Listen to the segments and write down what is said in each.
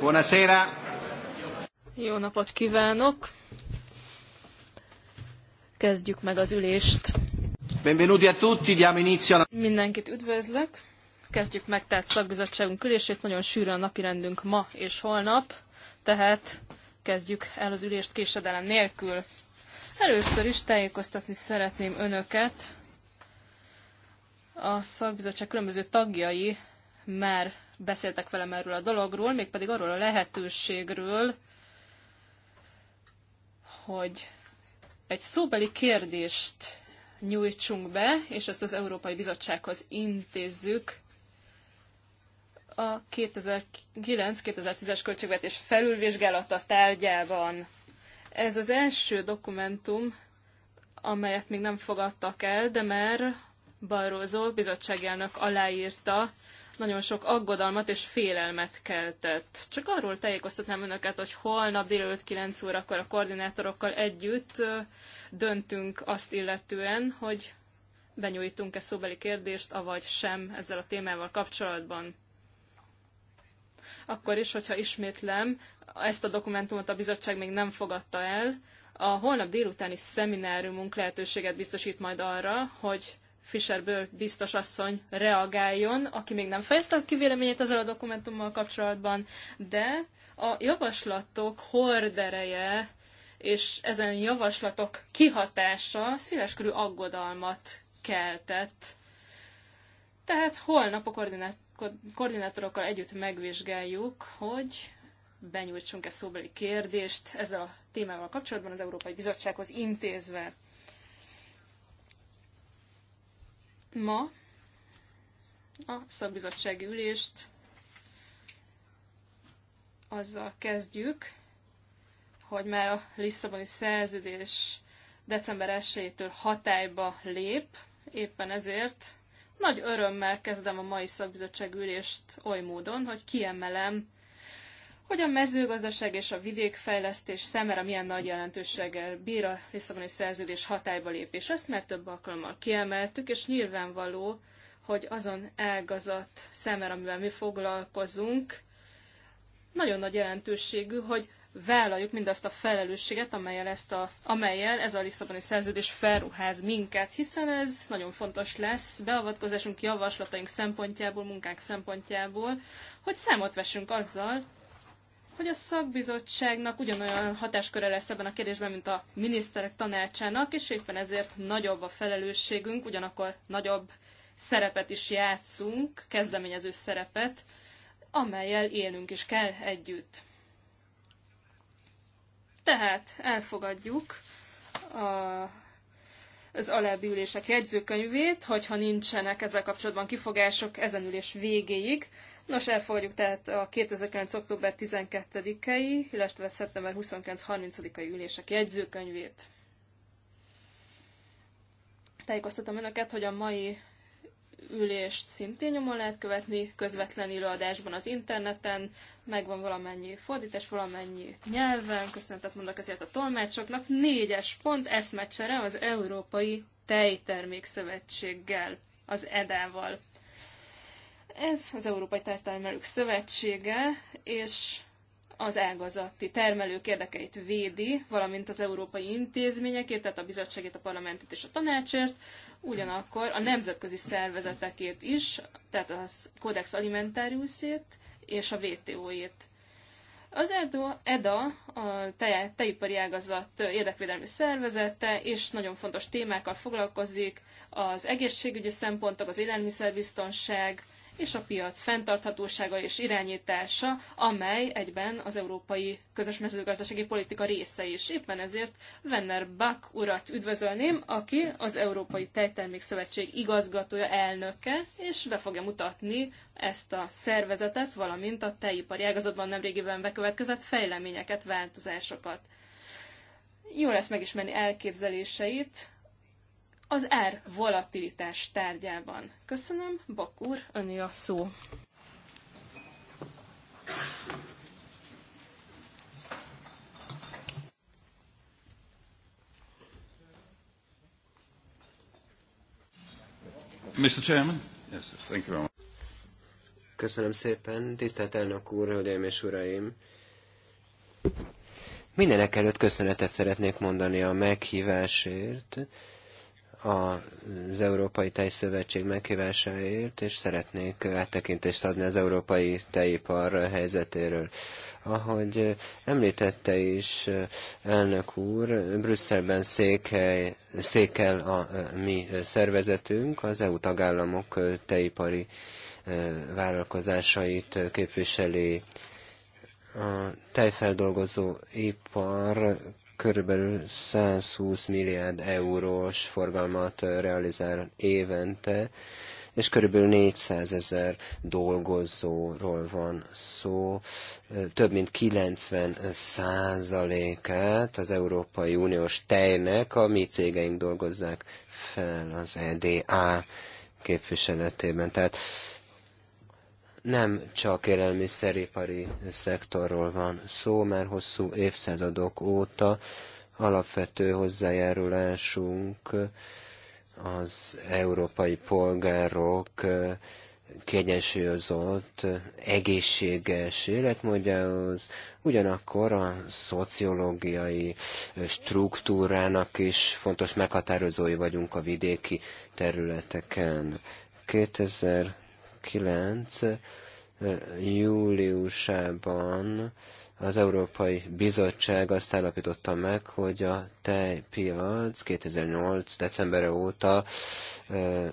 Buonasera. Jó napot kívánok. Kezdjük meg az ülést. Benvenuti a tutti, diamo inizio. Mindenkit üdvözlök. Kezdjük meg tehát szakbizottságunk ülését. Nagyon sűrű a napirendünk ma és holnap, tehát kezdjük el az ülést késedelem nélkül. Először is tájékoztatni szeretném önöket a szakbizottság különböző tagjai már beszéltek velem erről a dologról, mégpedig arról a lehetőségről, hogy egy szóbeli kérdést nyújtsunk be, és ezt az Európai Bizottsághoz intézzük a 2009-2010-es költségvetés felülvizsgálata tárgyában. Ez az első dokumentum, amelyet még nem fogadtak el, de már Barroso bizottságelnök aláírta nagyon sok aggodalmat és félelmet keltett. Csak arról tájékoztatnám önöket, hogy holnap délelőtt 9 órakor a koordinátorokkal együtt döntünk azt illetően, hogy benyújtunk-e szóbeli kérdést, avagy sem ezzel a témával kapcsolatban. Akkor is, hogyha ismétlem, ezt a dokumentumot a bizottság még nem fogadta el, a holnap délutáni szemináriumunk lehetőséget biztosít majd arra, hogy Fischer biztos asszony reagáljon, aki még nem fejezte ki véleményét ezzel a dokumentummal kapcsolatban, de a javaslatok hordereje és ezen javaslatok kihatása széleskörű aggodalmat keltett. Tehát holnap a koordinát, koordinátorokkal együtt megvizsgáljuk, hogy benyújtsunk-e szóbeli kérdést ezzel a témával kapcsolatban az Európai Bizottsághoz intézve. Ma a szakbizottsági ülést azzal kezdjük, hogy már a Lisszaboni szerződés december 1-től hatályba lép, éppen ezért nagy örömmel kezdem a mai szakbizottság ülést oly módon, hogy kiemelem hogy a mezőgazdaság és a vidékfejlesztés számára milyen nagy jelentőséggel bír a Lisszaboni szerződés hatályba lépés. Ezt már több alkalommal kiemeltük, és nyilvánvaló, hogy azon ágazat számára, amivel mi foglalkozunk, nagyon nagy jelentőségű, hogy vállaljuk mindazt a felelősséget, amelyel, ezt a, amelyel ez a Lisszaboni szerződés felruház minket, hiszen ez nagyon fontos lesz beavatkozásunk javaslataink szempontjából, munkánk szempontjából, hogy számot vessünk azzal, hogy a szakbizottságnak ugyanolyan hatásköre lesz ebben a kérdésben, mint a miniszterek tanácsának, és éppen ezért nagyobb a felelősségünk, ugyanakkor nagyobb szerepet is játszunk, kezdeményező szerepet, amelyel élünk is kell együtt. Tehát elfogadjuk a, az alábbi ülések jegyzőkönyvét, hogyha nincsenek ezzel kapcsolatban kifogások ezen ülés végéig, Nos, elfogadjuk tehát a 2009. október 12-i, illetve szeptember 29-30-ai ülések jegyzőkönyvét. Tájékoztatom önöket, hogy a mai ülést szintén nyomon lehet követni, közvetlen előadásban az interneten, megvan valamennyi fordítás, valamennyi nyelven, köszönetet mondok ezért a tolmácsoknak. Négyes pont eszmecsere az Európai Tejtermékszövetséggel, az EDA-val. Ez az Európai Tártalmelők Szövetsége, és az ágazati termelők érdekeit védi, valamint az európai intézményekért, tehát a bizottságét, a parlamentet és a tanácsért, ugyanakkor a nemzetközi szervezetekért is, tehát az Codex Alimentariusét és a WTO-ét. Az EDA, e a tejipari ágazat érdekvédelmi szervezete, és nagyon fontos témákkal foglalkozik, az egészségügyi szempontok, az élelmiszerbiztonság, és a piac fenntarthatósága és irányítása, amely egyben az európai közös mezőgazdasági politika része is. Éppen ezért Werner Bach urat üdvözölném, aki az Európai Tejtermék Szövetség igazgatója, elnöke, és be fogja mutatni ezt a szervezetet, valamint a tejipari ágazatban nemrégiben bekövetkezett fejleményeket, változásokat. Jó lesz megismerni elképzeléseit, az R volatilitás tárgyában. Köszönöm, Bakur, öné a szó. Mr. Chairman? Yes, thank you very much. Köszönöm szépen, tisztelt elnök úr, hölgyeim és uraim! Mindenek előtt köszönetet szeretnék mondani a meghívásért az Európai Tejszövetség meghívásáért, és szeretnék áttekintést adni az európai tejipar helyzetéről. Ahogy említette is elnök úr, Brüsszelben székhely, székel a mi szervezetünk, az EU tagállamok tejipari vállalkozásait képviseli a tejfeldolgozó ipar körülbelül 120 milliárd eurós forgalmat realizál évente, és körülbelül 400 ezer dolgozóról van szó. Több mint 90 százalékát az Európai Uniós tejnek a mi cégeink dolgozzák fel az EDA képviseletében. Tehát nem csak élelmiszeripari szektorról van szó, mert hosszú évszázadok óta alapvető hozzájárulásunk az európai polgárok kiegyensúlyozott, egészséges életmódjához, ugyanakkor a szociológiai struktúrának is fontos meghatározói vagyunk a vidéki területeken. 2000 2009 eh, júliusában az Európai Bizottság azt állapította meg, hogy a tejpiac 2008. decemberre óta eh,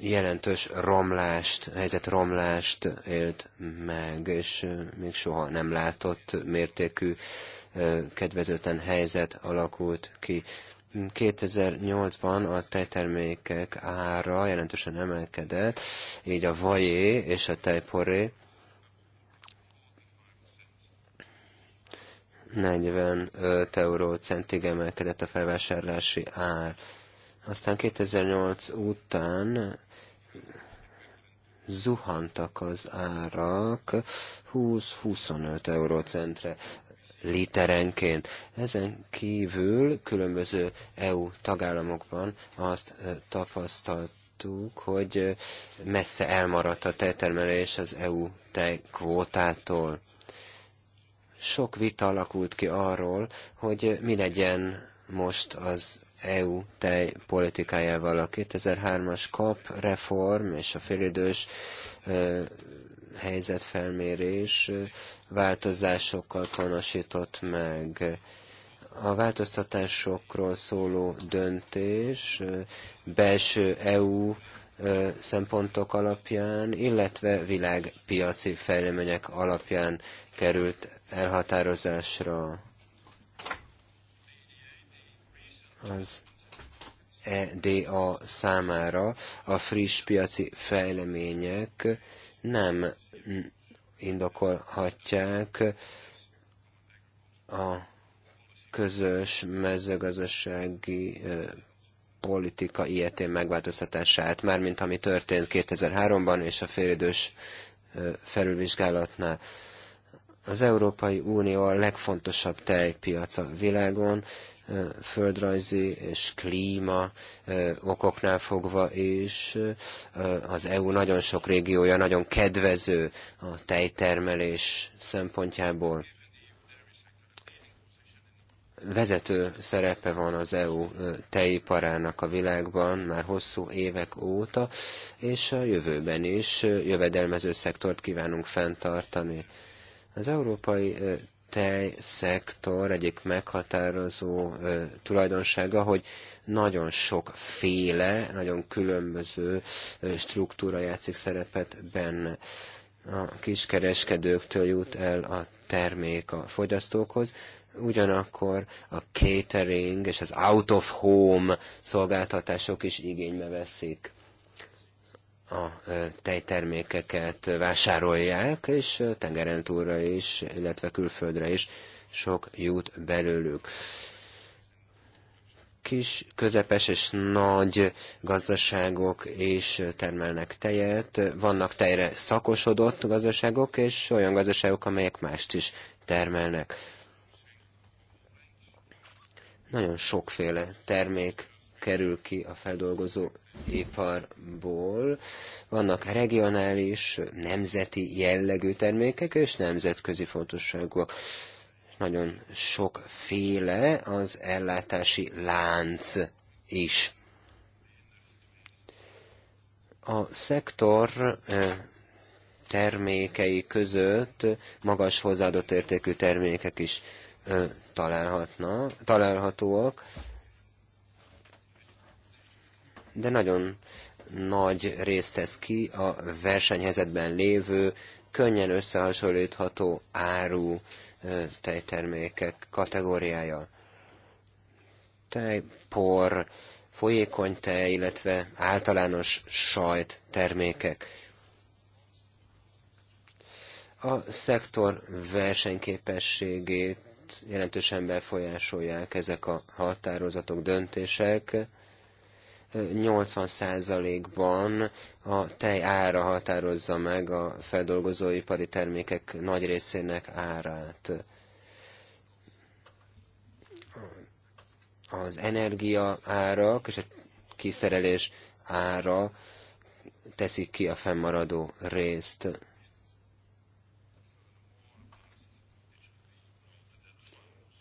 jelentős romlást, helyzet romlást élt meg, és eh, még soha nem látott mértékű kedvezőtlen helyzet alakult ki. 2008-ban a tejtermékek ára jelentősen emelkedett, így a vajé és a tejporé 45 euró centig emelkedett a felvásárlási ár. Aztán 2008 után zuhantak az árak 20-25 eurócentre literenként. Ezen kívül különböző EU tagállamokban azt tapasztaltuk, hogy messze elmaradt a tejtermelés az EU tejkvótától. Sok vita alakult ki arról, hogy mi legyen most az EU tejpolitikájával. A 2003-as KAP reform és a félidős helyzetfelmérés változásokkal honosított meg. A változtatásokról szóló döntés belső EU szempontok alapján, illetve világpiaci fejlemények alapján került elhatározásra. Az EDA számára a friss piaci fejlemények nem indokolhatják a közös mezőgazdasági politika ilyetén megváltoztatását, mármint ami történt 2003-ban és a félidős felülvizsgálatnál. Az Európai Unió a legfontosabb tejpiac a világon, földrajzi és klíma okoknál fogva is. Az EU nagyon sok régiója nagyon kedvező a tejtermelés szempontjából vezető szerepe van az EU tejiparának a világban már hosszú évek óta, és a jövőben is jövedelmező szektort kívánunk fenntartani. Az európai szektor egyik meghatározó tulajdonsága, hogy nagyon sokféle, nagyon különböző struktúra játszik szerepet benne. A kiskereskedőktől jut el a termék a fogyasztókhoz, ugyanakkor a catering és az out of home szolgáltatások is igénybe veszik a tejtermékeket vásárolják, és tengeren túlra is, illetve külföldre is sok jut belőlük kis, közepes és nagy gazdaságok is termelnek tejet. Vannak tejre szakosodott gazdaságok, és olyan gazdaságok, amelyek mást is termelnek. Nagyon sokféle termék kerül ki a feldolgozó iparból. Vannak regionális, nemzeti jellegű termékek és nemzetközi fontosságúak. Nagyon sokféle az ellátási lánc is. A szektor termékei között magas hozzáadott értékű termékek is találhatna, találhatóak de nagyon nagy részt tesz ki a versenyhezetben lévő, könnyen összehasonlítható áru tejtermékek kategóriája. Tej, por, folyékony tej, illetve általános sajt termékek. A szektor versenyképességét jelentősen befolyásolják ezek a határozatok, döntések, 80%-ban a tej ára határozza meg a feldolgozóipari termékek nagy részének árát. Az energia árak és a kiszerelés ára teszik ki a fennmaradó részt.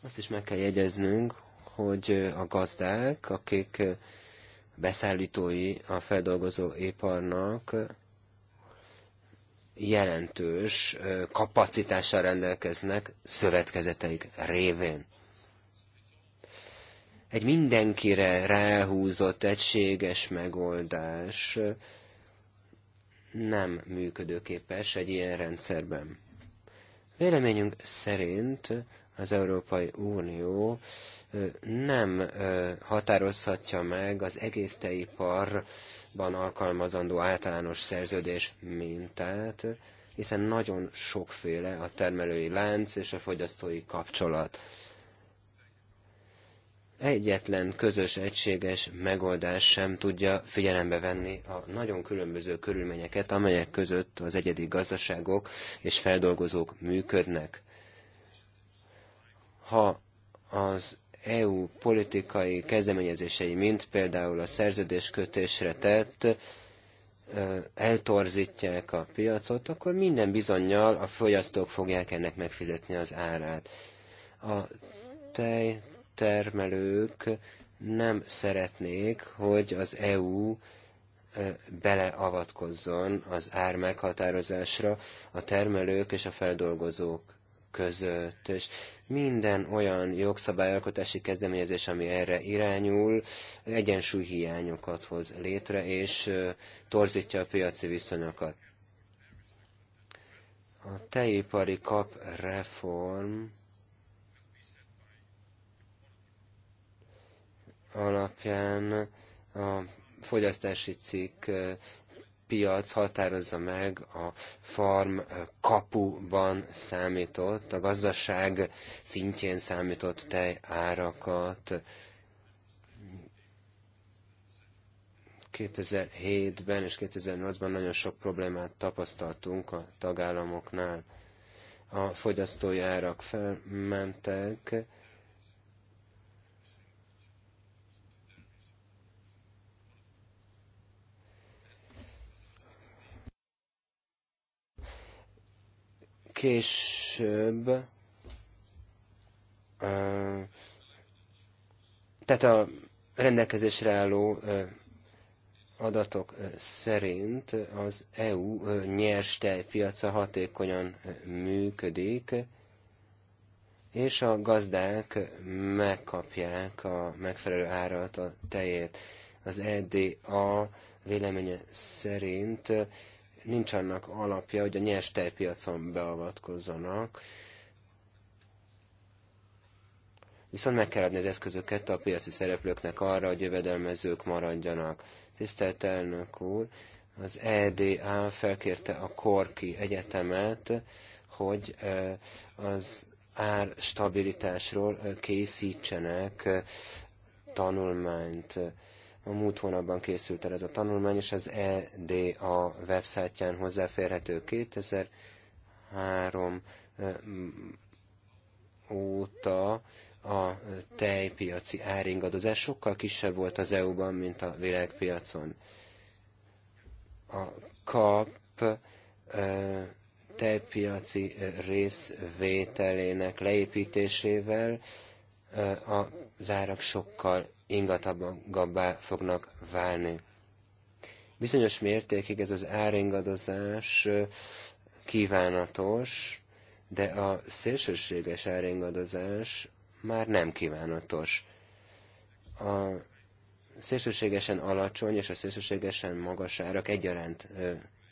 Azt is meg kell jegyeznünk, hogy a gazdák, akik beszállítói a feldolgozó iparnak jelentős kapacitással rendelkeznek szövetkezeteik révén. Egy mindenkire ráhúzott egységes megoldás nem működőképes egy ilyen rendszerben. Véleményünk szerint az Európai Unió nem határozhatja meg az egész teiparban alkalmazandó általános szerződés mintát, hiszen nagyon sokféle a termelői lánc és a fogyasztói kapcsolat. Egyetlen közös, egységes megoldás sem tudja figyelembe venni a nagyon különböző körülményeket, amelyek között az egyedi gazdaságok és feldolgozók működnek ha az EU politikai kezdeményezései, mint például a szerződéskötésre tett, eltorzítják a piacot, akkor minden bizonyal a fogyasztók fogják ennek megfizetni az árát. A tejtermelők nem szeretnék, hogy az EU beleavatkozzon az ár meghatározásra a termelők és a feldolgozók között, és minden olyan jogszabályalkotási kezdeményezés, ami erre irányul, egyensúlyhiányokat hoz létre, és torzítja a piaci viszonyokat. A tejipari kap reform alapján a fogyasztási cikk piac határozza meg a farm kapuban számított, a gazdaság szintjén számított tej árakat. 2007-ben és 2008-ban nagyon sok problémát tapasztaltunk a tagállamoknál. A fogyasztói árak felmentek, később tehát a rendelkezésre álló adatok szerint az EU nyerstejpiaca hatékonyan működik, és a gazdák megkapják a megfelelő árat a tejét. Az EDA véleménye szerint nincs annak alapja, hogy a nyers tejpiacon beavatkozzanak, viszont meg kell adni az eszközöket a piaci szereplőknek arra, hogy jövedelmezők maradjanak. Tisztelt elnök úr, az EDA felkérte a Korki Egyetemet, hogy az árstabilitásról készítsenek tanulmányt. A múlt hónapban készült el ez a tanulmány, és az EDA websájtján hozzáférhető 2003 óta a tejpiaci áringadozás sokkal kisebb volt az EU-ban, mint a világpiacon. A kap tejpiaci részvételének leépítésével az árak sokkal ingatabbá fognak válni. Bizonyos mértékig ez az áringadozás kívánatos, de a szélsőséges áringadozás már nem kívánatos. A szélsőségesen alacsony és a szélsőségesen magas árak egyaránt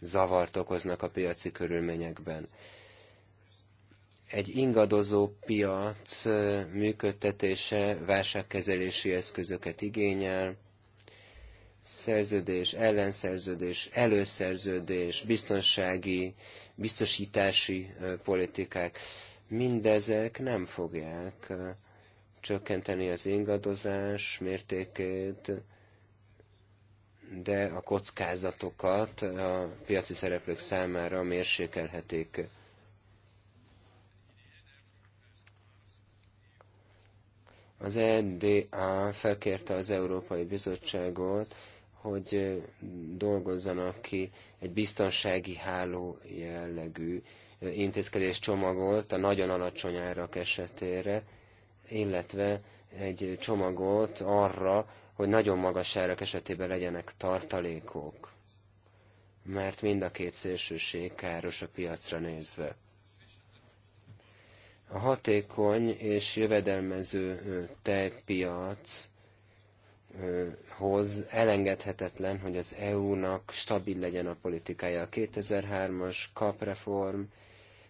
zavart okoznak a piaci körülményekben egy ingadozó piac működtetése válságkezelési eszközöket igényel, szerződés, ellenszerződés, előszerződés, biztonsági, biztosítási politikák, mindezek nem fogják csökkenteni az ingadozás mértékét, de a kockázatokat a piaci szereplők számára mérsékelhetik. Az NDA felkérte az Európai Bizottságot, hogy dolgozzanak ki egy biztonsági háló jellegű intézkedés csomagot a nagyon alacsony árak esetére, illetve egy csomagot arra, hogy nagyon magas árak esetében legyenek tartalékok, mert mind a két szélsőség káros a piacra nézve. A hatékony és jövedelmező tejpiac hoz elengedhetetlen, hogy az EU-nak stabil legyen a politikája. A 2003-as kapreform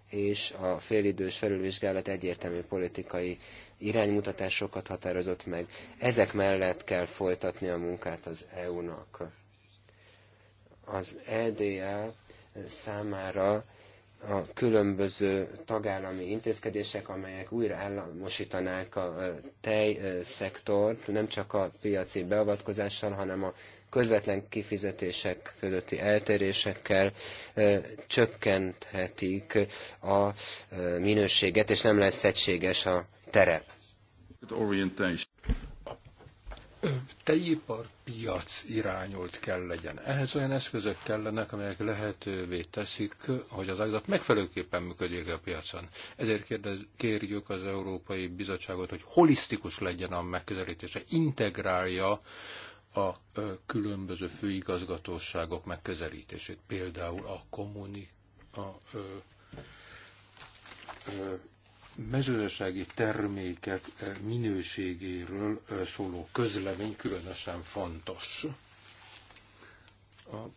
és a félidős felülvizsgálat egyértelmű politikai iránymutatásokat határozott meg. Ezek mellett kell folytatni a munkát az EU-nak. Az EDA számára a különböző tagállami intézkedések, amelyek újra államosítanák a tejszektort, nem csak a piaci beavatkozással, hanem a közvetlen kifizetések közötti eltérésekkel csökkenthetik a minőséget, és nem lesz egységes a terep tejipar piac irányult kell legyen. Ehhez olyan eszközök kellenek, amelyek lehetővé teszik, hogy az ágazat megfelelőképpen működjék a piacon. Ezért kérdez, kérjük az Európai Bizottságot, hogy holisztikus legyen a megközelítése, integrálja a különböző főigazgatóságok megközelítését, például a kommuni, a, ö, ö, mezőgazdasági termékek eh, minőségéről eh, szóló közlemény különösen fontos.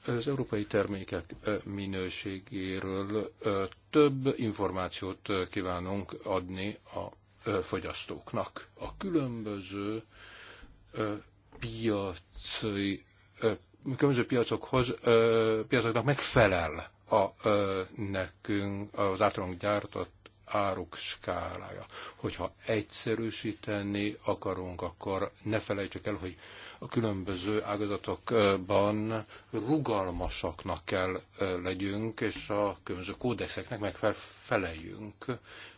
Az európai termékek eh, minőségéről több információt kívánunk adni a fogyasztóknak. A különböző piaci, különböző piacokhoz, piacoknak megfelel a nekünk az általunk gyártott áruk skálája. Hogyha egyszerűsíteni akarunk, akkor ne felejtsük el, hogy a különböző ágazatokban rugalmasaknak kell legyünk, és a különböző kódexeknek meg feleljünk.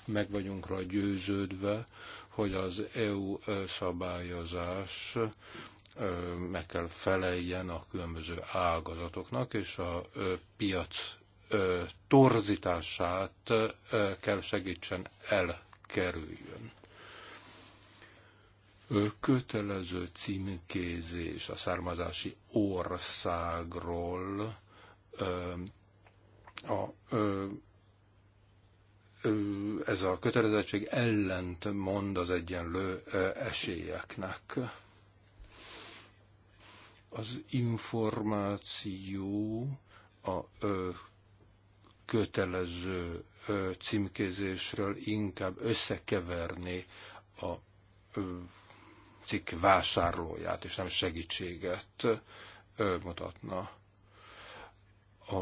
Meg vagyunk rá győződve, hogy az EU szabályozás meg kell feleljen a különböző ágazatoknak, és a piac torzítását kell segítsen elkerüljön kötelező címkézés a származási országról a, ez a kötelezettség ellent mond az egyenlő esélyeknek. Az információ a kötelező címkézésről inkább összekeverni a cikk vásárlóját, és nem segítséget mutatna a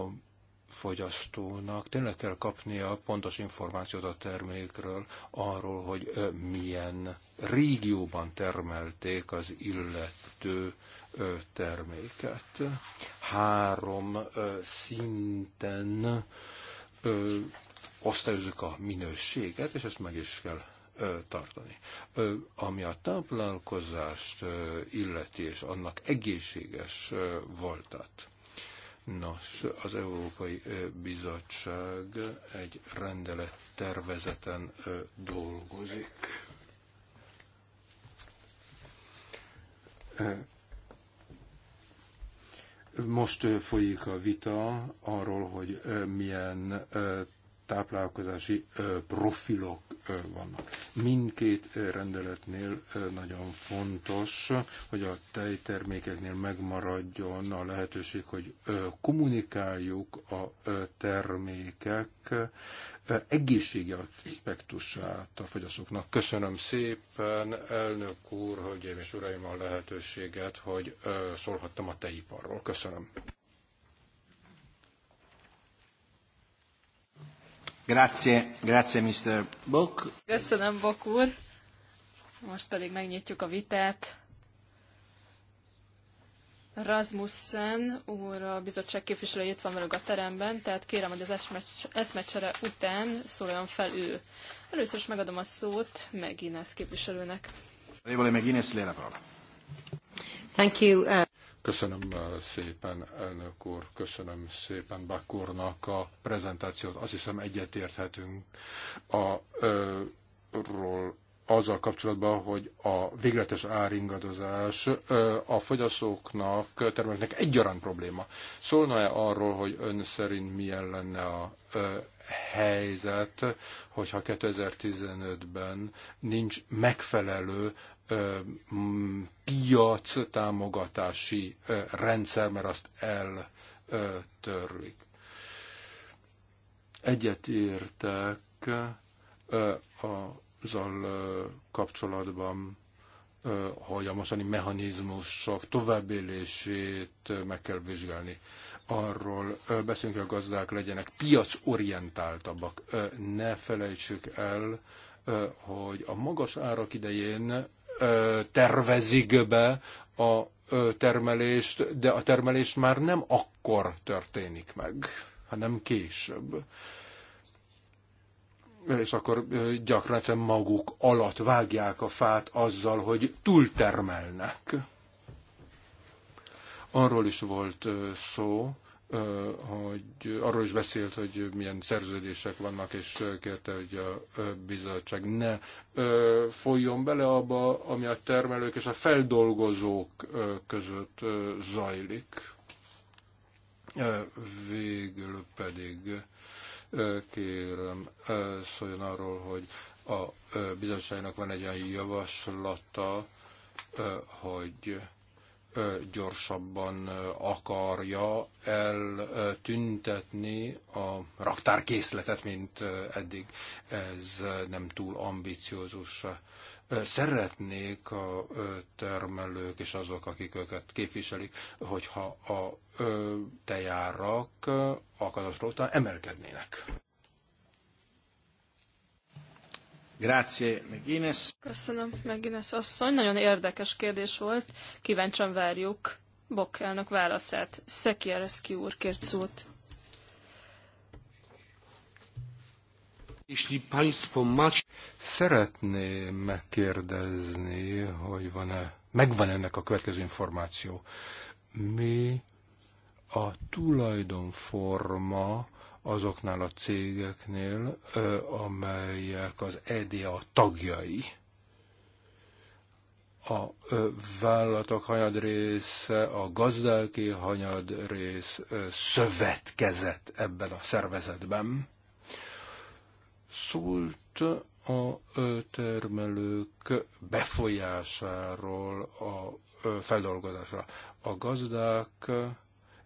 fogyasztónak. Tényleg kell kapnia pontos információt a termékről, arról, hogy milyen régióban termelték az illető terméket. Három szinten ö, osztályozzuk a minőséget, és ezt meg is kell ö, tartani. Ö, ami a táplálkozást ö, illeti, és annak egészséges ö, voltat. Nos, az Európai Bizottság egy rendelet tervezeten dolgozik most folyik a vita arról, hogy milyen táplálkozási profilok vannak. Mindkét rendeletnél nagyon fontos, hogy a tejtermékeknél megmaradjon a lehetőség, hogy kommunikáljuk a termékek egészségi aspektusát a fogyasztóknak. Köszönöm szépen, elnök úr, hölgyeim és uraim a lehetőséget, hogy szólhattam a teiparról. Köszönöm. Grazie, grazie Mr. Bok. Köszönöm, Bok úr. Most pedig megnyitjuk a vitát. Rasmussen úr, a bizottság képviselője itt van velük a teremben, tehát kérem, hogy az eszmecsere után szóljon fel ő. Először is megadom a szót Megines képviselőnek. Thank you. Uh, köszönöm uh, szépen, elnök úr, köszönöm szépen Bak a prezentációt. Azt hiszem egyetérthetünk a, uh, ról azzal kapcsolatban, hogy a végletes áringadozás a fogyasztóknak, termelőknek egyaránt probléma. Szólna-e arról, hogy ön szerint milyen lenne a helyzet, hogyha 2015-ben nincs megfelelő piac támogatási rendszer, mert azt eltörlik. Egyetértek a zal kapcsolatban, hogy a mostani mechanizmusok továbbélését meg kell vizsgálni. Arról beszélünk, hogy a gazdák legyenek piacorientáltabbak. Ne felejtsük el, hogy a magas árak idején tervezik be a termelést, de a termelés már nem akkor történik meg, hanem később és akkor gyakran sem maguk alatt vágják a fát azzal, hogy túltermelnek. Arról is volt szó, hogy arról is beszélt, hogy milyen szerződések vannak, és kérte, hogy a bizottság ne folyjon bele abba, ami a termelők és a feldolgozók között zajlik. Végül pedig Kérem, szóljon arról, hogy a bizottságnak van egy olyan javaslata, hogy gyorsabban akarja eltüntetni a raktárkészletet, mint eddig. Ez nem túl ambiciózus szeretnék a termelők és azok, akik őket képviselik, hogyha a tejárak akadatról után emelkednének. Grazie, Megines. Köszönöm, Megines asszony. Nagyon érdekes kérdés volt. Kíváncsian várjuk Bokkelnök válaszát. Szekiereszki úr kért szót. Szeretném megkérdezni, hogy van-e, megvan ennek a következő információ. Mi a tulajdonforma azoknál a cégeknél, amelyek az EDA tagjai? a vállalatok hanyad része, a gazdálki hanyad rész szövetkezett ebben a szervezetben. Szólt a termelők befolyásáról a feldolgozásra. A gazdák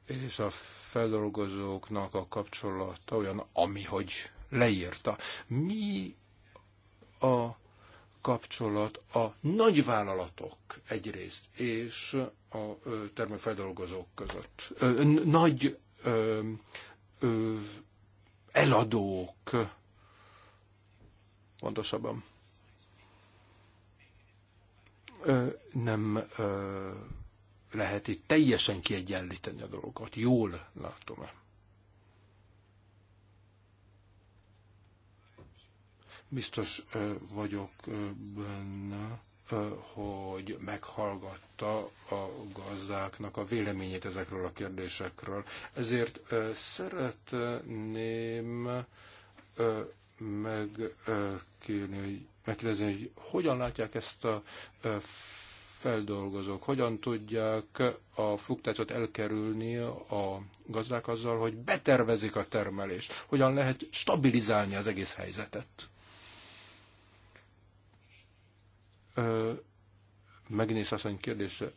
és a feldolgozóknak a kapcsolata olyan, ami hogy leírta. Mi a kapcsolat a nagyvállalatok egyrészt és a termőfeldolgozók között? Nagy eladók pontosabban. Nem lehet itt teljesen kiegyenlíteni a dolgokat. Jól látom-e? Biztos vagyok benne, hogy meghallgatta a gazdáknak a véleményét ezekről a kérdésekről. Ezért szeretném megkérni, hogy megkérdezni, hogy hogyan látják ezt a feldolgozók, hogyan tudják a fluktuációt elkerülni a gazdák azzal, hogy betervezik a termelést, hogyan lehet stabilizálni az egész helyzetet. Megnéz asszony kérdése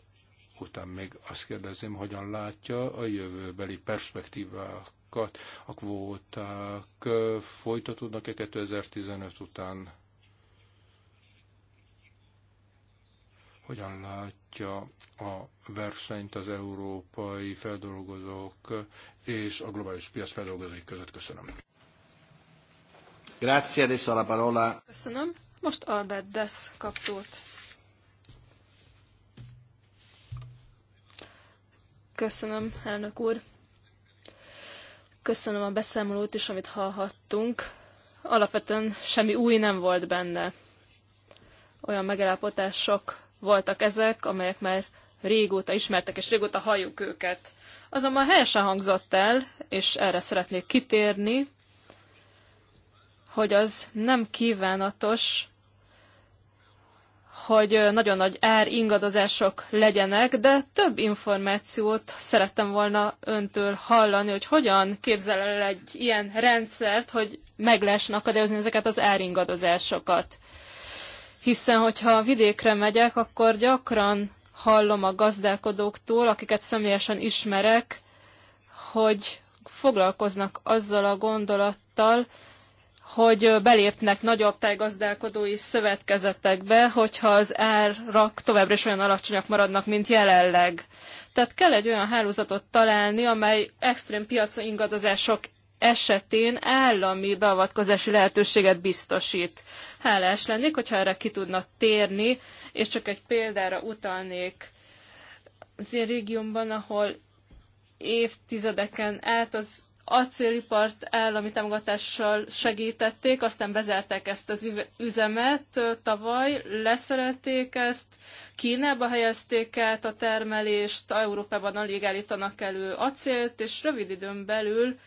után még azt kérdezem, hogyan látja a jövőbeli perspektívák kvótákat. A kvóták folytatódnak-e 2015 után? Hogyan látja a versenyt az európai feldolgozók és a globális piac feldolgozói között? Köszönöm. Grazie, adesso la parola. Köszönöm. Most Albert Dess kap szót. Köszönöm, elnök úr. Köszönöm a beszámolót is, amit hallhattunk. Alapvetően semmi új nem volt benne. Olyan megállapotások voltak ezek, amelyek már régóta ismertek, és régóta halljuk őket. Azonban helyesen hangzott el, és erre szeretnék kitérni, hogy az nem kívánatos, hogy nagyon nagy ár ingadozások legyenek, de több információt szerettem volna öntől hallani, hogy hogyan képzel el egy ilyen rendszert, hogy meg lehessen akadályozni ezeket az áringadozásokat. Hiszen, hogyha vidékre megyek, akkor gyakran hallom a gazdálkodóktól, akiket személyesen ismerek, hogy foglalkoznak azzal a gondolattal, hogy belépnek nagyobb tejgazdálkodói szövetkezetekbe, hogyha az árak továbbra is olyan alacsonyak maradnak, mint jelenleg. Tehát kell egy olyan hálózatot találni, amely extrém piaca ingadozások esetén állami beavatkozási lehetőséget biztosít. Hálás lennék, hogyha erre ki tudna térni, és csak egy példára utalnék. Az én régiómban, ahol évtizedeken át az acélipart állami támogatással segítették, aztán bezárták ezt az üzemet tavaly, leszerelték ezt, Kínába helyezték át a termelést, Európában alig állítanak elő acélt, és rövid időn belül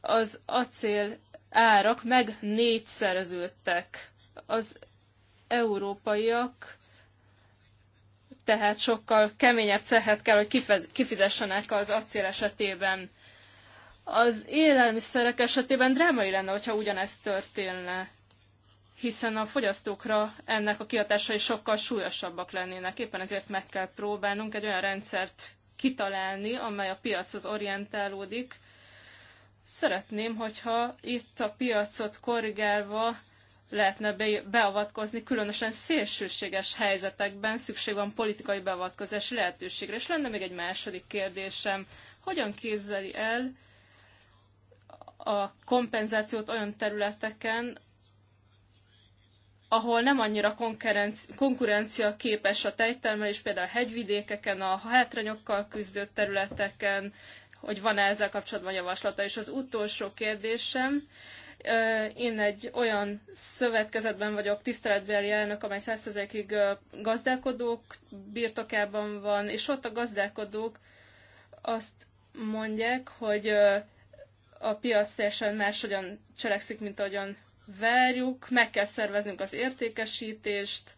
az acél árak meg négyszereződtek. Az európaiak tehát sokkal keményebb cehet kell, hogy kifizessenek az acél esetében. Az élelmiszerek esetében drámai lenne, hogyha ugyanezt történne, hiszen a fogyasztókra ennek a kihatásai sokkal súlyosabbak lennének. Éppen ezért meg kell próbálnunk egy olyan rendszert kitalálni, amely a piachoz orientálódik. Szeretném, hogyha itt a piacot korrigálva lehetne beavatkozni, különösen szélsőséges helyzetekben szükség van politikai beavatkozási lehetőségre. És lenne még egy második kérdésem. Hogyan képzeli el a kompenzációt olyan területeken, ahol nem annyira konkurencia képes a tejtermelés, például a hegyvidékeken, a hátrányokkal küzdő területeken, hogy van-e ezzel kapcsolatban javaslata. És az utolsó kérdésem, én egy olyan szövetkezetben vagyok, tiszteletbeli elnök, amely 100%-ig gazdálkodók birtokában van, és ott a gazdálkodók azt mondják, hogy a piac teljesen máshogyan cselekszik, mint ahogyan várjuk, meg kell szerveznünk az értékesítést,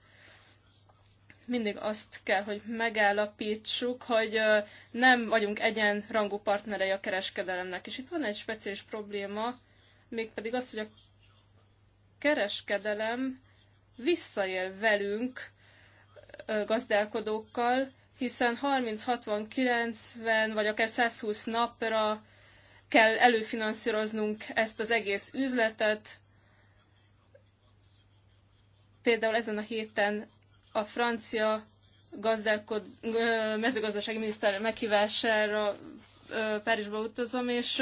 mindig azt kell, hogy megállapítsuk, hogy nem vagyunk egyenrangú partnerei a kereskedelemnek. És itt van egy speciális probléma, mégpedig az, hogy a kereskedelem visszaél velünk gazdálkodókkal, hiszen 30, 60, 90 vagy akár 120 napra kell előfinanszíroznunk ezt az egész üzletet. Például ezen a héten a francia gazdálkod, mezőgazdasági miniszter meghívására Párizsba utazom, és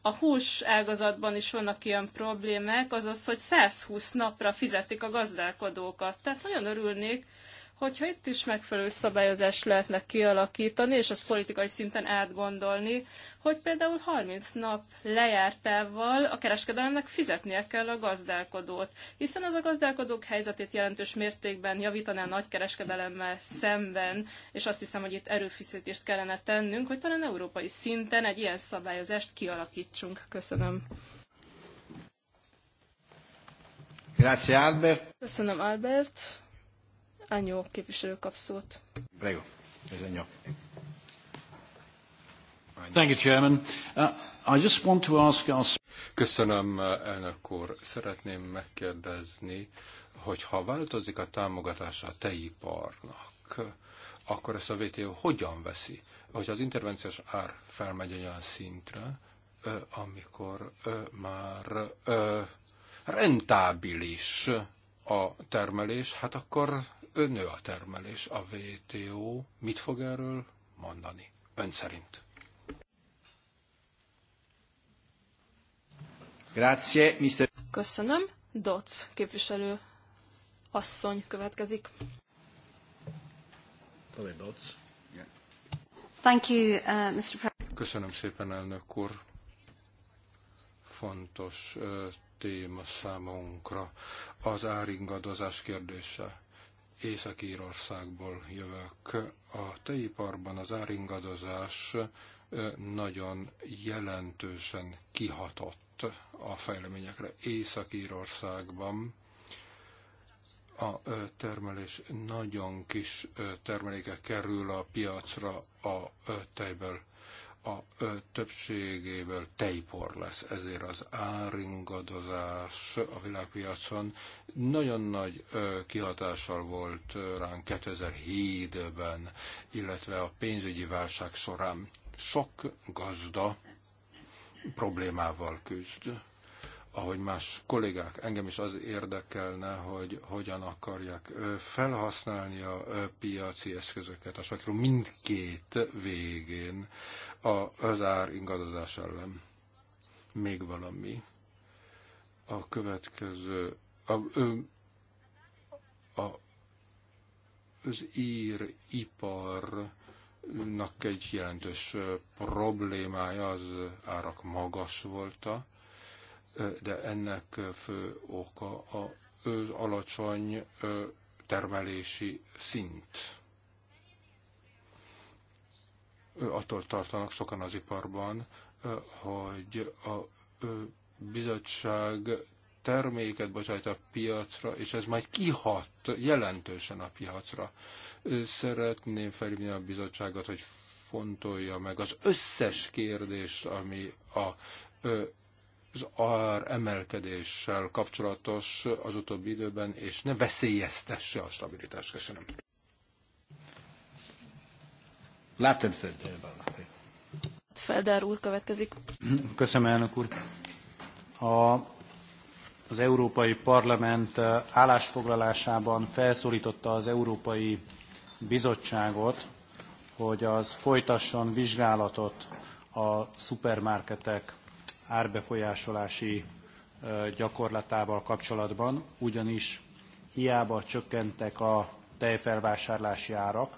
a hús ágazatban is vannak ilyen problémák, azaz, hogy 120 napra fizetik a gazdálkodókat. Tehát nagyon örülnék, Hogyha itt is megfelelő szabályozást lehetne kialakítani, és azt politikai szinten átgondolni, hogy például 30 nap lejártával a kereskedelemnek fizetnie kell a gazdálkodót, hiszen az a gazdálkodók helyzetét jelentős mértékben javítaná a nagy kereskedelemmel szemben, és azt hiszem, hogy itt erőfeszítést kellene tennünk, hogy talán európai szinten egy ilyen szabályozást kialakítsunk. Köszönöm. Grazie Albert. Köszönöm Albert. Anyó képviselő kap szót. Prego, ez anyó. Thank you, Chairman. Uh, I just want to ask us... Köszönöm, elnök úr. Szeretném megkérdezni, hogy ha változik a támogatása a tejiparnak, akkor ezt a WTO hogyan veszi? Hogy az intervenciós ár felmegy olyan szintre, amikor már rentábilis a termelés, hát akkor nő a termelés. A WTO mit fog erről mondani? Ön szerint. Grazie, Mr. Köszönöm. Doc képviselő asszony következik. Thank you, uh, Mr. Köszönöm szépen, elnök úr. Fontos uh, téma számunkra az áringadozás kérdése Észak-Írországból jövök. A teiparban az áringadozás nagyon jelentősen kihatott a fejleményekre. Észak-Írországban a termelés nagyon kis termeléke kerül a piacra a tejből a többségéből tejpor lesz, ezért az áringadozás a világpiacon nagyon nagy kihatással volt ránk 2007-ben, illetve a pénzügyi válság során. Sok gazda problémával küzd. Ahogy más kollégák, engem is az érdekelne, hogy hogyan akarják felhasználni a piaci eszközöket a spektrum mindkét végén az ár ingadozás ellen. Még valami. A következő, a, a, az ír ipar egy jelentős problémája az árak magas volta, de ennek fő oka az alacsony termelési szint attól tartanak sokan az iparban, hogy a bizottság terméket bocsájt a piacra, és ez majd kihat jelentősen a piacra. Szeretném felhívni a bizottságot, hogy fontolja meg az összes kérdést, ami a az ár emelkedéssel kapcsolatos az utóbbi időben, és ne veszélyeztesse a stabilitást. Köszönöm. Láttenfelder. Felder úr következik. Köszönöm, elnök úr. A, az Európai Parlament eh, állásfoglalásában felszólította az Európai Bizottságot, hogy az folytasson vizsgálatot a szupermarketek árbefolyásolási eh, gyakorlatával kapcsolatban, ugyanis hiába csökkentek a tejfelvásárlási árak,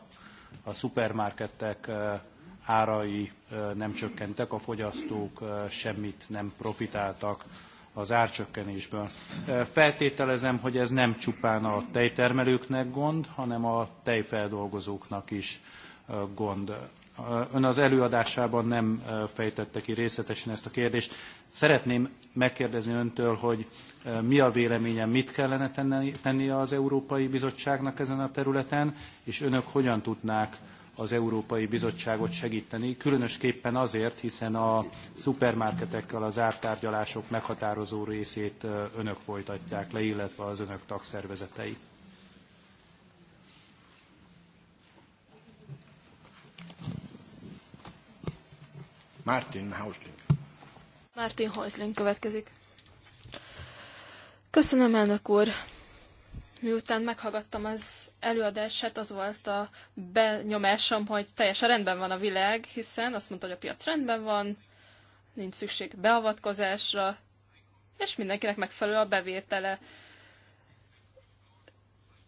a szupermarketek árai nem csökkentek, a fogyasztók semmit nem profitáltak az árcsökkenésből. Feltételezem, hogy ez nem csupán a tejtermelőknek gond, hanem a tejfeldolgozóknak is gond. Ön az előadásában nem fejtette ki részletesen ezt a kérdést. Szeretném megkérdezni öntől, hogy mi a véleménye, mit kellene tennie az Európai Bizottságnak ezen a területen, és önök hogyan tudnák az Európai Bizottságot segíteni, különösképpen azért, hiszen a szupermarketekkel az ártárgyalások meghatározó részét önök folytatják le, illetve az önök tagszervezetei. Martin Hausling. Martin Hozlin következik. Köszönöm, elnök úr! Miután meghallgattam az előadását, az volt a benyomásom, hogy teljesen rendben van a világ, hiszen azt mondta, hogy a piac rendben van, nincs szükség beavatkozásra, és mindenkinek megfelelő a bevétele.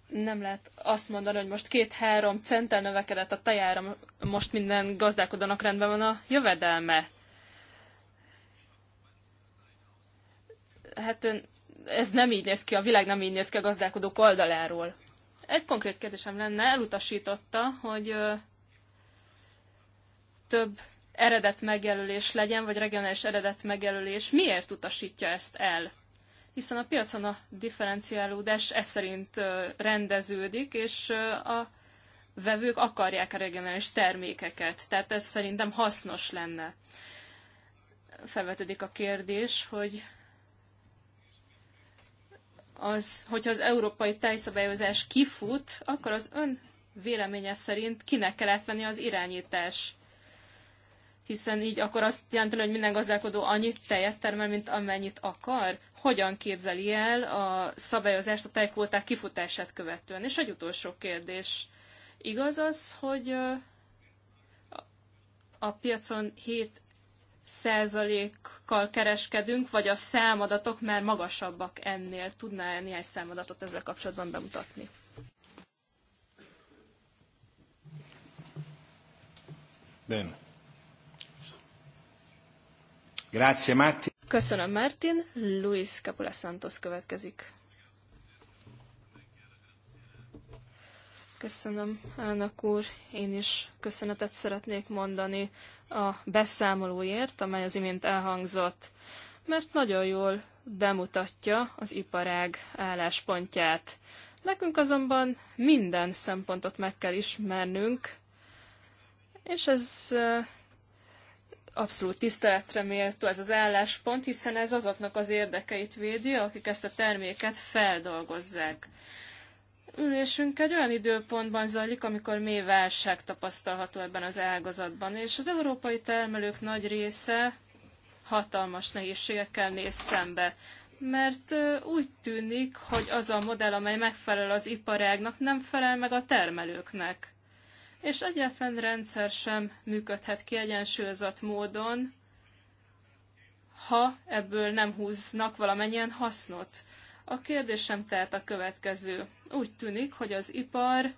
Nem lehet azt mondani, hogy most két-három centtel növekedett a tejára, most minden gazdálkodónak rendben van a jövedelme. hát ez nem így néz ki, a világ nem így néz ki a gazdálkodók oldaláról. Egy konkrét kérdésem lenne, elutasította, hogy több eredet megjelölés legyen, vagy regionális eredet megjelölés. Miért utasítja ezt el? Hiszen a piacon a differenciálódás ez szerint rendeződik, és a vevők akarják a regionális termékeket. Tehát ez szerintem hasznos lenne. Felvetődik a kérdés, hogy az, hogyha az európai tejszabályozás kifut, akkor az ön véleménye szerint kinek kellett venni az irányítás? Hiszen így akkor azt jelenti, hogy minden gazdálkodó annyit tejet termel, mint amennyit akar. Hogyan képzeli el a szabályozást a tejkvóták kifutását követően? És egy utolsó kérdés. Igaz az, hogy a piacon 7 százalékkal kereskedünk, vagy a számadatok már magasabbak ennél. Tudná -e néhány számadatot ezzel kapcsolatban bemutatni? Bene. Grazie Martin. Köszönöm Martin. Luis Capula Santos következik. Köszönöm, elnök úr. Én is köszönetet szeretnék mondani a beszámolóért, amely az imént elhangzott, mert nagyon jól bemutatja az iparág álláspontját. Nekünk azonban minden szempontot meg kell ismernünk, és ez abszolút tiszteletre méltó ez az álláspont, hiszen ez azoknak az érdekeit védi, akik ezt a terméket feldolgozzák ülésünk egy olyan időpontban zajlik, amikor mély válság tapasztalható ebben az ágazatban, és az európai termelők nagy része hatalmas nehézségekkel néz szembe. Mert úgy tűnik, hogy az a modell, amely megfelel az iparágnak, nem felel meg a termelőknek. És egyetlen rendszer sem működhet kiegyensúlyozott módon, ha ebből nem húznak valamennyien hasznot. A kérdésem tehát a következő. Úgy tűnik, hogy az ipar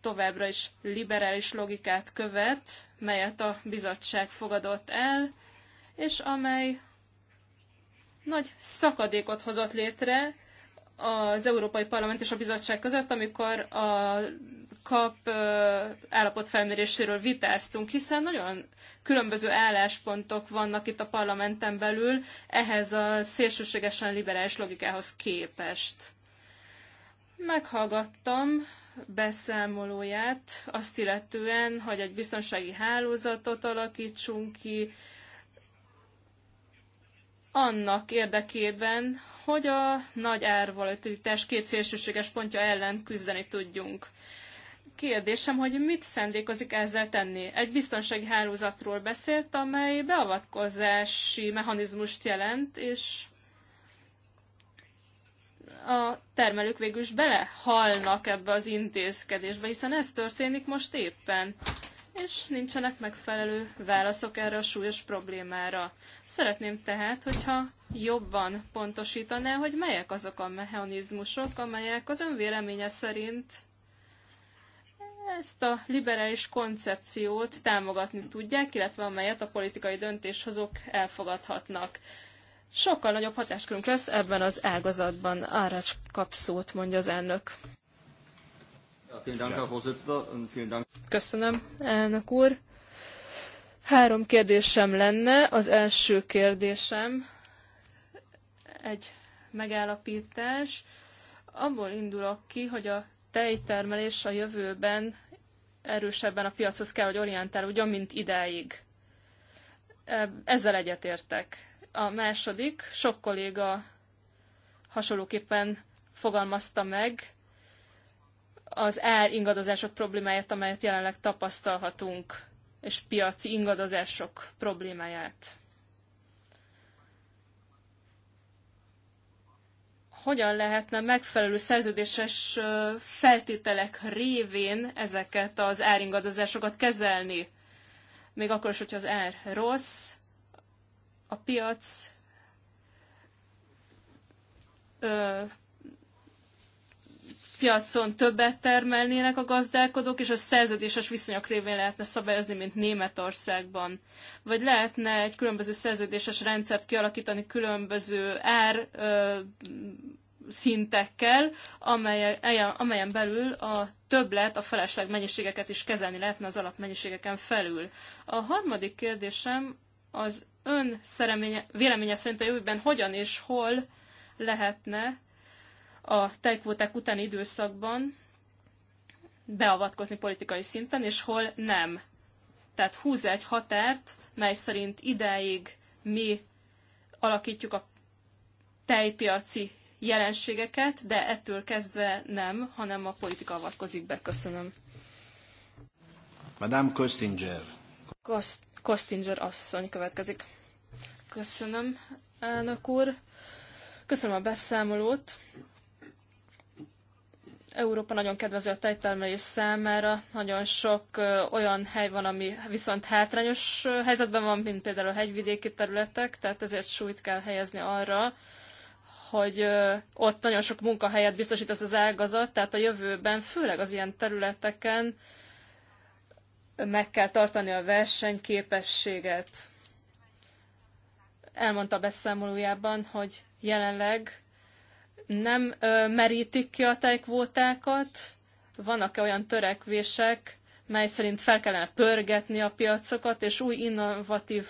továbbra is liberális logikát követ, melyet a bizottság fogadott el, és amely nagy szakadékot hozott létre az Európai Parlament és a bizottság között, amikor a kap állapotfelméréséről vitáztunk, hiszen nagyon különböző álláspontok vannak itt a parlamenten belül ehhez a szélsőségesen liberális logikához képest. Meghallgattam beszámolóját azt illetően, hogy egy biztonsági hálózatot alakítsunk ki, annak érdekében, hogy a nagy árvolatilitás két szélsőséges pontja ellen küzdeni tudjunk kérdésem, hogy mit szendékozik ezzel tenni. Egy biztonsági hálózatról beszélt, amely beavatkozási mechanizmust jelent, és a termelők végül is belehalnak ebbe az intézkedésbe, hiszen ez történik most éppen és nincsenek megfelelő válaszok erre a súlyos problémára. Szeretném tehát, hogyha jobban pontosítaná, hogy melyek azok a mechanizmusok, amelyek az önvéleménye szerint ezt a liberális koncepciót támogatni tudják, illetve amelyet a politikai döntéshozók elfogadhatnak. Sokkal nagyobb hatáskörünk lesz ebben az ágazatban. Áracs kap szót, mondja az elnök. Köszönöm, elnök úr. Három kérdésem lenne. Az első kérdésem egy megállapítás. Abból indulok ki, hogy a tejtermelés a jövőben erősebben a piachoz kell, hogy orientálódjon, mint ideig. E, ezzel egyetértek. A második, sok kolléga hasonlóképpen fogalmazta meg az ár ingadozások problémáját, amelyet jelenleg tapasztalhatunk, és piaci ingadozások problémáját. hogyan lehetne megfelelő szerződéses feltételek révén ezeket az áringadozásokat kezelni. Még akkor is, hogyha az ár rossz, a piac piacon többet termelnének a gazdálkodók, és a szerződéses viszonyok révén lehetne szabályozni, mint Németországban. Vagy lehetne egy különböző szerződéses rendszert kialakítani különböző ár ö, szintekkel, amely, amelyen belül a többlet, a felesleg mennyiségeket is kezelni lehetne az alapmennyiségeken felül. A harmadik kérdésem az ön véleménye szerint a jövőben hogyan és hol lehetne a tejkvóták utáni időszakban beavatkozni politikai szinten, és hol nem. Tehát húz egy határt, mely szerint ideig mi alakítjuk a tejpiaci jelenségeket, de ettől kezdve nem, hanem a politika avatkozik be. Köszönöm. Madame Kostinger. Kost, Kostinger asszony következik. Köszönöm, elnök úr. Köszönöm a beszámolót. Európa nagyon kedvező a tejtermelés számára, nagyon sok olyan hely van, ami viszont hátrányos helyzetben van, mint például a hegyvidéki területek, tehát ezért súlyt kell helyezni arra, hogy ott nagyon sok munkahelyet biztosít ez az ágazat, tehát a jövőben, főleg az ilyen területeken meg kell tartani a versenyképességet. Elmondta beszámolójában, hogy jelenleg nem merítik ki a tejkvótákat? Vannak-e olyan törekvések, mely szerint fel kellene pörgetni a piacokat, és új innovatív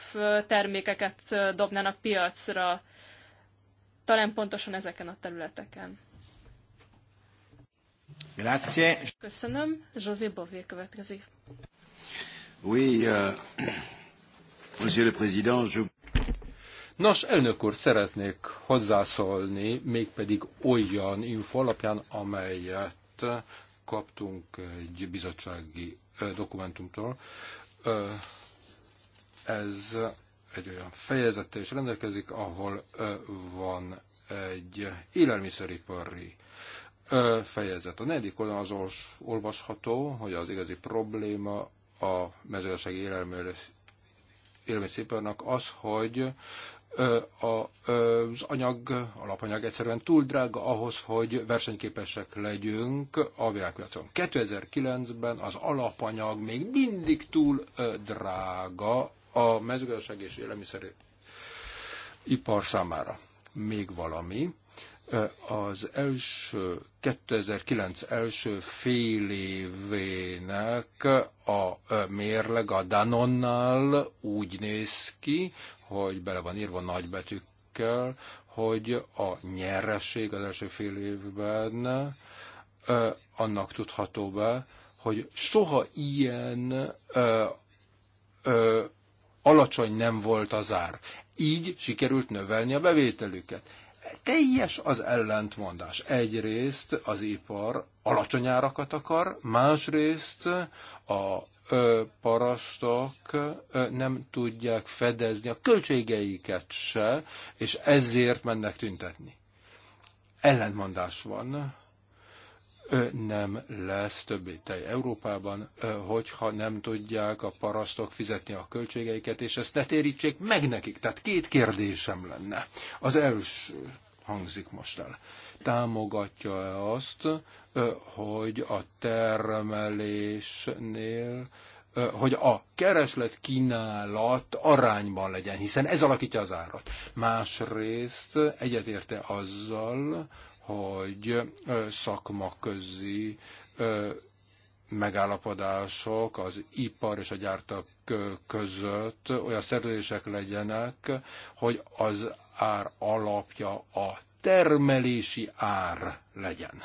termékeket dobnának piacra, talán pontosan ezeken a területeken? Grazie. Köszönöm. José Bové következik. Oui, uh, Monsieur le Président, je... Nos, elnök úr, szeretnék hozzászólni, mégpedig olyan info alapján, amelyet kaptunk egy bizottsági dokumentumtól. Ez egy olyan fejezete is rendelkezik, ahol van egy élelmiszeripari fejezet. A negyedik oldalon az olvasható, hogy az igazi probléma a mezőgazdasági élelmiszeriparnak az, hogy az anyag, alapanyag egyszerűen túl drága ahhoz, hogy versenyképesek legyünk a világpiacon. 2009-ben az alapanyag még mindig túl drága a mezőgazdaság és élelmiszer ipar számára. Még valami, az első 2009 első fél évének a mérleg a Danonnal úgy néz ki, hogy bele van írva nagybetűkkel, hogy a nyeresség az első fél évben ö, annak tudható be, hogy soha ilyen ö, ö, alacsony nem volt az ár. Így sikerült növelni a bevételüket. Teljes az ellentmondás. Egyrészt az ipar alacsony árakat akar, másrészt a parasztok nem tudják fedezni a költségeiket se, és ezért mennek tüntetni. Ellentmondás van nem lesz többé tej Európában, hogyha nem tudják a parasztok fizetni a költségeiket, és ezt ne térítsék meg nekik. Tehát két kérdésem lenne. Az első hangzik most el támogatja azt, hogy a termelésnél hogy a kereslet kínálat arányban legyen, hiszen ez alakítja az árat. Másrészt egyetérte azzal, hogy szakmaközi megállapodások az ipar és a gyártak között olyan szerződések legyenek, hogy az ár alapja a termelési ár legyen.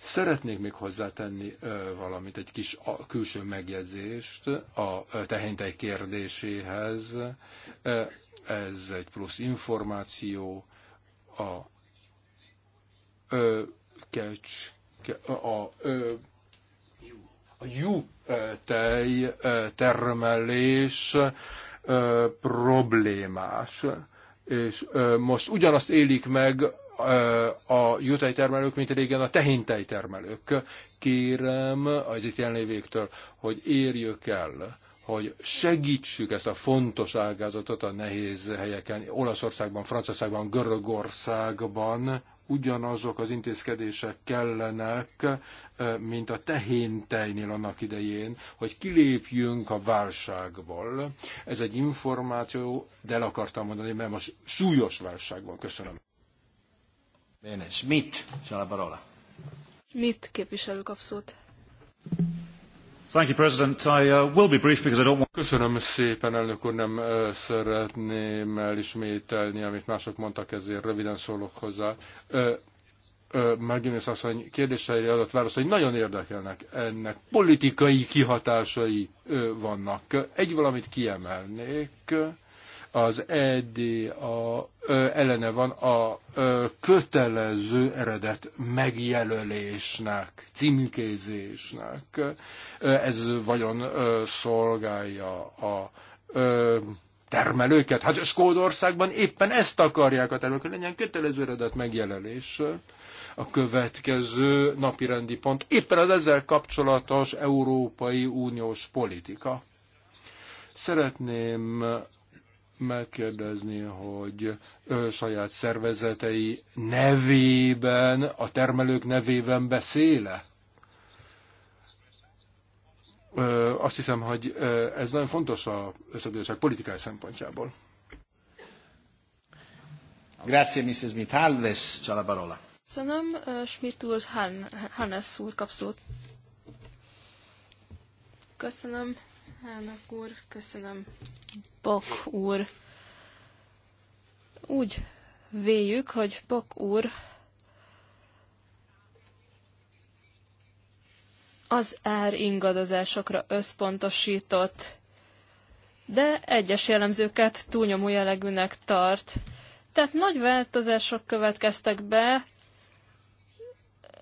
Szeretnék még hozzátenni valamit, egy kis külső megjegyzést a tehentej kérdéséhez. Ez egy plusz információ a kecs, a, ö, a jú tej termelés problémás és most ugyanazt élik meg a jutejtermelők, mint régen a tehintejtermelők. Kérem az itt jelenlévéktől, hogy érjük el hogy segítsük ezt a fontos ágazatot a nehéz helyeken, Olaszországban, Franciaországban, Görögországban, ugyanazok az intézkedések kellenek, mint a tejnél annak idején, hogy kilépjünk a válságból. Ez egy információ, de el akartam mondani, mert most súlyos válság van. Köszönöm. Bene, Schmidt, c'è la parola. Köszönöm szépen, elnök úr, nem szeretném elismételni, amit mások mondtak, ezért röviden szólok hozzá. Megjönész asszony kérdéseire adott válasz, hogy nagyon érdekelnek. Ennek politikai kihatásai vannak. Egy valamit kiemelnék az e ö, ellene van a kötelező eredet megjelölésnek, címkézésnek. Ez vagyon szolgálja a termelőket. Hát Skódországban éppen ezt akarják a termelők, hogy legyen kötelező eredet megjelölés. A következő napirendi pont éppen az ezzel kapcsolatos Európai Uniós politika. Szeretném megkérdezni, hogy saját szervezetei nevében, a termelők nevében beszéle? Azt hiszem, hogy ez nagyon fontos a összebizottság politikai szempontjából. Grazie, Mrs. Smith. c'è la parola. Köszönöm, Schmidt úr, Hannes úr kap szót. Köszönöm, elnök úr, köszönöm, Bak úr. Úgy véljük, hogy Bak úr az ár ingadozásokra összpontosított, de egyes jellemzőket túlnyomó jellegűnek tart. Tehát nagy változások következtek be,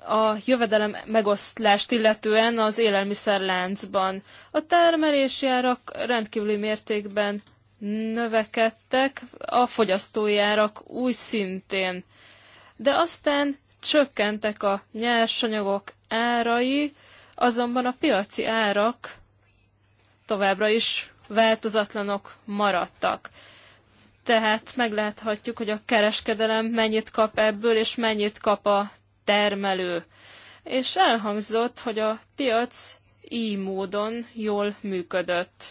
a jövedelem megosztlást illetően az élelmiszerláncban. A termelési árak rendkívüli mértékben növekedtek, a fogyasztói árak új szintén. De aztán csökkentek a nyersanyagok árai, azonban a piaci árak továbbra is változatlanok maradtak. Tehát megláthatjuk, hogy a kereskedelem mennyit kap ebből, és mennyit kap a termelő. És elhangzott, hogy a piac így módon jól működött.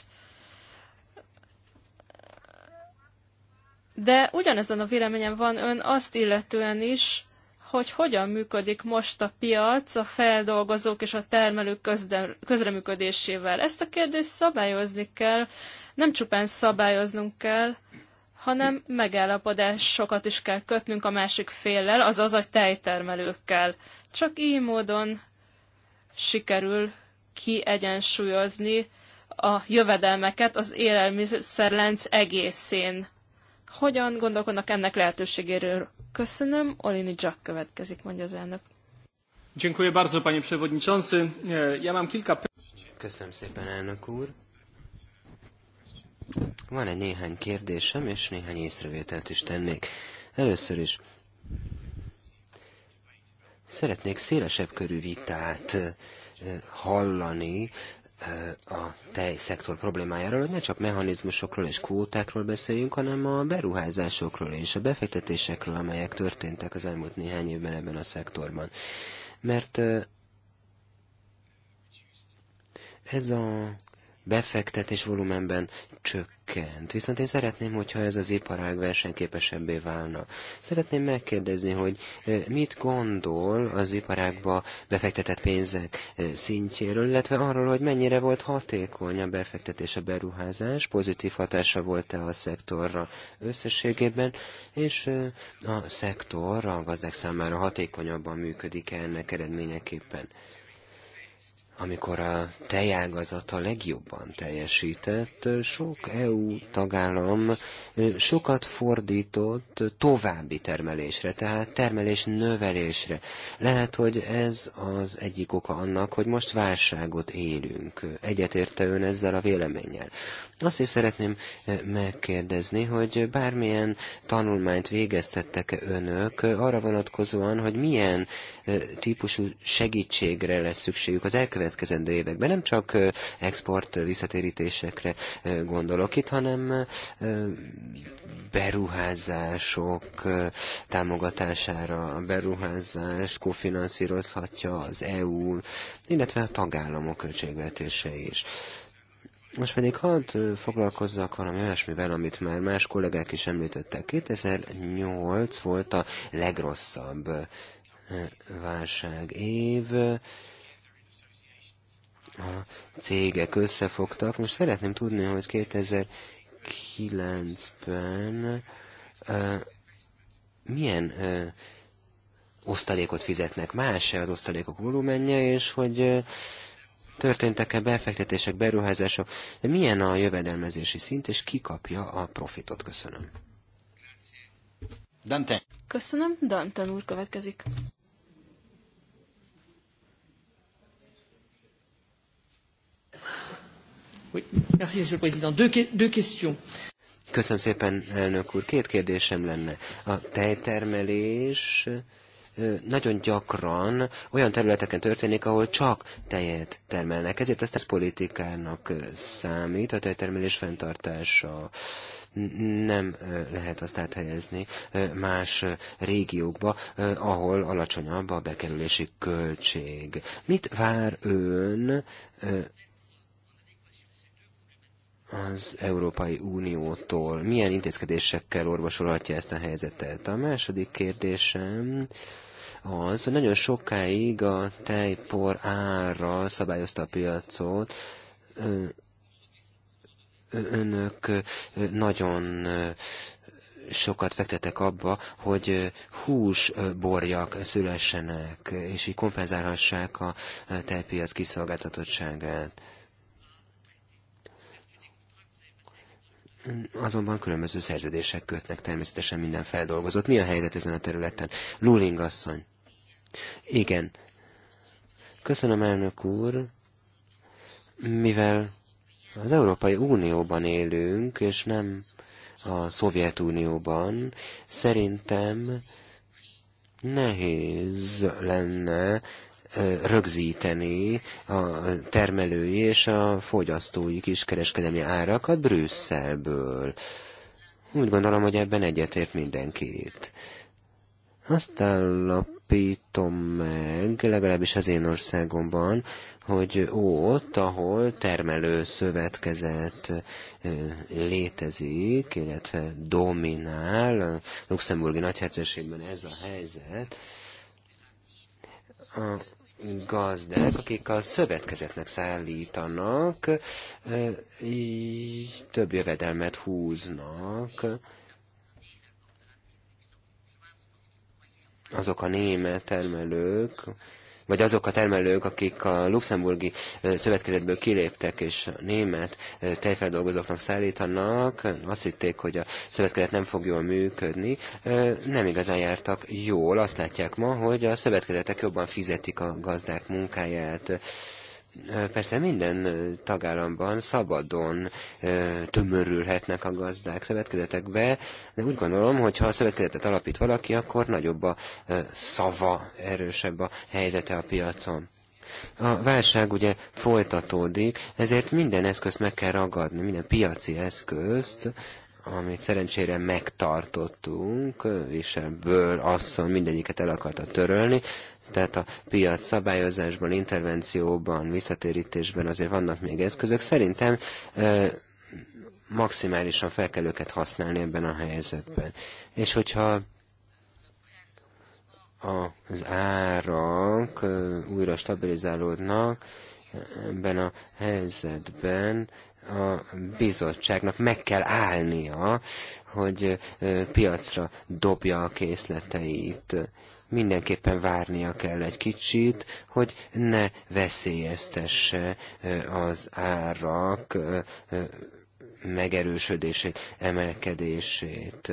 De ugyanezen a véleményem van ön azt illetően is, hogy hogyan működik most a piac a feldolgozók és a termelők közde, közreműködésével. Ezt a kérdést szabályozni kell, nem csupán szabályoznunk kell, hanem megállapodásokat is kell kötnünk a másik féllel, azaz a tejtermelőkkel. Csak így módon sikerül kiegyensúlyozni a jövedelmeket az élelmiszerlánc egészén. Hogyan gondolkodnak ennek lehetőségéről? Köszönöm, Olini Jack következik, mondja az elnök. Dziękuję bardzo, panie przewodniczący. Ja mam kilka... Köszönöm szépen, elnök úr. Van egy néhány kérdésem, és néhány észrevételt is tennék. Először is szeretnék szélesebb körű vitát hallani a tejszektor problémájáról, hogy ne csak mechanizmusokról és kvótákról beszéljünk, hanem a beruházásokról és a befektetésekről, amelyek történtek az elmúlt néhány évben ebben a szektorban. Mert ez a befektetés volumenben csökkent. Viszont én szeretném, hogyha ez az iparág versenyképesebbé válna. Szeretném megkérdezni, hogy mit gondol az iparágba befektetett pénzek szintjéről, illetve arról, hogy mennyire volt hatékony a befektetés, a beruházás, pozitív hatása volt-e a szektorra összességében, és a szektor a gazdák számára hatékonyabban működik -e ennek eredményeképpen amikor a a legjobban teljesített, sok EU tagállam sokat fordított további termelésre, tehát termelés növelésre. Lehet, hogy ez az egyik oka annak, hogy most válságot élünk. Egyetérte ön ezzel a véleménnyel. Azt is szeretném eh, megkérdezni, hogy bármilyen tanulmányt végeztettek-e önök eh, arra vonatkozóan, hogy milyen eh, típusú segítségre lesz szükségük az elkövetkezendő években. Nem csak export visszatérítésekre gondolok itt, hanem beruházások támogatására a beruházás kofinanszírozhatja az EU, illetve a tagállamok költségvetése is. Most pedig hadd foglalkozzak valami olyasmivel, amit már más kollégák is említettek. 2008 volt a legrosszabb válság év. A cégek összefogtak. Most szeretném tudni, hogy 2009-ben milyen osztalékot fizetnek. Más-e az osztalékok volumenje, és hogy történtek-e befektetések, beruházások, milyen a jövedelmezési szint, és ki kapja a profitot. Köszönöm. Dante. Köszönöm, Dante úr következik. Köszönöm szépen, elnök úr. Két kérdésem lenne. A tejtermelés nagyon gyakran olyan területeken történik, ahol csak tejet termelnek. Ezért ezt ez politikának számít, a tejtermelés fenntartása nem lehet azt áthelyezni más régiókba, ahol alacsonyabb a bekerülési költség. Mit vár ön az Európai Uniótól? Milyen intézkedésekkel orvosolhatja ezt a helyzetet? A második kérdésem az, hogy nagyon sokáig a tejpor ára szabályozta a piacot, önök nagyon sokat fektetek abba, hogy húsborjak szülessenek, és így kompenzálhassák a tejpiac kiszolgáltatottságát. azonban különböző szerződések kötnek természetesen minden feldolgozott. Mi a helyzet ezen a területen? Luling asszony. Igen. Köszönöm, elnök úr. Mivel az Európai Unióban élünk, és nem a Szovjetunióban, szerintem nehéz lenne rögzíteni a termelői és a fogyasztói kiskereskedelmi árakat Brüsszelből. Úgy gondolom, hogy ebben egyetért mindenkit. Azt állapítom meg, legalábbis az én országomban, hogy ott, ahol termelő szövetkezet létezik, illetve dominál, a luxemburgi nagyhercegségben ez a helyzet, a gazdák, akik a szövetkezetnek szállítanak, több jövedelmet húznak. Azok a német termelők, vagy azok a termelők, akik a luxemburgi szövetkezetből kiléptek és a német tejfeldolgozóknak szállítanak, azt hitték, hogy a szövetkezet nem fog jól működni, nem igazán jártak jól. Azt látják ma, hogy a szövetkezetek jobban fizetik a gazdák munkáját. Persze minden tagállamban szabadon tömörülhetnek a gazdák szövetkezetekbe, de úgy gondolom, hogy ha a szövetkezetet alapít valaki, akkor nagyobb a szava, erősebb a helyzete a piacon. A válság ugye folytatódik, ezért minden eszközt meg kell ragadni, minden piaci eszközt, amit szerencsére megtartottunk, és ebből asszony mindegyiket el akarta törölni, tehát a piac szabályozásban, intervencióban, visszatérítésben azért vannak még eszközök. Szerintem maximálisan fel kell őket használni ebben a helyzetben. És hogyha az árak újra stabilizálódnak ebben a helyzetben, a bizottságnak meg kell állnia, hogy piacra dobja a készleteit mindenképpen várnia kell egy kicsit, hogy ne veszélyeztesse az árak megerősödését, emelkedését.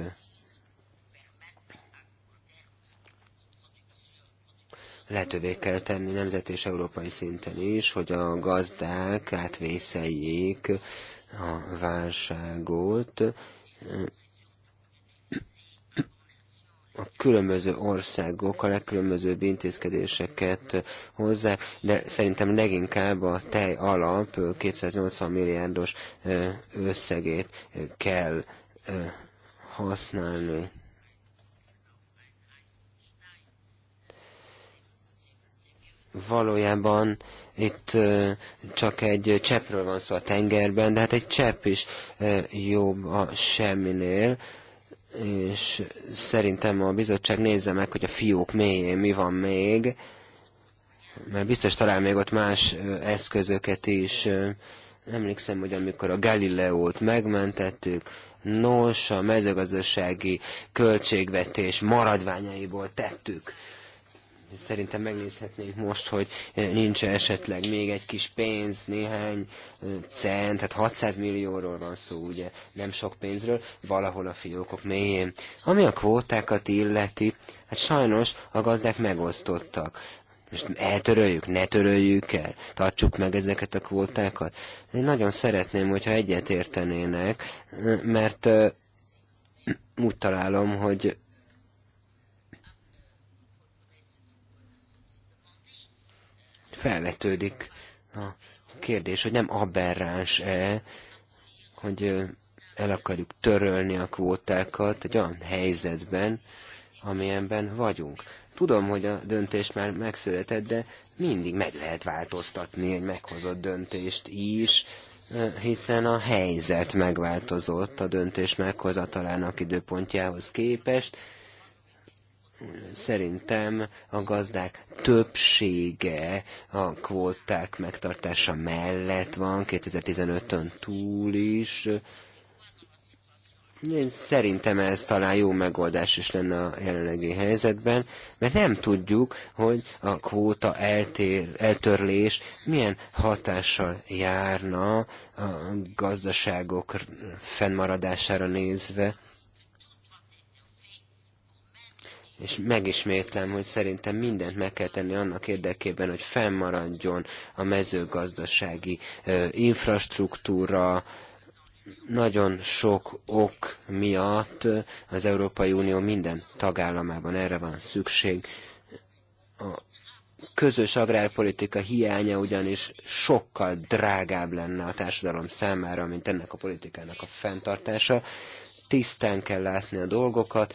lehetővé kell tenni nemzet és európai szinten is, hogy a gazdák átvészeljék a válságot, a különböző országok a legkülönbözőbb intézkedéseket hozzák, de szerintem leginkább a tej alap 280 milliárdos összegét kell használni. Valójában itt csak egy cseppről van szó a tengerben, de hát egy csepp is jobb a semminél és szerintem a bizottság nézze meg, hogy a fiók mélyén mi van még, mert biztos talál még ott más eszközöket is. Emlékszem, hogy amikor a Galileót megmentettük, nos, a mezőgazdasági költségvetés maradványaiból tettük Szerintem megnézhetnénk most, hogy eh, nincs -e esetleg még egy kis pénz, néhány eh, cent, tehát 600 millióról van szó, ugye, nem sok pénzről, valahol a fiókok mélyén. Ami a kvótákat illeti, hát sajnos a gazdák megosztottak. Most eltöröljük, ne töröljük el, tartsuk meg ezeket a kvótákat. Én nagyon szeretném, hogyha egyet értenének, eh, mert úgy találom, hogy felvetődik a kérdés, hogy nem aberráns-e, hogy el akarjuk törölni a kvótákat egy olyan helyzetben, amilyenben vagyunk. Tudom, hogy a döntés már megszületett, de mindig meg lehet változtatni egy meghozott döntést is, hiszen a helyzet megváltozott a döntés meghozatalának időpontjához képest, szerintem a gazdák többsége a kvóták megtartása mellett van, 2015-ön túl is. Én szerintem ez talán jó megoldás is lenne a jelenlegi helyzetben, mert nem tudjuk, hogy a kvóta eltér, eltörlés milyen hatással járna a gazdaságok fennmaradására nézve és megismétlem, hogy szerintem mindent meg kell tenni annak érdekében, hogy fennmaradjon a mezőgazdasági infrastruktúra, nagyon sok ok miatt az Európai Unió minden tagállamában erre van szükség. A közös agrárpolitika hiánya ugyanis sokkal drágább lenne a társadalom számára, mint ennek a politikának a fenntartása. Tisztán kell látni a dolgokat,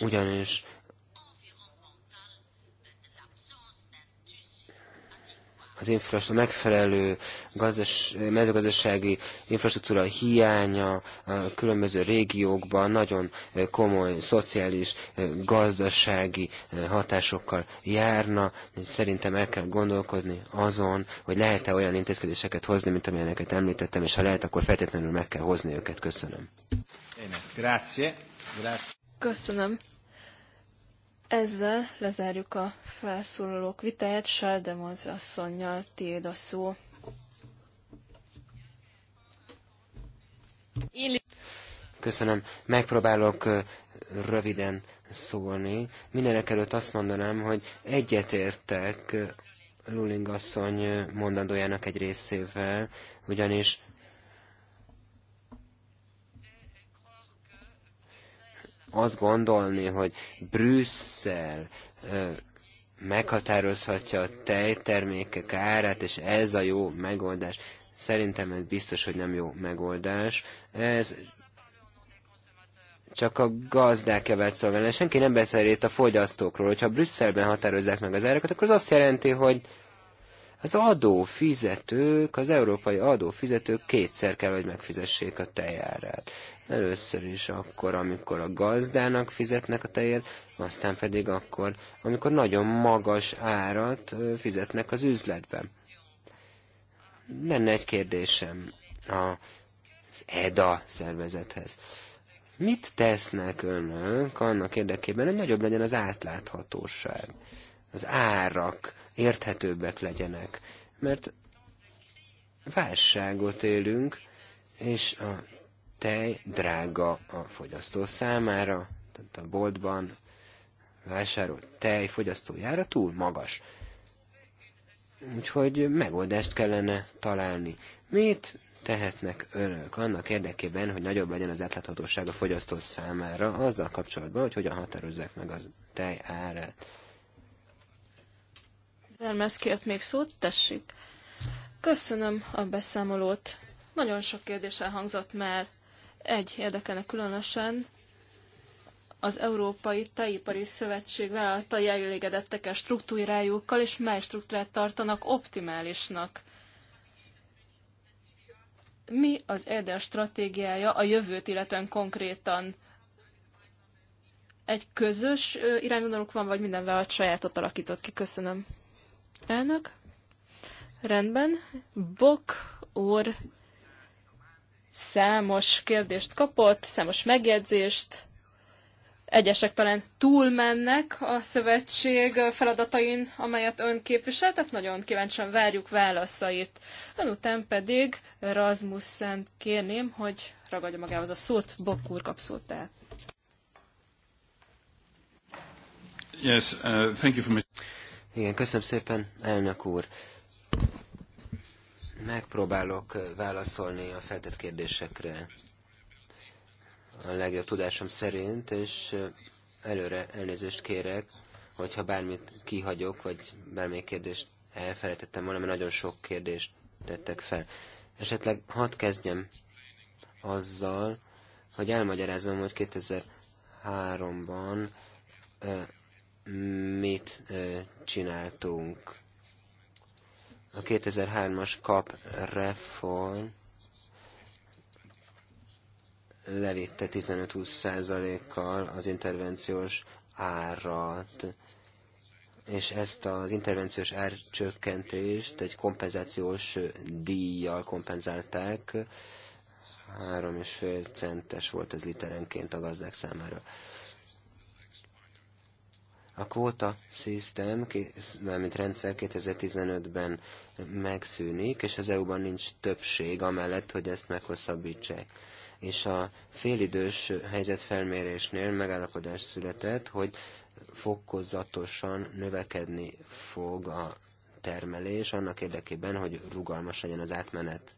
ugyanis az infrastruktúra megfelelő gazdas, mezőgazdasági infrastruktúra hiánya a különböző régiókban nagyon komoly szociális, gazdasági hatásokkal járna. Szerintem el kell gondolkozni azon, hogy lehet-e olyan intézkedéseket hozni, mint amilyeneket említettem, és ha lehet, akkor feltétlenül meg kell hozni őket. Köszönöm. Grazie. Grazie. Köszönöm. Ezzel lezárjuk a felszólalók vitáját. Sáldemoz asszonynal tiéd a szó. Köszönöm. Megpróbálok röviden szólni. Mindenek előtt azt mondanám, hogy egyetértek Luling asszony mondandójának egy részével, ugyanis azt gondolni, hogy Brüsszel meghatározhatja a tejtermékek árát, és ez a jó megoldás. Szerintem ez biztos, hogy nem jó megoldás. Ez csak a gazdák javát szolgálni. Senki nem beszél itt a fogyasztókról. Hogyha Brüsszelben határozzák meg az árakat, akkor az azt jelenti, hogy az adófizetők, az európai adófizetők kétszer kell, hogy megfizessék a tejárát. Először is akkor, amikor a gazdának fizetnek a tejért, aztán pedig akkor, amikor nagyon magas árat fizetnek az üzletben. Lenne egy kérdésem az EDA szervezethez. Mit tesznek önök annak érdekében, hogy nagyobb legyen az átláthatóság, az árak érthetőbbek legyenek. Mert válságot élünk, és a tej drága a fogyasztó számára, tehát a boltban vásárolt tej fogyasztójára túl magas. Úgyhogy megoldást kellene találni. Mit tehetnek önök annak érdekében, hogy nagyobb legyen az átláthatóság a fogyasztó számára azzal kapcsolatban, hogy hogyan határozzák meg a tej árát? Vermez kért még szót, tessék. Köszönöm a beszámolót. Nagyon sok kérdés elhangzott már. Egy érdekelne különösen, az Európai Teipari Szövetség vállaltai elégedettek el struktúrájukkal, és mely struktúrát tartanak optimálisnak. Mi az EDER stratégiája a jövőt, illetően konkrétan? Egy közös irányvonaluk van, vagy minden vállalat sajátot alakított ki? Köszönöm. Elnök. Rendben. Bok úr számos kérdést kapott, számos megjegyzést. Egyesek talán túlmennek a szövetség feladatain, amelyet ön képvisel, tehát nagyon kíváncsian várjuk válaszait. Ön után pedig Rasmussen kérném, hogy ragadja magához a szót, Bok úr kap szót tehát. Yes, uh, thank you for igen, köszönöm szépen, elnök úr. Megpróbálok válaszolni a feltett kérdésekre a legjobb tudásom szerint, és előre elnézést kérek, hogyha bármit kihagyok, vagy bármilyen kérdést elfelejtettem volna, mert nagyon sok kérdést tettek fel. Esetleg hadd kezdjem azzal, hogy elmagyarázom, hogy 2003-ban mit csináltunk. A 2003-as kap reform levitte 15-20 százalékkal az intervenciós árat, és ezt az intervenciós árcsökkentést egy kompenzációs díjjal kompenzálták, 3,5 centes volt ez literenként a gazdák számára. A kvóta szisztem, mármint rendszer 2015-ben megszűnik, és az EU-ban nincs többség amellett, hogy ezt meghosszabbítsák. És a félidős helyzetfelmérésnél megállapodás született, hogy fokozatosan növekedni fog a termelés annak érdekében, hogy rugalmas legyen az átmenet.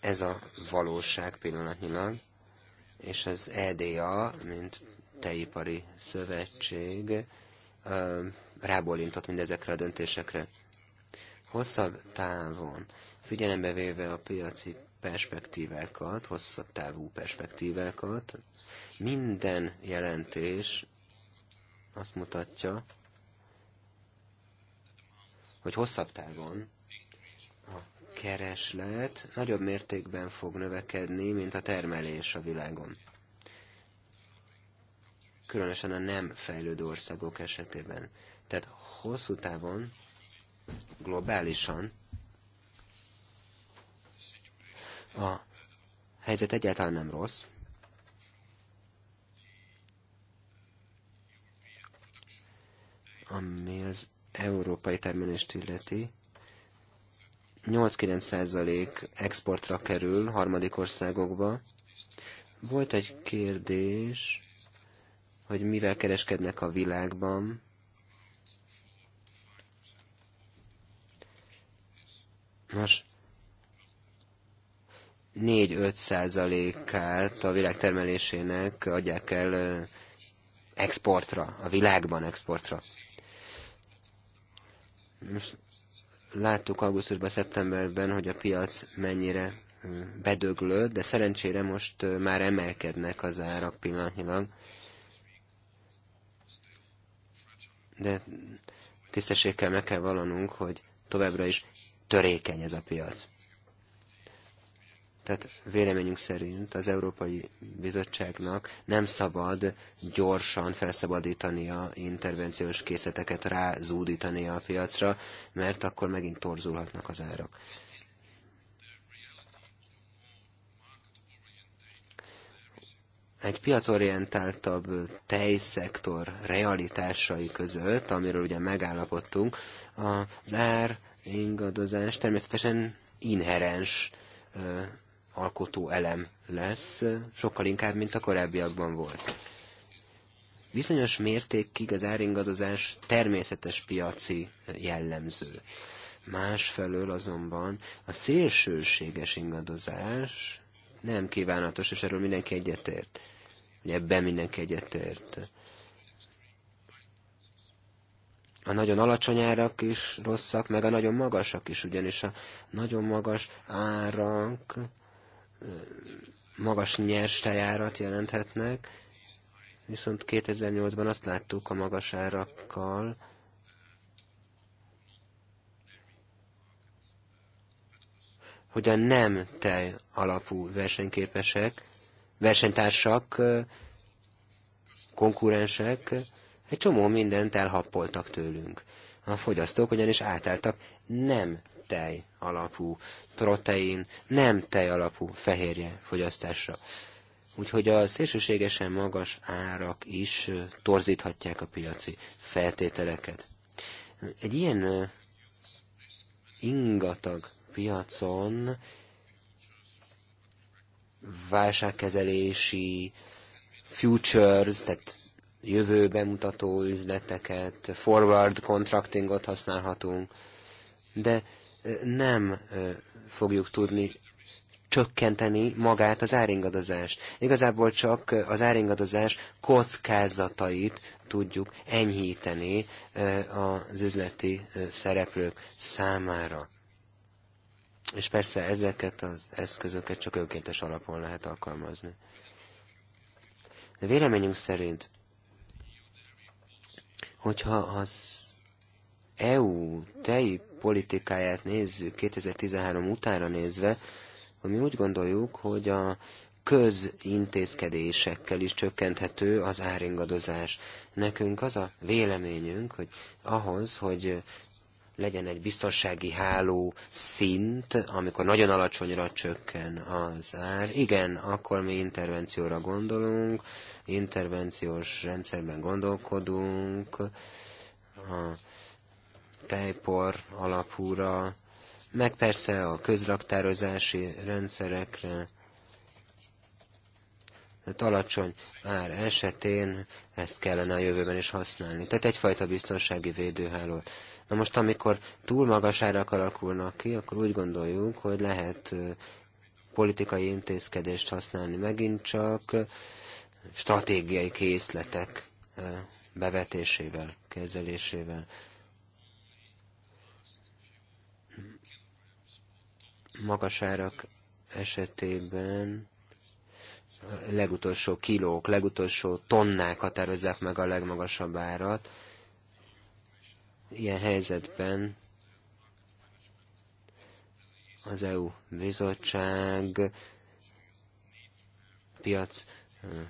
Ez a valóság pillanatnyilag és az EDA, mint Tejipari Szövetség rábólintott mindezekre a döntésekre. Hosszabb távon, figyelembe véve a piaci perspektívákat, hosszabb távú perspektívákat, minden jelentés azt mutatja, hogy hosszabb távon kereslet nagyobb mértékben fog növekedni, mint a termelés a világon. Különösen a nem fejlődő országok esetében. Tehát hosszú távon, globálisan a helyzet egyáltalán nem rossz. Ami az európai termelést illeti, 8-9% exportra kerül harmadik országokba. Volt egy kérdés, hogy mivel kereskednek a világban. Nos, 4-5 át a világ termelésének adják el exportra, a világban exportra. Most Láttuk augusztusban, szeptemberben, hogy a piac mennyire bedöglő, de szerencsére most már emelkednek az árak pillanatnyilag. De tisztességgel meg kell valanunk, hogy továbbra is törékeny ez a piac. Tehát véleményünk szerint az Európai Bizottságnak nem szabad gyorsan felszabadítani a intervenciós készleteket, rázúdítani a piacra, mert akkor megint torzulhatnak az árak. egy piacorientáltabb tejszektor realitásai között, amiről ugye megállapodtunk, az ár ingadozás természetesen inherens alkotó elem lesz, sokkal inkább, mint a korábbiakban volt. Bizonyos mértékig az áringadozás természetes piaci jellemző. Másfelől azonban a szélsőséges ingadozás nem kívánatos, és erről mindenki egyetért. Ugye ebben mindenki egyetért. A nagyon alacsony árak is rosszak, meg a nagyon magasak is, ugyanis a nagyon magas árak magas nyers tejárat jelenthetnek, viszont 2008-ban azt láttuk a magas árakkal, hogy a nem tej alapú versenyképesek, versenytársak, konkurensek egy csomó mindent elhappoltak tőlünk. A fogyasztók ugyanis átálltak nem tej alapú protein, nem tej alapú fehérje fogyasztásra. Úgyhogy a szélsőségesen magas árak is torzíthatják a piaci feltételeket. Egy ilyen ingatag piacon válságkezelési futures, tehát jövőbe mutató üzleteket, forward contractingot használhatunk, de nem fogjuk tudni csökkenteni magát az áringadozást. Igazából csak az áringadozás kockázatait tudjuk enyhíteni az üzleti szereplők számára. És persze ezeket az eszközöket csak önkéntes alapon lehet alkalmazni. De véleményünk szerint, hogyha az EU tej politikáját nézzük 2013 utára nézve, mi úgy gondoljuk, hogy a közintézkedésekkel is csökkenthető az áringadozás. Nekünk az a véleményünk, hogy ahhoz, hogy legyen egy biztonsági háló szint, amikor nagyon alacsonyra csökken az ár. Igen, akkor mi intervencióra gondolunk, intervenciós rendszerben gondolkodunk, a tejpor alapúra, meg persze a közraktározási rendszerekre. Tehát alacsony ár esetén ezt kellene a jövőben is használni. Tehát egyfajta biztonsági védőhálót. Na most, amikor túl magas árak alakulnak ki, akkor úgy gondoljuk, hogy lehet politikai intézkedést használni megint csak stratégiai készletek bevetésével, kezelésével. magas árak esetében a legutolsó kilók, legutolsó tonnák határozzák meg a legmagasabb árat. Ilyen helyzetben az EU bizottság piac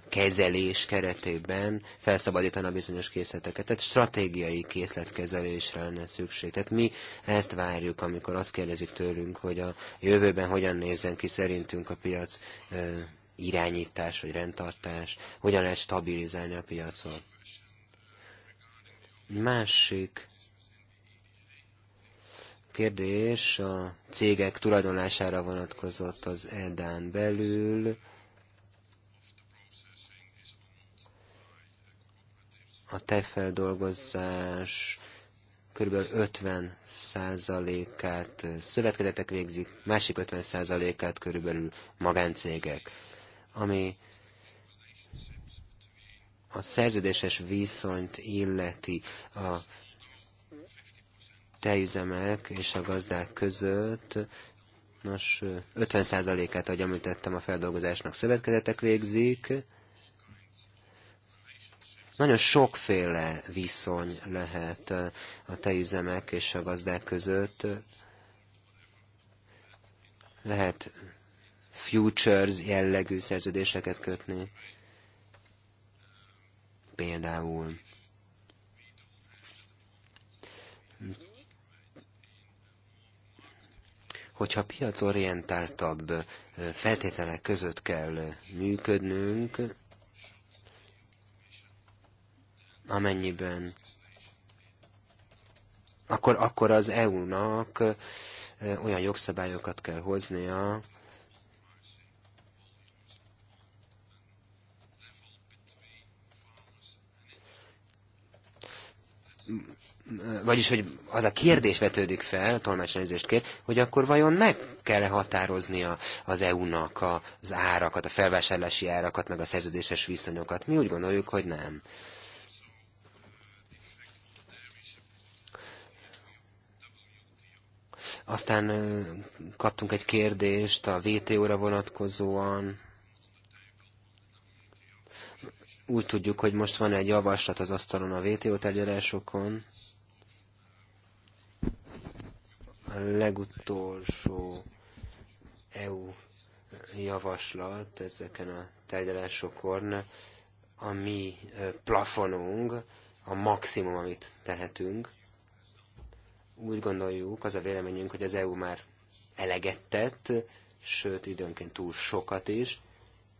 kezelés keretében felszabadítana bizonyos készleteket. Tehát stratégiai készletkezelésre lenne szükség. Tehát mi ezt várjuk, amikor azt kérdezik tőlünk, hogy a jövőben hogyan nézzen ki szerintünk a piac irányítás vagy rendtartás, hogyan lehet stabilizálni a piacot. Másik kérdés a cégek tulajdonlására vonatkozott az EDÁN belül a tejfeldolgozás kb. 50 át szövetkezetek végzik, másik 50 át körülbelül magáncégek, ami a szerződéses viszonyt illeti a tejüzemek és a gazdák között, nos, 50%-át, ahogy említettem, a feldolgozásnak szövetkezetek végzik, nagyon sokféle viszony lehet a tejüzemek és a gazdák között. Lehet futures jellegű szerződéseket kötni. Például hogyha piacorientáltabb feltételek között kell működnünk, amennyiben akkor, akkor az EU-nak olyan jogszabályokat kell hoznia, vagyis, hogy az a kérdés vetődik fel, tolmácsnézést kér, hogy akkor vajon meg kell-e határoznia az EU-nak az árakat, a felvásárlási árakat, meg a szerződéses viszonyokat? Mi úgy gondoljuk, hogy nem. Aztán kaptunk egy kérdést a VTO-ra vonatkozóan. Úgy tudjuk, hogy most van egy javaslat az asztalon a VTO tárgyalásokon. A legutolsó EU javaslat ezeken a tárgyalásokon a mi plafonunk, a maximum, amit tehetünk úgy gondoljuk, az a véleményünk, hogy az EU már eleget tett, sőt időnként túl sokat is,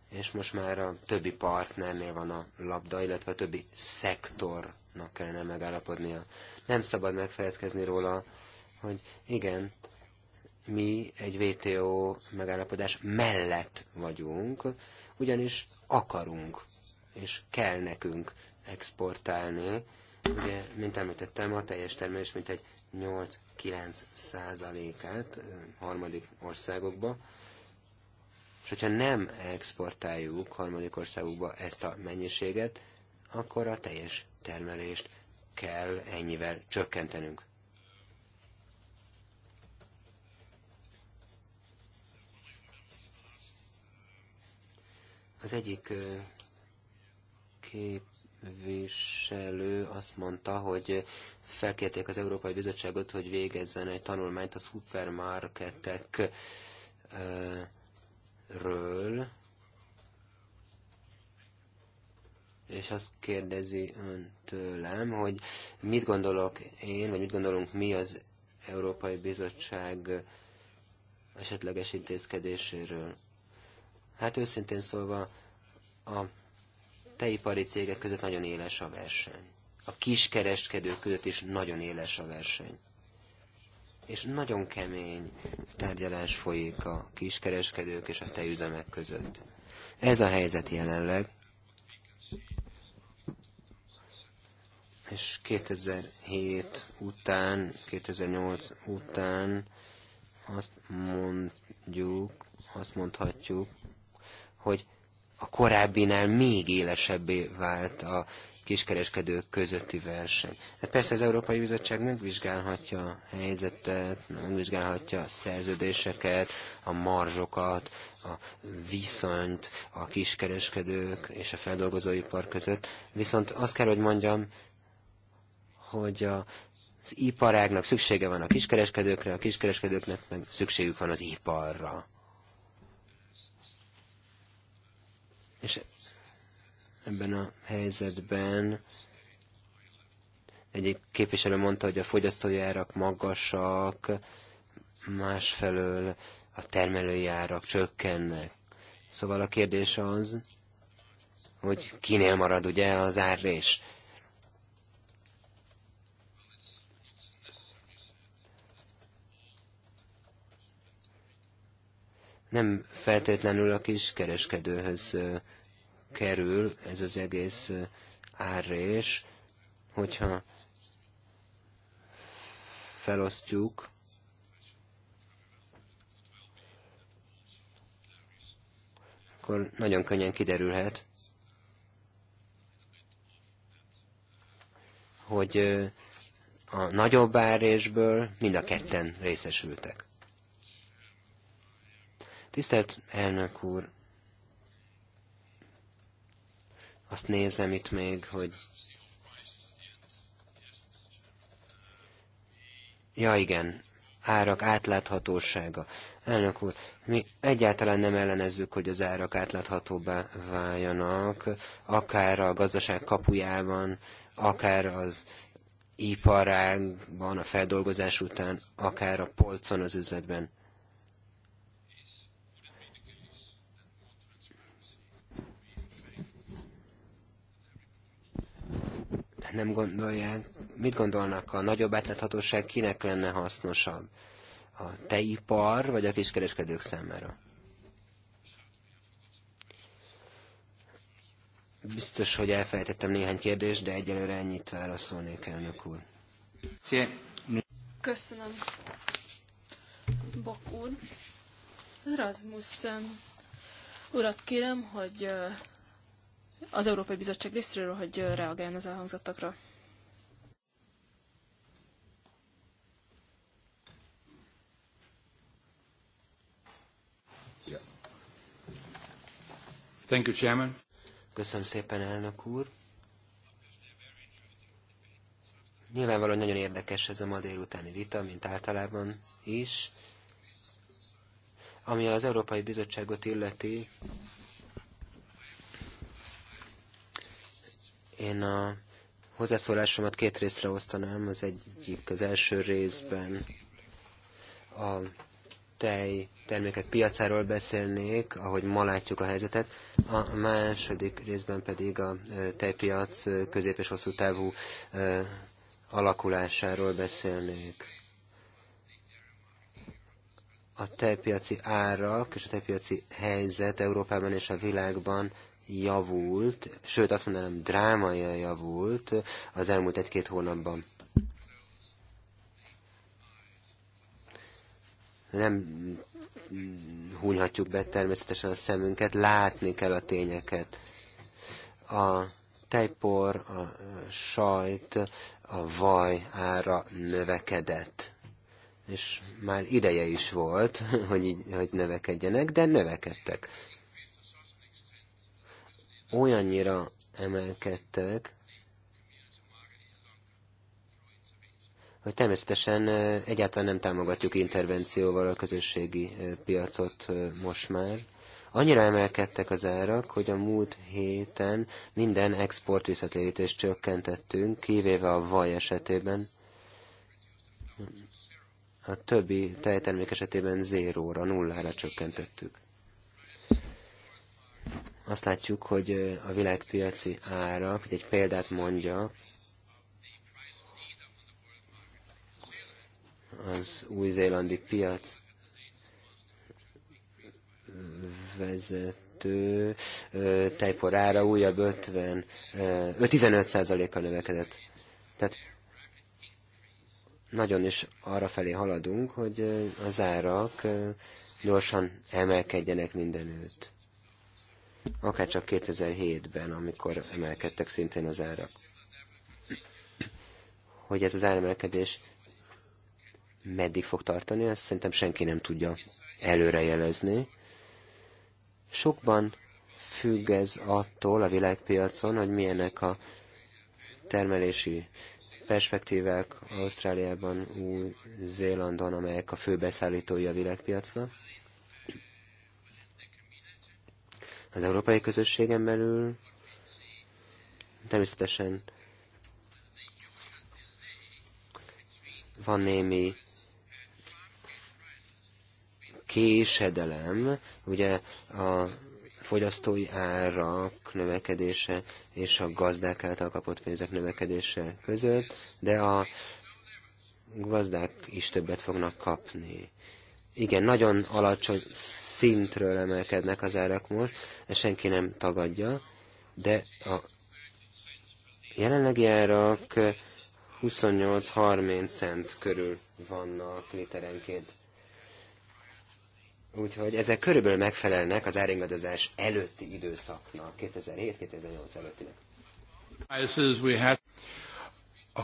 és most már a többi partnernél van a labda, illetve a többi szektornak kellene megállapodnia. Nem szabad megfeledkezni róla, hogy igen, mi egy WTO megállapodás mellett vagyunk, ugyanis akarunk, és kell nekünk exportálni. Ugye, mint említettem, a teljes termés mint egy 8-9 százalékát harmadik országokba, és hogyha nem exportáljuk harmadik országokba ezt a mennyiséget, akkor a teljes termelést kell ennyivel csökkentenünk. Az egyik kép képviselő azt mondta, hogy felkérték az Európai Bizottságot, hogy végezzen egy tanulmányt a szupermarketekről, és azt kérdezi ön tőlem, hogy mit gondolok én, vagy mit gondolunk mi az Európai Bizottság esetleges intézkedéséről. Hát őszintén szólva a tejipari cégek között nagyon éles a verseny. A kiskereskedők között is nagyon éles a verseny. És nagyon kemény tárgyalás folyik a kiskereskedők és a tejüzemek között. Ez a helyzet jelenleg. És 2007 után, 2008 után azt mondjuk, azt mondhatjuk, hogy a korábbinál még élesebbé vált a kiskereskedők közötti verseny. De persze az Európai Bizottság megvizsgálhatja a helyzetet, megvizsgálhatja a szerződéseket, a marzsokat, a viszonyt a kiskereskedők és a feldolgozóipar között. Viszont azt kell, hogy mondjam, hogy a az iparágnak szüksége van a kiskereskedőkre, a kiskereskedőknek meg szükségük van az iparra. És ebben a helyzetben egyik képviselő mondta, hogy a fogyasztói árak magasak, másfelől a termelői árak csökkennek. Szóval a kérdés az, hogy kinél marad ugye az árrés. Nem feltétlenül a kiskereskedőhöz kerül ez az egész árrés, hogyha felosztjuk, akkor nagyon könnyen kiderülhet, hogy a nagyobb árésből mind a ketten részesültek. Tisztelt elnök úr, Azt nézem itt még, hogy... Ja igen, árak átláthatósága. Elnök úr, mi egyáltalán nem ellenezzük, hogy az árak átláthatóbbá váljanak, akár a gazdaság kapujában, akár az iparágban, a feldolgozás után, akár a polcon az üzletben. nem gondolják, mit gondolnak a nagyobb átláthatóság kinek lenne hasznosabb? A teipar vagy a kiskereskedők számára? Biztos, hogy elfelejtettem néhány kérdést, de egyelőre ennyit válaszolnék, elnök úr. Köszönöm. Bok úr. Rasmussen urat kérem, hogy az Európai Bizottság részéről, hogy reagáljon az elhangzottakra. Thank you, Chairman. Köszönöm szépen, elnök úr. Nyilvánvalóan nagyon érdekes ez a ma délutáni vita, mint általában is. Ami az Európai Bizottságot illeti, Én a hozzászólásomat két részre osztanám. Az egyik az első részben a tej termékek piacáról beszélnék, ahogy ma látjuk a helyzetet, a második részben pedig a tejpiac közép- és hosszú távú alakulásáról beszélnék. A tejpiaci árak és a tejpiaci helyzet Európában és a világban javult, sőt azt mondanám drámaian javult az elmúlt egy-két hónapban. Nem hunyhatjuk be természetesen a szemünket, látni kell a tényeket. A tejpor, a sajt, a vaj ára növekedett. És már ideje is volt, hogy, így, hogy növekedjenek, de növekedtek olyannyira emelkedtek, hogy természetesen egyáltalán nem támogatjuk intervencióval a közösségi piacot most már. Annyira emelkedtek az árak, hogy a múlt héten minden export visszatérítést csökkentettünk, kivéve a vaj esetében. A többi tejtermék esetében zéróra, nullára csökkentettük. Azt látjuk, hogy a világpiaci ára, hogy egy példát mondja, az új-zélandi piac vezető tejporára újabb 50, 15%-kal növekedett. Tehát nagyon is arra felé haladunk, hogy az árak gyorsan emelkedjenek mindenütt akár csak 2007-ben, amikor emelkedtek szintén az árak. Hogy ez az áremelkedés meddig fog tartani, ezt szerintem senki nem tudja előrejelezni. Sokban függ ez attól a világpiacon, hogy milyenek a termelési perspektívák Ausztráliában, Új-Zélandon, amelyek a fő beszállítói a világpiacnak. az európai közösségen belül. Természetesen van némi késedelem, ugye a fogyasztói árak növekedése és a gazdák által kapott pénzek növekedése között, de a gazdák is többet fognak kapni igen, nagyon alacsony szintről emelkednek az árak most, de senki nem tagadja, de a jelenlegi árak 28-30 cent körül vannak literenként. Úgyhogy ezek körülbelül megfelelnek az áringadozás előtti időszaknak, 2007-2008 előttinek. A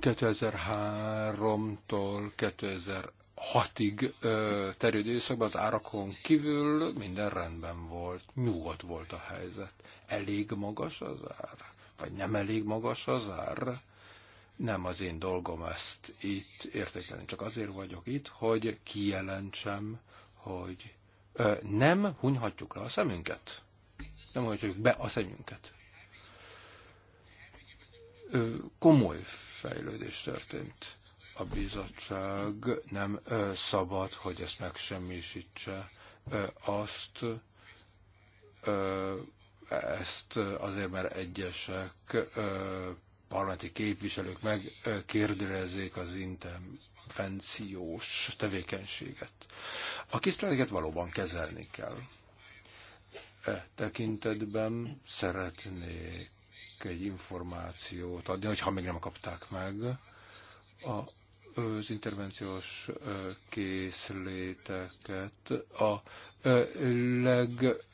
2003-tól 2000 hatig terjedő időszakban az árakon kívül minden rendben volt, nyugodt volt a helyzet. Elég magas az ár? Vagy nem elég magas az ár? Nem az én dolgom ezt itt értékelni. Csak azért vagyok itt, hogy kijelentsem, hogy ö, nem hunyhatjuk le a szemünket. Nem hagyjuk be a szemünket. Ö, komoly fejlődés történt a bizottság nem szabad, hogy ezt megsemmisítse. Azt ezt azért, mert egyesek parlamenti képviselők megkérdőlezzék az intervenciós tevékenységet. A kisztráliket valóban kezelni kell. E tekintetben szeretnék egy információt adni, hogyha még nem kapták meg, a az intervenciós készléteket a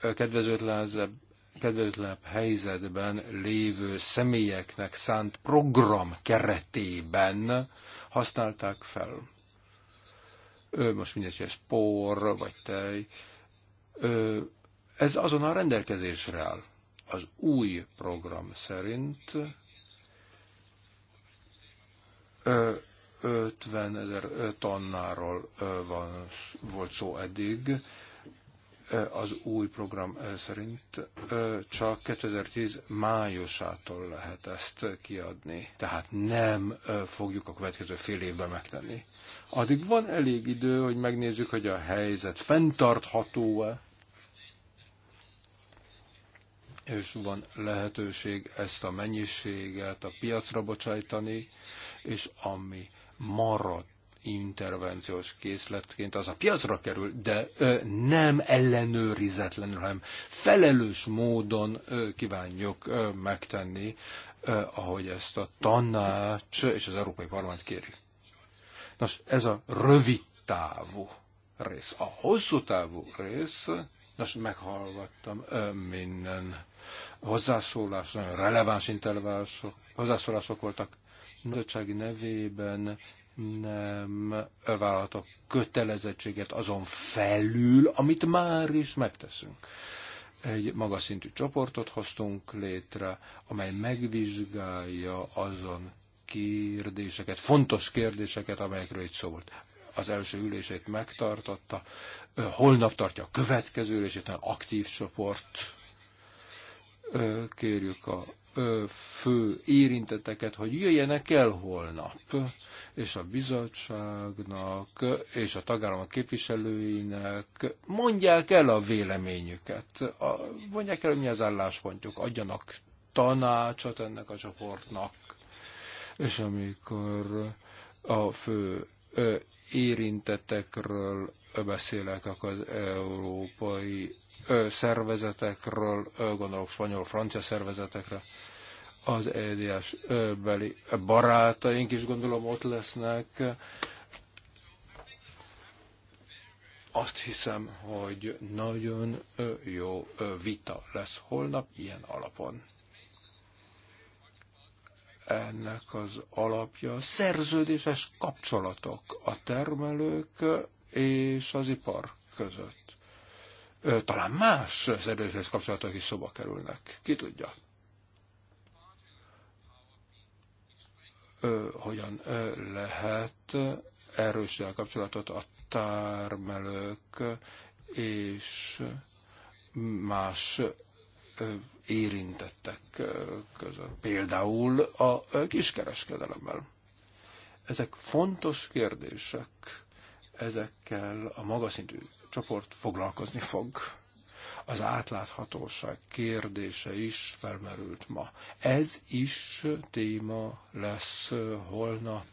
legkedvezőtlenebb helyzetben lévő személyeknek szánt program keretében használták fel. Most mindegy, ez por vagy tej. Ez azonnal rendelkezésre áll. Az új program szerint 50 ezer tonnáról van, volt szó eddig. Az új program szerint csak 2010 májusától lehet ezt kiadni, tehát nem fogjuk a következő fél évben megtenni. Addig van elég idő, hogy megnézzük, hogy a helyzet fenntartható-e, és van lehetőség ezt a mennyiséget a piacra bocsájtani, és ami marad intervenciós készletként az a piacra kerül, de ö, nem ellenőrizetlenül, hanem felelős módon ö, kívánjuk ö, megtenni, ö, ahogy ezt a tanács és az Európai Parlament kéri. Nos, ez a rövid távú rész. A hosszú távú rész, most meghallgattam ö, minden hozzászólás, nagyon releváns intervallások, hozzászólások voltak, bizottság nevében nem vállalhatok kötelezettséget azon felül, amit már is megteszünk. Egy magas szintű csoportot hoztunk létre, amely megvizsgálja azon kérdéseket, fontos kérdéseket, amelyekről itt szó volt. Az első ülését megtartotta, holnap tartja a következő ülését, aktív csoport. Kérjük a fő érintetteket, hogy jöjjenek el holnap, és a bizottságnak, és a tagállamok képviselőinek mondják el a véleményüket, a, mondják el, hogy mi az álláspontjuk, adjanak tanácsot ennek a csoportnak, és amikor a fő érintettekről beszélek, akkor az európai szervezetekről gondolok, spanyol-francia szervezetekre, az EDS beli barátaink is gondolom ott lesznek. Azt hiszem, hogy nagyon jó vita lesz holnap ilyen alapon. Ennek az alapja szerződéses kapcsolatok a termelők és az ipar között talán más szerződéshez kapcsolatok is szóba kerülnek. Ki tudja? Hogyan lehet erősíteni a kapcsolatot a tármelők és más érintettek között, például a kiskereskedelemmel. Ezek fontos kérdések, ezekkel a magaszintű csoport foglalkozni fog. Az átláthatóság kérdése is felmerült ma. Ez is téma lesz holnap.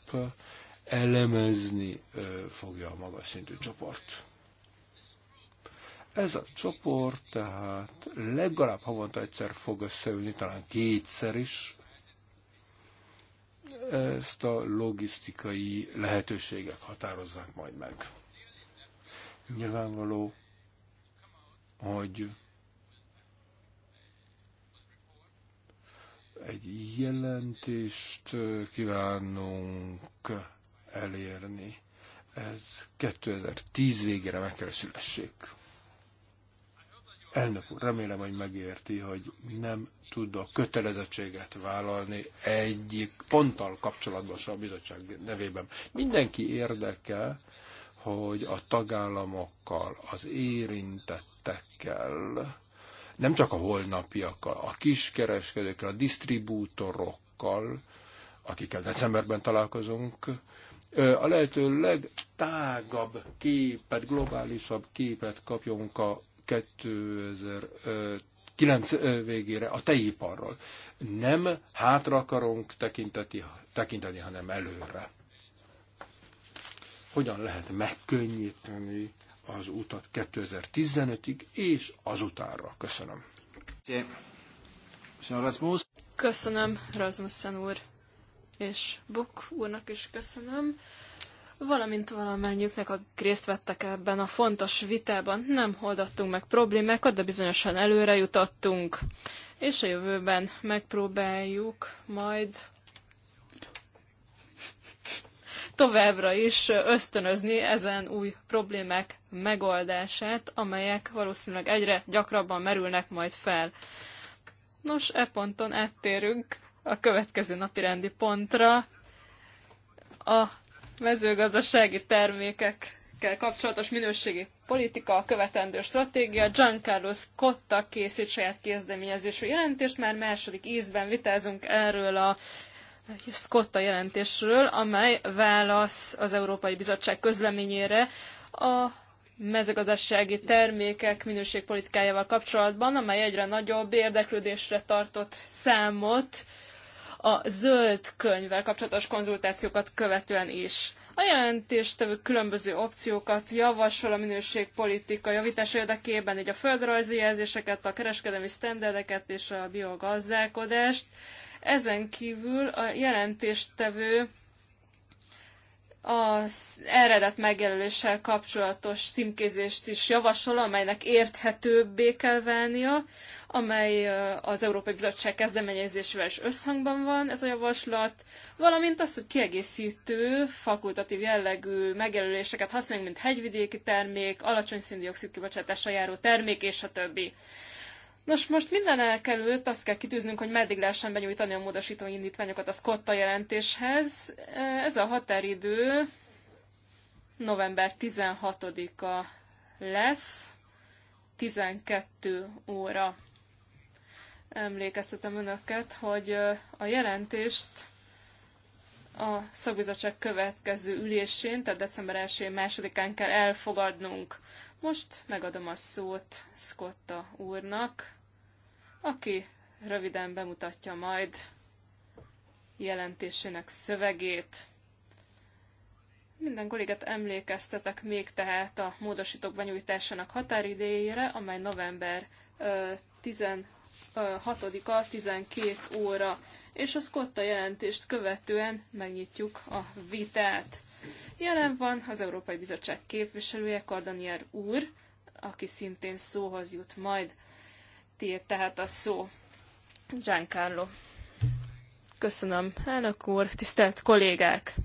Elemezni fogja a magas szintű csoport. Ez a csoport tehát legalább havonta egyszer fog összeülni, talán kétszer is, ezt a logisztikai lehetőségek határozzák majd meg. Nyilvánvaló, hogy egy jelentést kívánunk elérni. Ez 2010 végére meg kell szülessék. Elnök úr, remélem, hogy megérti, hogy nem tudok kötelezettséget vállalni egyik ponttal kapcsolatban sem a bizottság nevében. Mindenki érdekel, hogy a tagállamokkal, az érintettekkel, nem csak a holnapiakkal, a kiskereskedőkkel, a disztribútorokkal, akikkel decemberben találkozunk, a lehető legtágabb képet, globálisabb képet kapjunk a 2009 végére a tejiparról. Nem hátra akarunk tekinteni, tekinteni hanem előre hogyan lehet megkönnyíteni az utat 2015-ig és azutánra. Köszönöm. Köszönöm, Rasmussen úr, és Buk úrnak is köszönöm valamint valamennyiüknek, a részt vettek ebben a fontos vitában, nem oldattunk meg problémákat, de bizonyosan előre jutottunk, és a jövőben megpróbáljuk majd továbbra is ösztönözni ezen új problémák megoldását, amelyek valószínűleg egyre gyakrabban merülnek majd fel. Nos, e ponton áttérünk a következő napi rendi pontra, a mezőgazdasági termékek kapcsolatos minőségi politika, a követendő stratégia. Carlos Cotta készít saját kézdeményezésű jelentést, már második ízben vitázunk erről a Scott a jelentésről, amely válasz az Európai Bizottság közleményére a mezőgazdasági termékek minőségpolitikájával kapcsolatban, amely egyre nagyobb érdeklődésre tartott számot a zöld könyvvel kapcsolatos konzultációkat követően is. A jelentéstevő különböző opciókat javasol a minőségpolitika javítása érdekében, így a földrajzi jelzéseket, a kereskedelmi sztenderdeket és a biogazdálkodást, ezen kívül a jelentéstevő az eredet megjelöléssel kapcsolatos címkézést is javasol, amelynek érthetőbbé kell válnia, amely az Európai Bizottság kezdeményezésével is összhangban van ez a javaslat, valamint azt, hogy kiegészítő, fakultatív jellegű megjelöléseket használjunk, mint hegyvidéki termék, alacsony szindioxid kibocsátással járó termék, és a többi. Nos, most minden elkerült, azt kell kitűznünk, hogy meddig lehessen benyújtani a módosító indítványokat a Scotta jelentéshez. Ez a határidő november 16-a lesz, 12 óra. Emlékeztetem önöket, hogy a jelentést a szakbizottság következő ülésén, tehát december 1-én, másodikán kell elfogadnunk. Most megadom a szót Scotta úrnak, aki röviden bemutatja majd jelentésének szövegét. Minden kollégát emlékeztetek még tehát a módosítók benyújtásának határidéjére, amely november 16-a 12 óra, és a Scotta jelentést követően megnyitjuk a vitát. Jelen van az Európai Bizottság képviselője, Kardanier úr, aki szintén szóhoz jut majd. Tiéd tehát a szó. Giancarlo. Köszönöm, elnök úr, tisztelt kollégák!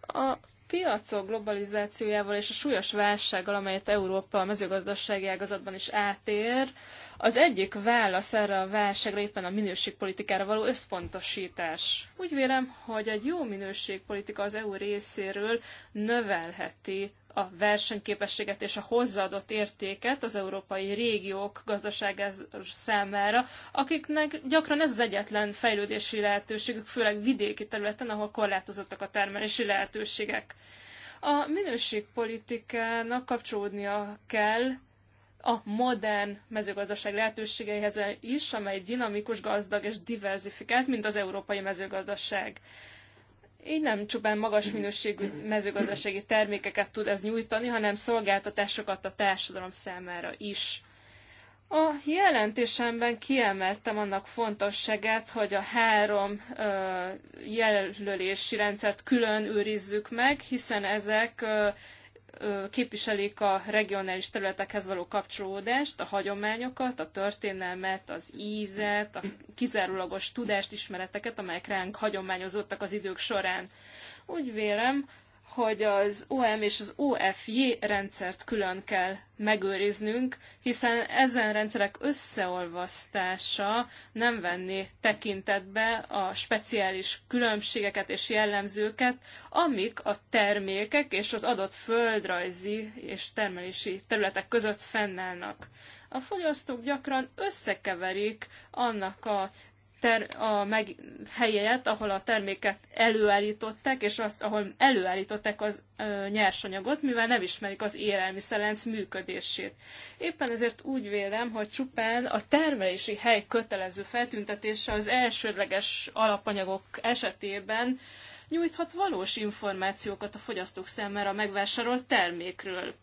A piacok globalizációjával és a súlyos válsággal, amelyet Európa a mezőgazdasági ágazatban is átér, az egyik válasz erre a válságra éppen a minőségpolitikára való összpontosítás. Úgy vélem, hogy egy jó minőségpolitika az EU részéről növelheti a versenyképességet és a hozzáadott értéket az európai régiók gazdaság számára, akiknek gyakran ez az egyetlen fejlődési lehetőségük, főleg vidéki területen, ahol korlátozottak a termelési lehetőségek. A minőségpolitikának kapcsolódnia kell a modern mezőgazdaság lehetőségeihez is, amely dinamikus, gazdag és diversifikált, mint az európai mezőgazdaság. Így nem csupán magas minőségű mezőgazdasági termékeket tud ez nyújtani, hanem szolgáltatásokat a társadalom számára is. A jelentésemben kiemeltem annak fontosságát, hogy a három ö, jelölési rendszert külön őrizzük meg, hiszen ezek ö, képviselik a regionális területekhez való kapcsolódást, a hagyományokat, a történelmet, az ízet, a kizárólagos tudást, ismereteket, amelyek ránk hagyományozottak az idők során. Úgy vélem, hogy az OM és az OFJ rendszert külön kell megőriznünk, hiszen ezen rendszerek összeolvasztása nem venni tekintetbe a speciális különbségeket és jellemzőket, amik a termékek és az adott földrajzi és termelési területek között fennállnak. A fogyasztók gyakran összekeverik annak a ter- a meg- helyet, ahol a terméket előállították, és azt, ahol előállították az ö, nyersanyagot, mivel nem ismerik az élelmiszerlánc működését. Éppen ezért úgy vélem, hogy csupán a termelési hely kötelező feltüntetése az elsődleges alapanyagok esetében nyújthat valós információkat a fogyasztók számára a megvásárolt termékről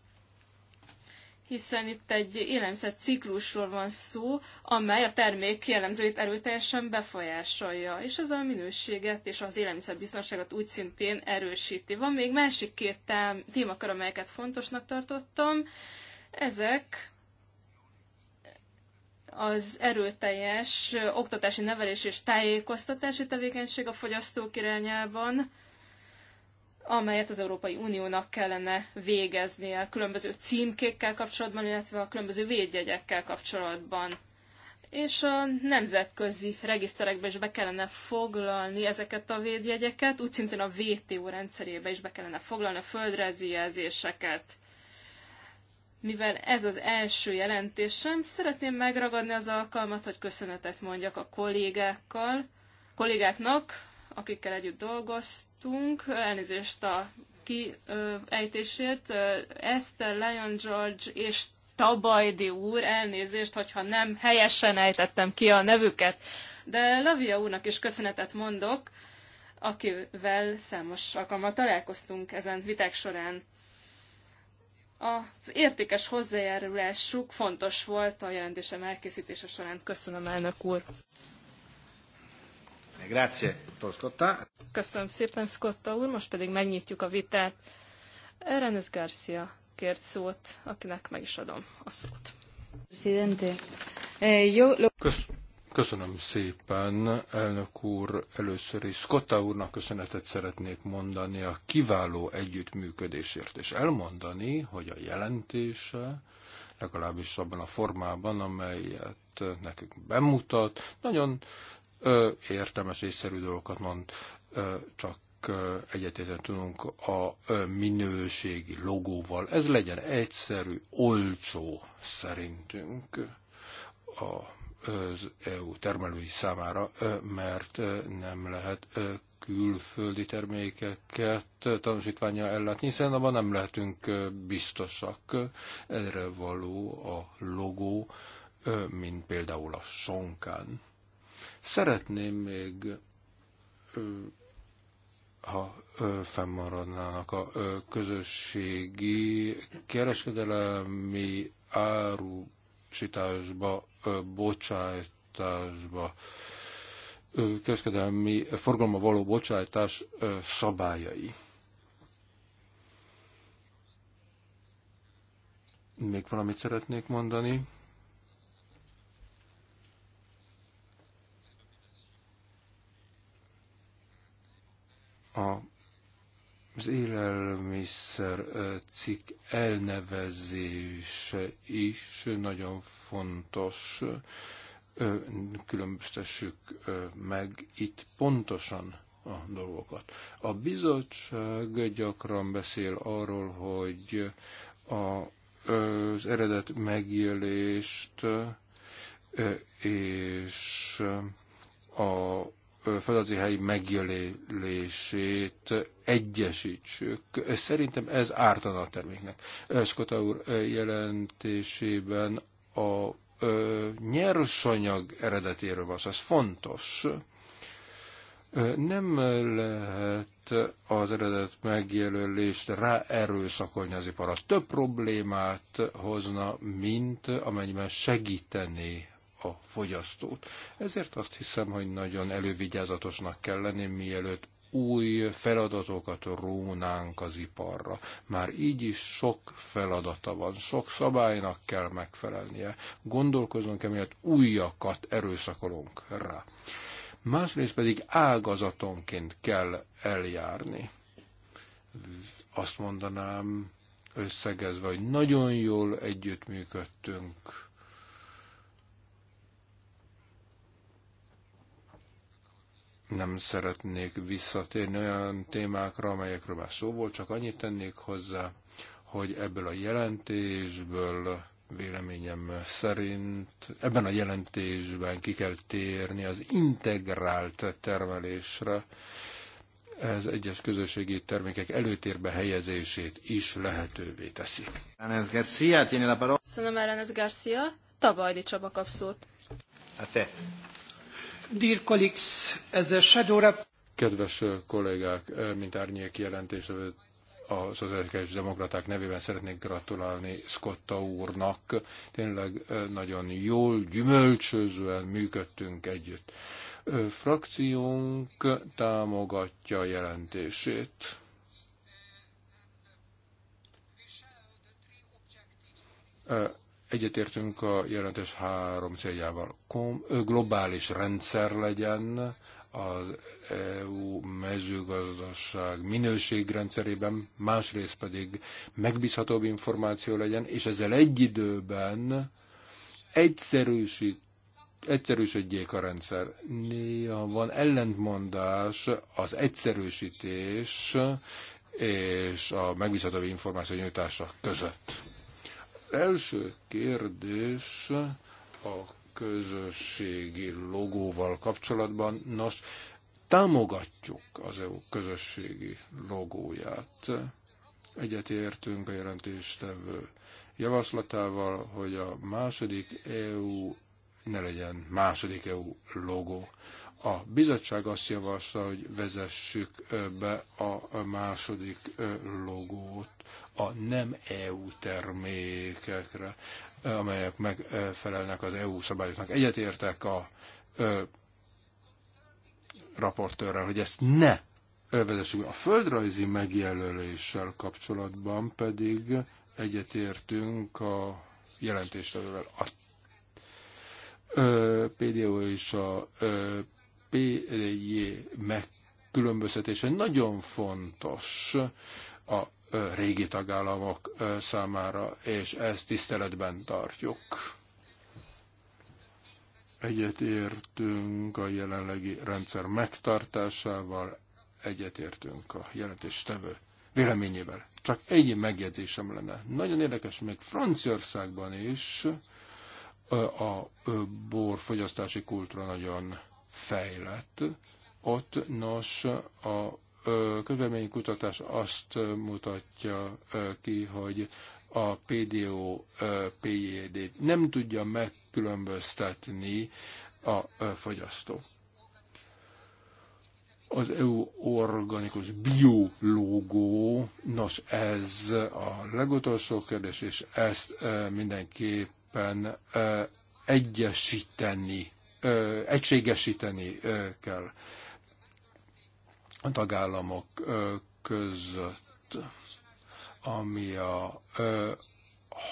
hiszen itt egy élelmiszer ciklusról van szó, amely a termék jellemzőit erőteljesen befolyásolja, és az a minőséget és az élelmiszerbiztonságot úgy szintén erősíti. Van még másik két témakör, amelyeket fontosnak tartottam. Ezek az erőteljes oktatási nevelés és tájékoztatási tevékenység a fogyasztók irányában, amelyet az Európai Uniónak kellene végeznie a különböző címkékkel kapcsolatban, illetve a különböző védjegyekkel kapcsolatban. És a nemzetközi regiszterekbe is be kellene foglalni ezeket a védjegyeket, úgy szintén a WTO rendszerébe is be kellene foglalni a földrezi jelzéseket. Mivel ez az első jelentésem, szeretném megragadni az alkalmat, hogy köszönetet mondjak a kollégákkal, kollégáknak, akikkel együtt dolgoztunk, elnézést a kiejtésért, Esther Lion George és Tabajdi úr, elnézést, hogyha nem helyesen ejtettem ki a nevüket, de Lavia úrnak is köszönetet mondok, akivel számos alkalommal találkoztunk ezen viták során. Az értékes hozzájárulásuk fontos volt a jelentésem elkészítése során. Köszönöm, elnök úr! Grazie, Scotta. Köszönöm szépen, Scotta úr. Most pedig megnyitjuk a vitát. Erenes Garcia kért szót, akinek meg is adom a szót. Eh, Kösz, köszönöm szépen, elnök úr. Először is Scotta úrnak köszönetet szeretnék mondani a kiváló együttműködésért, és elmondani, hogy a jelentése legalábbis abban a formában, amelyet nekünk bemutat. Nagyon ö, értelmes észszerű dolgokat mond, ö, csak egyetértelműen tudunk a minőségi logóval. Ez legyen egyszerű, olcsó szerintünk az EU termelői számára, mert nem lehet külföldi termékeket tanúsítványa ellátni, hiszen abban nem lehetünk biztosak. Erre való a logó, mint például a sonkán. Szeretném még, ha fennmaradnának a közösségi kereskedelemi árusításba, bocsátásba, kereskedelmi forgalma való bocsátás szabályai. Még valamit szeretnék mondani. A, az élelmiszer cikk elnevezése is nagyon fontos. Különböztessük meg itt pontosan a dolgokat. A bizottság gyakran beszél arról, hogy a, az eredet megjelést és a földrajzi hely megjelölését egyesítsük. Szerintem ez ártana a terméknek. Skota úr jelentésében a nyersanyag eredetéről van ez fontos. Nem lehet az eredet megjelölést ráerőszakolni az iparra. Több problémát hozna, mint amennyiben segíteni a fogyasztót. Ezért azt hiszem, hogy nagyon elővigyázatosnak kell lenni, mielőtt új feladatokat rónánk az iparra. Már így is sok feladata van, sok szabálynak kell megfelelnie. Gondolkozunk emiatt újakat erőszakolunk rá. Másrészt pedig ágazatonként kell eljárni. Azt mondanám összegezve, hogy nagyon jól együttműködtünk nem szeretnék visszatérni olyan témákra, amelyekről már szó volt, csak annyit tennék hozzá, hogy ebből a jelentésből véleményem szerint ebben a jelentésben ki kell térni az integrált termelésre, ez egyes közösségi termékek előtérbe helyezését is lehetővé teszi. Ernest Garcia, Köszönöm, Ernest Garcia. Tabajdi Csaba kap szót. A te. Dear colleagues, as a shadow rep- Kedves kollégák, mint árnyék jelentés, a szociális demokraták nevében szeretnék gratulálni Scotta úrnak. Tényleg nagyon jól, gyümölcsözően működtünk együtt. Frakciónk támogatja jelentését. Egyetértünk a jelentés három céljával. Kom, globális rendszer legyen az EU mezőgazdaság minőségrendszerében, másrészt pedig megbízhatóbb információ legyen, és ezzel egy időben egyszerűsít egyszerűsödjék a rendszer. Néha van ellentmondás az egyszerűsítés és a megbízható információ nyújtása között első kérdés a közösségi logóval kapcsolatban. Nos, támogatjuk az EU közösségi logóját. Egyetértünk a jelentéstevő javaslatával, hogy a második EU ne legyen második EU logó. A bizottság azt javasla, hogy vezessük be a második e logót a nem EU termékekre, amelyek megfelelnek az EU szabályoknak. Egyetértek a raportőrrel, hogy ezt ne vezessük. A földrajzi megjelöléssel kapcsolatban pedig egyetértünk a jelentéstevővel. A PDO és a PDJ megkülönböztetése nagyon fontos a régi tagállamok számára, és ezt tiszteletben tartjuk. Egyetértünk a jelenlegi rendszer megtartásával, egyetértünk a jelentéstevő véleményével. Csak egy megjegyzésem lenne. Nagyon érdekes, még Franciaországban is a borfogyasztási kultúra nagyon fejlett. Ott nos a kutatás azt mutatja ki, hogy a PDO pjd e nem tudja megkülönböztetni a fogyasztó. Az EU organikus biológó, nos ez a legutolsó kérdés, és ezt mindenképpen egyesíteni, egységesíteni kell a tagállamok között, ami a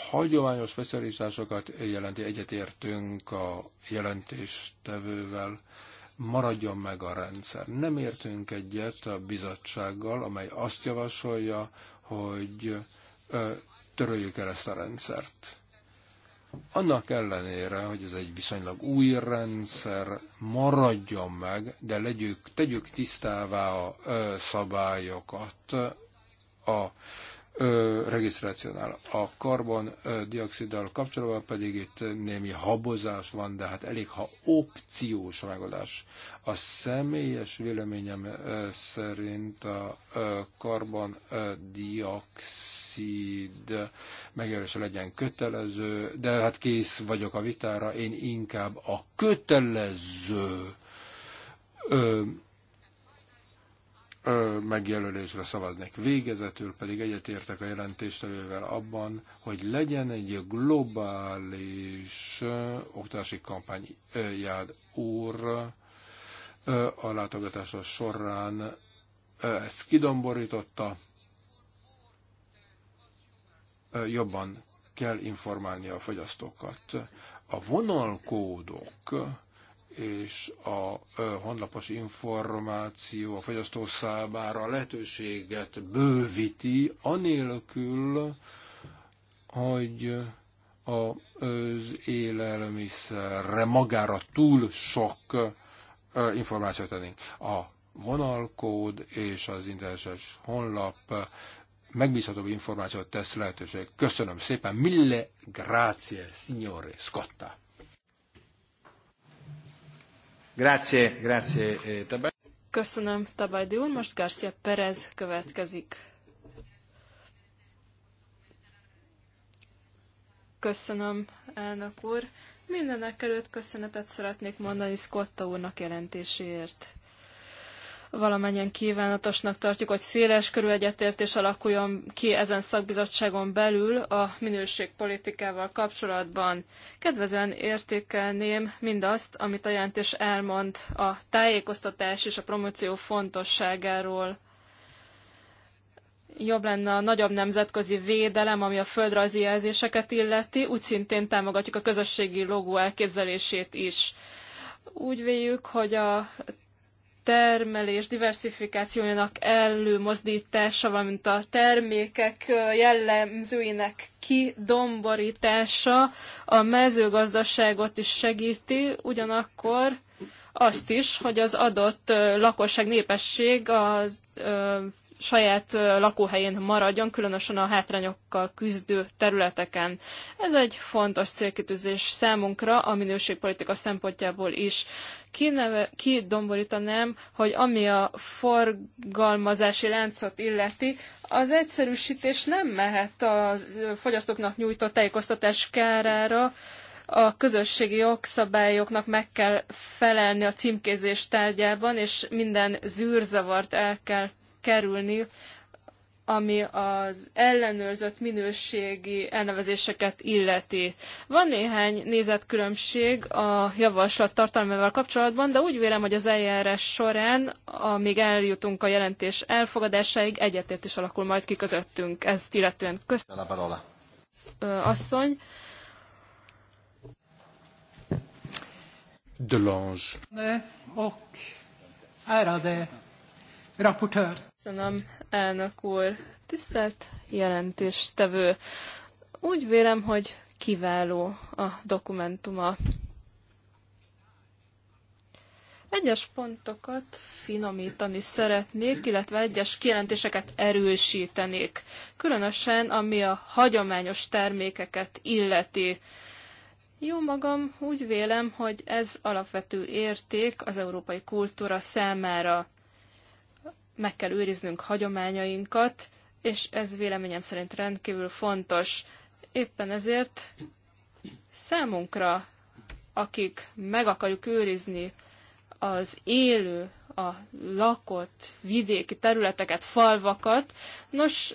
hagyományos specializásokat jelenti, egyetértünk a jelentéstevővel, maradjon meg a rendszer. Nem értünk egyet a bizottsággal, amely azt javasolja, hogy töröljük el ezt a rendszert. Annak ellenére, hogy ez egy viszonylag új rendszer, maradjon meg, de legyük, tegyük tisztává a szabályokat a ö, regisztrációnál. A karbondioxiddal kapcsolatban pedig itt némi habozás van, de hát elég, ha opciós megoldás. A személyes véleményem szerint a karbondioxid megjelölése legyen kötelező, de hát kész vagyok a vitára, én inkább a kötelező ö, megjelölésre szavaznék. Végezetül pedig egyetértek a jelentéstevővel abban, hogy legyen egy globális oktatási kampány Jád úr a látogatása során ezt kidomborította, jobban kell informálni a fogyasztókat. A vonalkódok és a honlapos információ a fogyasztó számára a lehetőséget bővíti, anélkül, hogy az élelmiszerre magára túl sok információt adnénk. A vonalkód és az internetes honlap megbízhatóbb információt tesz lehetőség. Köszönöm szépen. Mille grazie, signore Scotta. Grazie, grazie, eh, Tabaj. Köszönöm, Tabajdi úr. Most Garcia Perez következik. Köszönöm, elnök úr. Mindenek előtt köszönetet szeretnék mondani Scotta úrnak jelentéséért valamennyien kívánatosnak tartjuk, hogy széles körű egyetértés alakuljon ki ezen szakbizottságon belül a minőségpolitikával kapcsolatban. Kedvezően értékelném mindazt, amit a jelentés elmond a tájékoztatás és a promóció fontosságáról. Jobb lenne a nagyobb nemzetközi védelem, ami a földrajzi jelzéseket illeti, úgy szintén támogatjuk a közösségi logó elképzelését is. Úgy véljük, hogy a termelés diversifikációjának előmozdítása, valamint a termékek jellemzőinek kidomborítása a mezőgazdaságot is segíti, ugyanakkor azt is, hogy az adott lakosság népesség az saját lakóhelyén maradjon, különösen a hátrányokkal küzdő területeken. Ez egy fontos célkitűzés számunkra a minőségpolitika szempontjából is. Kineve, kidomborítanám, hogy ami a forgalmazási láncot illeti, az egyszerűsítés nem mehet a fogyasztóknak nyújtott tájékoztatás kárára, a közösségi jogszabályoknak meg kell felelni a címkézés tárgyában, és minden zűrzavart el kell kerülni, ami az ellenőrzött minőségi elnevezéseket illeti. Van néhány nézetkülönbség a javaslat tartalmával kapcsolatban, de úgy vélem, hogy az eljárás során, amíg eljutunk a jelentés elfogadásáig, egyetért is alakul majd ki közöttünk. Ezt illetően köszönöm. Asszony. Delange. Och, de. Rapportőr. Köszönöm, elnök úr. Tisztelt jelentéstevő. Úgy vélem, hogy kiváló a dokumentuma. Egyes pontokat finomítani szeretnék, illetve egyes kijelentéseket erősítenék, különösen ami a hagyományos termékeket illeti. Jó magam, úgy vélem, hogy ez alapvető érték az európai kultúra számára meg kell őriznünk hagyományainkat, és ez véleményem szerint rendkívül fontos. Éppen ezért számunkra, akik meg akarjuk őrizni az élő, a lakott vidéki területeket, falvakat, nos,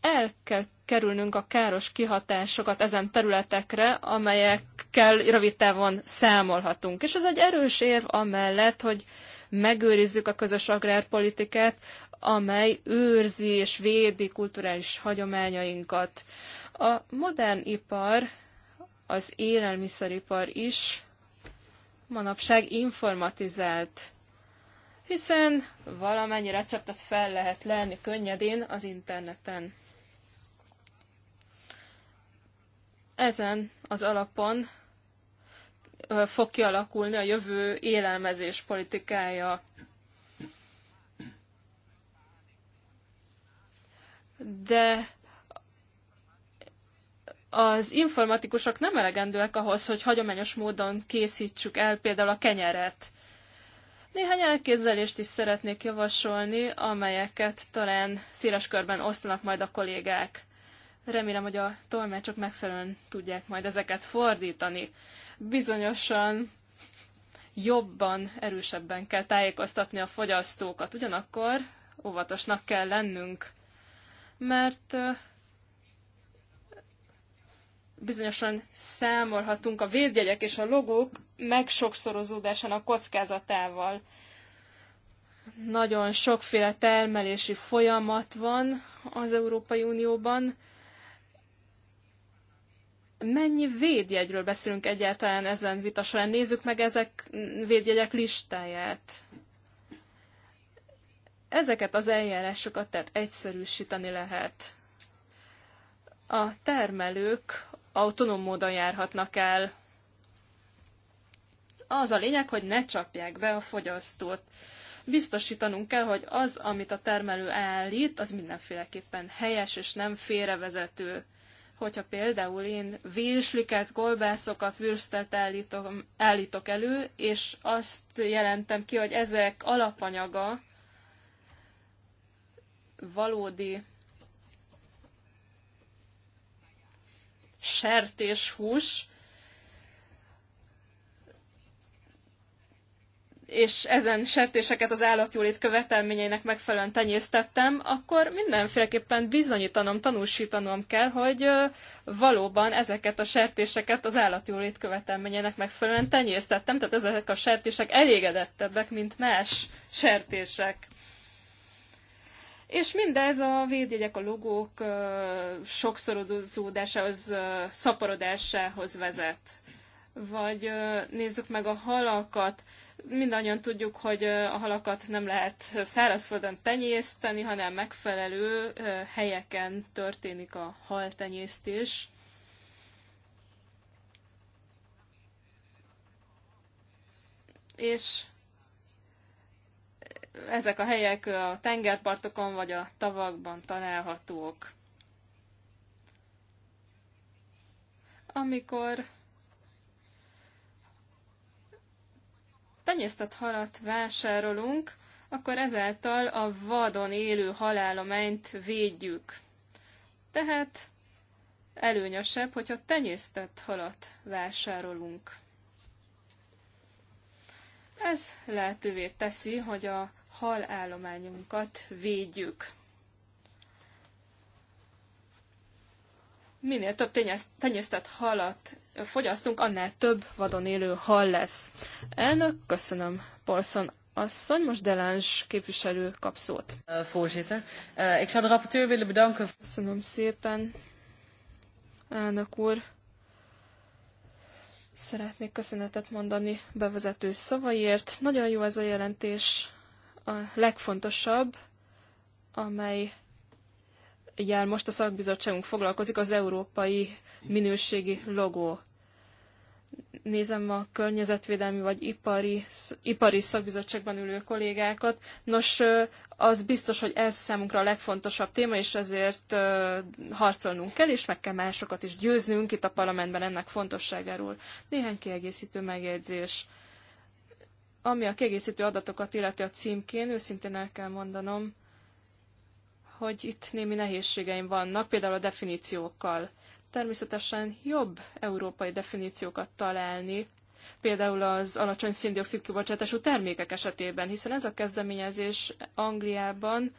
el kell kerülnünk a káros kihatásokat ezen területekre, amelyekkel rövid távon számolhatunk. És ez egy erős érv amellett, hogy megőrizzük a közös agrárpolitikát, amely őrzi és védi kulturális hagyományainkat. A modern ipar, az élelmiszeripar is manapság informatizált hiszen valamennyi receptet fel lehet lenni könnyedén az interneten. Ezen az alapon fog kialakulni a jövő élelmezés politikája. De az informatikusok nem elegendőek ahhoz, hogy hagyományos módon készítsük el például a kenyeret. Néhány elképzelést is szeretnék javasolni, amelyeket talán széles körben osztanak majd a kollégák. Remélem, hogy a tolmácsok megfelelően tudják majd ezeket fordítani. Bizonyosan jobban, erősebben kell tájékoztatni a fogyasztókat. Ugyanakkor óvatosnak kell lennünk, mert bizonyosan számolhatunk a védjegyek és a logók a kockázatával. Nagyon sokféle termelési folyamat van az Európai Unióban, mennyi védjegyről beszélünk egyáltalán ezen vita során? Nézzük meg ezek védjegyek listáját. Ezeket az eljárásokat tehát egyszerűsíteni lehet. A termelők autonóm módon járhatnak el. Az a lényeg, hogy ne csapják be a fogyasztót. Biztosítanunk kell, hogy az, amit a termelő állít, az mindenféleképpen helyes és nem félrevezető hogyha például én virsliket, kolbászokat, vürsztet állítok, állítok elő, és azt jelentem ki, hogy ezek alapanyaga valódi sertéshús, és ezen sertéseket az állatjólét követelményeinek megfelelően tenyésztettem, akkor mindenféleképpen bizonyítanom, tanúsítanom kell, hogy valóban ezeket a sertéseket az állatjólét követelményeinek megfelelően tenyésztettem, tehát ezek a sertések elégedettebbek, mint más sertések. És mindez a védjegyek, a logók sokszorodózódásához, szaporodásához vezet. Vagy nézzük meg a halakat, Mindannyian tudjuk, hogy a halakat nem lehet szárazföldön tenyészteni, hanem megfelelő helyeken történik a haltenyésztés. És ezek a helyek a tengerpartokon vagy a tavakban találhatók. Amikor tenyésztett halat vásárolunk, akkor ezáltal a vadon élő halálományt védjük. Tehát előnyösebb, hogyha tenyésztett halat vásárolunk. Ez lehetővé teszi, hogy a halállományunkat védjük. Minél több tenyésztett halat fogyasztunk, annál több vadon élő hal lesz. Elnök, köszönöm, Paulson asszony, most Delange képviselő kap szót. Eh, voorzitter, eh, ik a de rapporteur Köszönöm szépen, elnök úr. Szeretnék köszönetet mondani bevezető szavaiért. Nagyon jó ez a jelentés, a legfontosabb, amely jár most a szakbizottságunk foglalkozik, az európai minőségi logó nézem a környezetvédelmi vagy ipari, ipari szakbizottságban ülő kollégákat. Nos, az biztos, hogy ez számunkra a legfontosabb téma, és ezért harcolnunk kell, és meg kell másokat is győznünk itt a parlamentben ennek fontosságáról. Néhány kiegészítő megjegyzés. Ami a kiegészítő adatokat illeti a címkén, őszintén el kell mondanom, hogy itt némi nehézségeim vannak, például a definíciókkal természetesen jobb európai definíciókat találni, például az alacsony széndiokszid kibocsátású termékek esetében, hiszen ez a kezdeményezés Angliában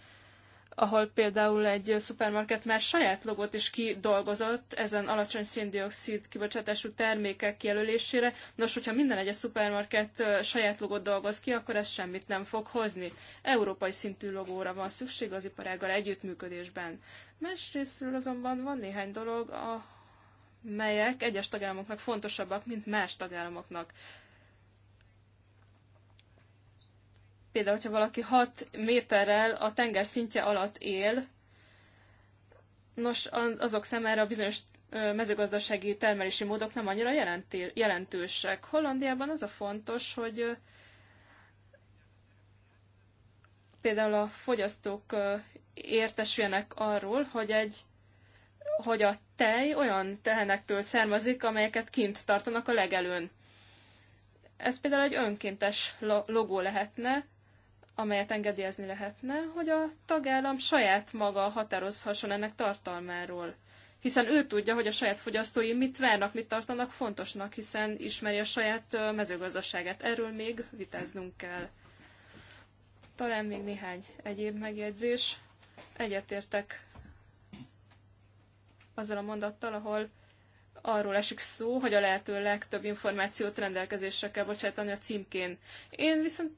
ahol például egy szupermarket már saját logót is kidolgozott ezen alacsony széndiokszid kibocsátású termékek jelölésére. Nos, hogyha minden egyes szupermarket saját logót dolgoz ki, akkor ez semmit nem fog hozni. Európai szintű logóra van szükség az iparággal együttműködésben. Másrésztről azonban van néhány dolog, a melyek egyes tagállamoknak fontosabbak, mint más tagállamoknak. Például, hogyha valaki 6 méterrel a tenger szintje alatt él, nos, azok számára bizonyos mezőgazdasági termelési módok nem annyira jelentősek. Hollandiában az a fontos, hogy például a fogyasztók értesüljenek arról, hogy egy hogy a tej olyan tehenektől származik, amelyeket kint tartanak a legelőn. Ez például egy önkéntes logó lehetne, amelyet engedélyezni lehetne, hogy a tagállam saját maga határozhasson ennek tartalmáról. Hiszen ő tudja, hogy a saját fogyasztói mit várnak, mit tartanak fontosnak, hiszen ismeri a saját mezőgazdaságát. Erről még vitáznunk kell. Talán még néhány egyéb megjegyzés. Egyetértek azzal a mondattal, ahol arról esik szó, hogy a lehető legtöbb információt rendelkezésre kell bocsátani a címkén. Én viszont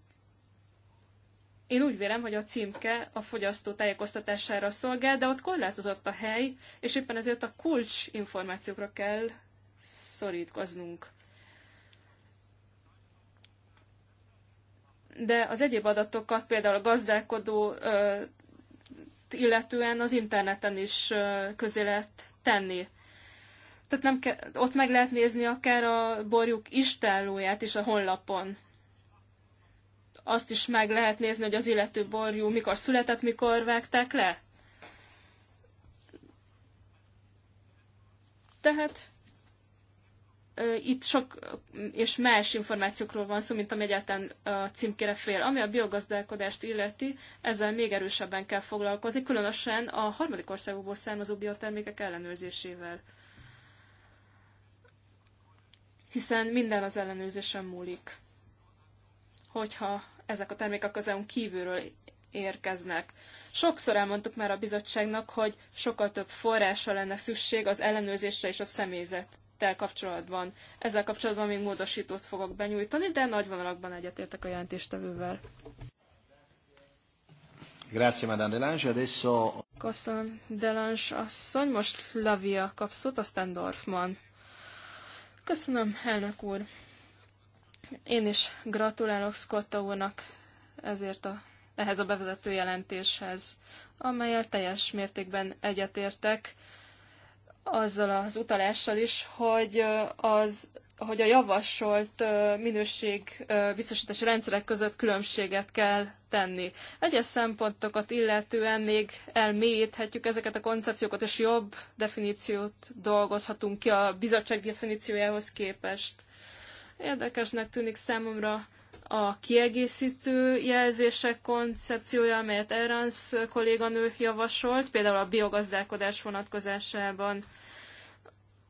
én úgy vélem, hogy a címke a fogyasztó tájékoztatására szolgál, de ott korlátozott a hely, és éppen ezért a kulcs információkra kell szorítkoznunk. De az egyéb adatokat, például a gazdálkodó illetően az interneten is közé lehet tenni. Tehát nem ke- ott meg lehet nézni akár a borjuk istállóját is a honlapon azt is meg lehet nézni, hogy az illető borjú mikor született, mikor vágták le. Tehát itt sok és más információkról van szó, mint ami egyáltalán a címkére fél. Ami a biogazdálkodást illeti, ezzel még erősebben kell foglalkozni, különösen a harmadik országokból származó biotermékek ellenőrzésével. Hiszen minden az ellenőrzésen múlik hogyha ezek a termékek az EU-n kívülről érkeznek. Sokszor elmondtuk már a bizottságnak, hogy sokkal több forrása lenne szükség az ellenőrzésre és a személyzettel kapcsolatban. Ezzel kapcsolatban még módosítót fogok benyújtani, de nagy vonalakban egyetértek a jelentéstevővel. Grazie, Madame Delange. Adesso... Köszönöm, Delange asszony. Most Lavia kap szót, aztán Dorfman. Köszönöm, elnök úr. Én is gratulálok Scotta úrnak ezért a, ehhez a bevezető jelentéshez, amelyel teljes mértékben egyetértek azzal az utalással is, hogy az hogy a javasolt minőség biztosítási rendszerek között különbséget kell tenni. Egyes szempontokat illetően még elmélyíthetjük ezeket a koncepciókat, és jobb definíciót dolgozhatunk ki a bizottság definíciójához képest. Érdekesnek tűnik számomra a kiegészítő jelzések koncepciója, amelyet Erans kolléganő javasolt, például a biogazdálkodás vonatkozásában,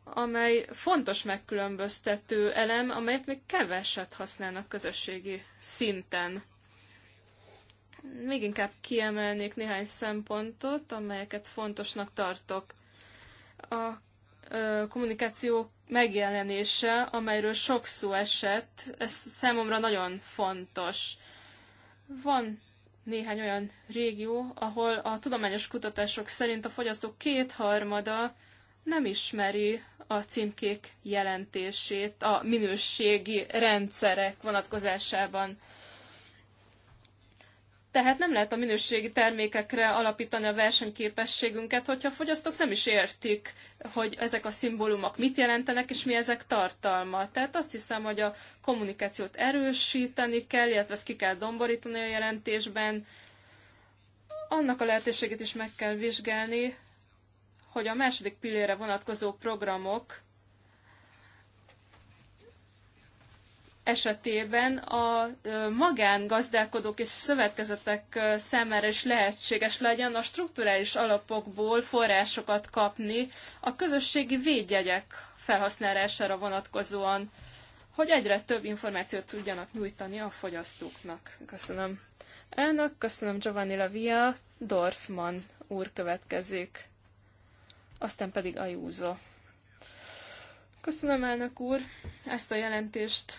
amely fontos megkülönböztető elem, amelyet még keveset használnak közösségi szinten. Még inkább kiemelnék néhány szempontot, amelyeket fontosnak tartok. A kommunikáció megjelenése, amelyről sok szó esett, ez számomra nagyon fontos. Van néhány olyan régió, ahol a tudományos kutatások szerint a fogyasztók kétharmada nem ismeri a címkék jelentését a minőségi rendszerek vonatkozásában. Tehát nem lehet a minőségi termékekre alapítani a versenyképességünket, hogyha a fogyasztók nem is értik, hogy ezek a szimbólumok mit jelentenek, és mi ezek tartalma. Tehát azt hiszem, hogy a kommunikációt erősíteni kell, illetve ezt ki kell domborítani a jelentésben. Annak a lehetőségét is meg kell vizsgálni, hogy a második pillére vonatkozó programok esetében a magángazdálkodók és szövetkezetek számára is lehetséges legyen a strukturális alapokból forrásokat kapni a közösségi védjegyek felhasználására vonatkozóan, hogy egyre több információt tudjanak nyújtani a fogyasztóknak. Köszönöm. Elnök, köszönöm Giovanni Lavia, Dorfman úr következik, aztán pedig Ajúzo. Köszönöm, elnök úr, ezt a jelentést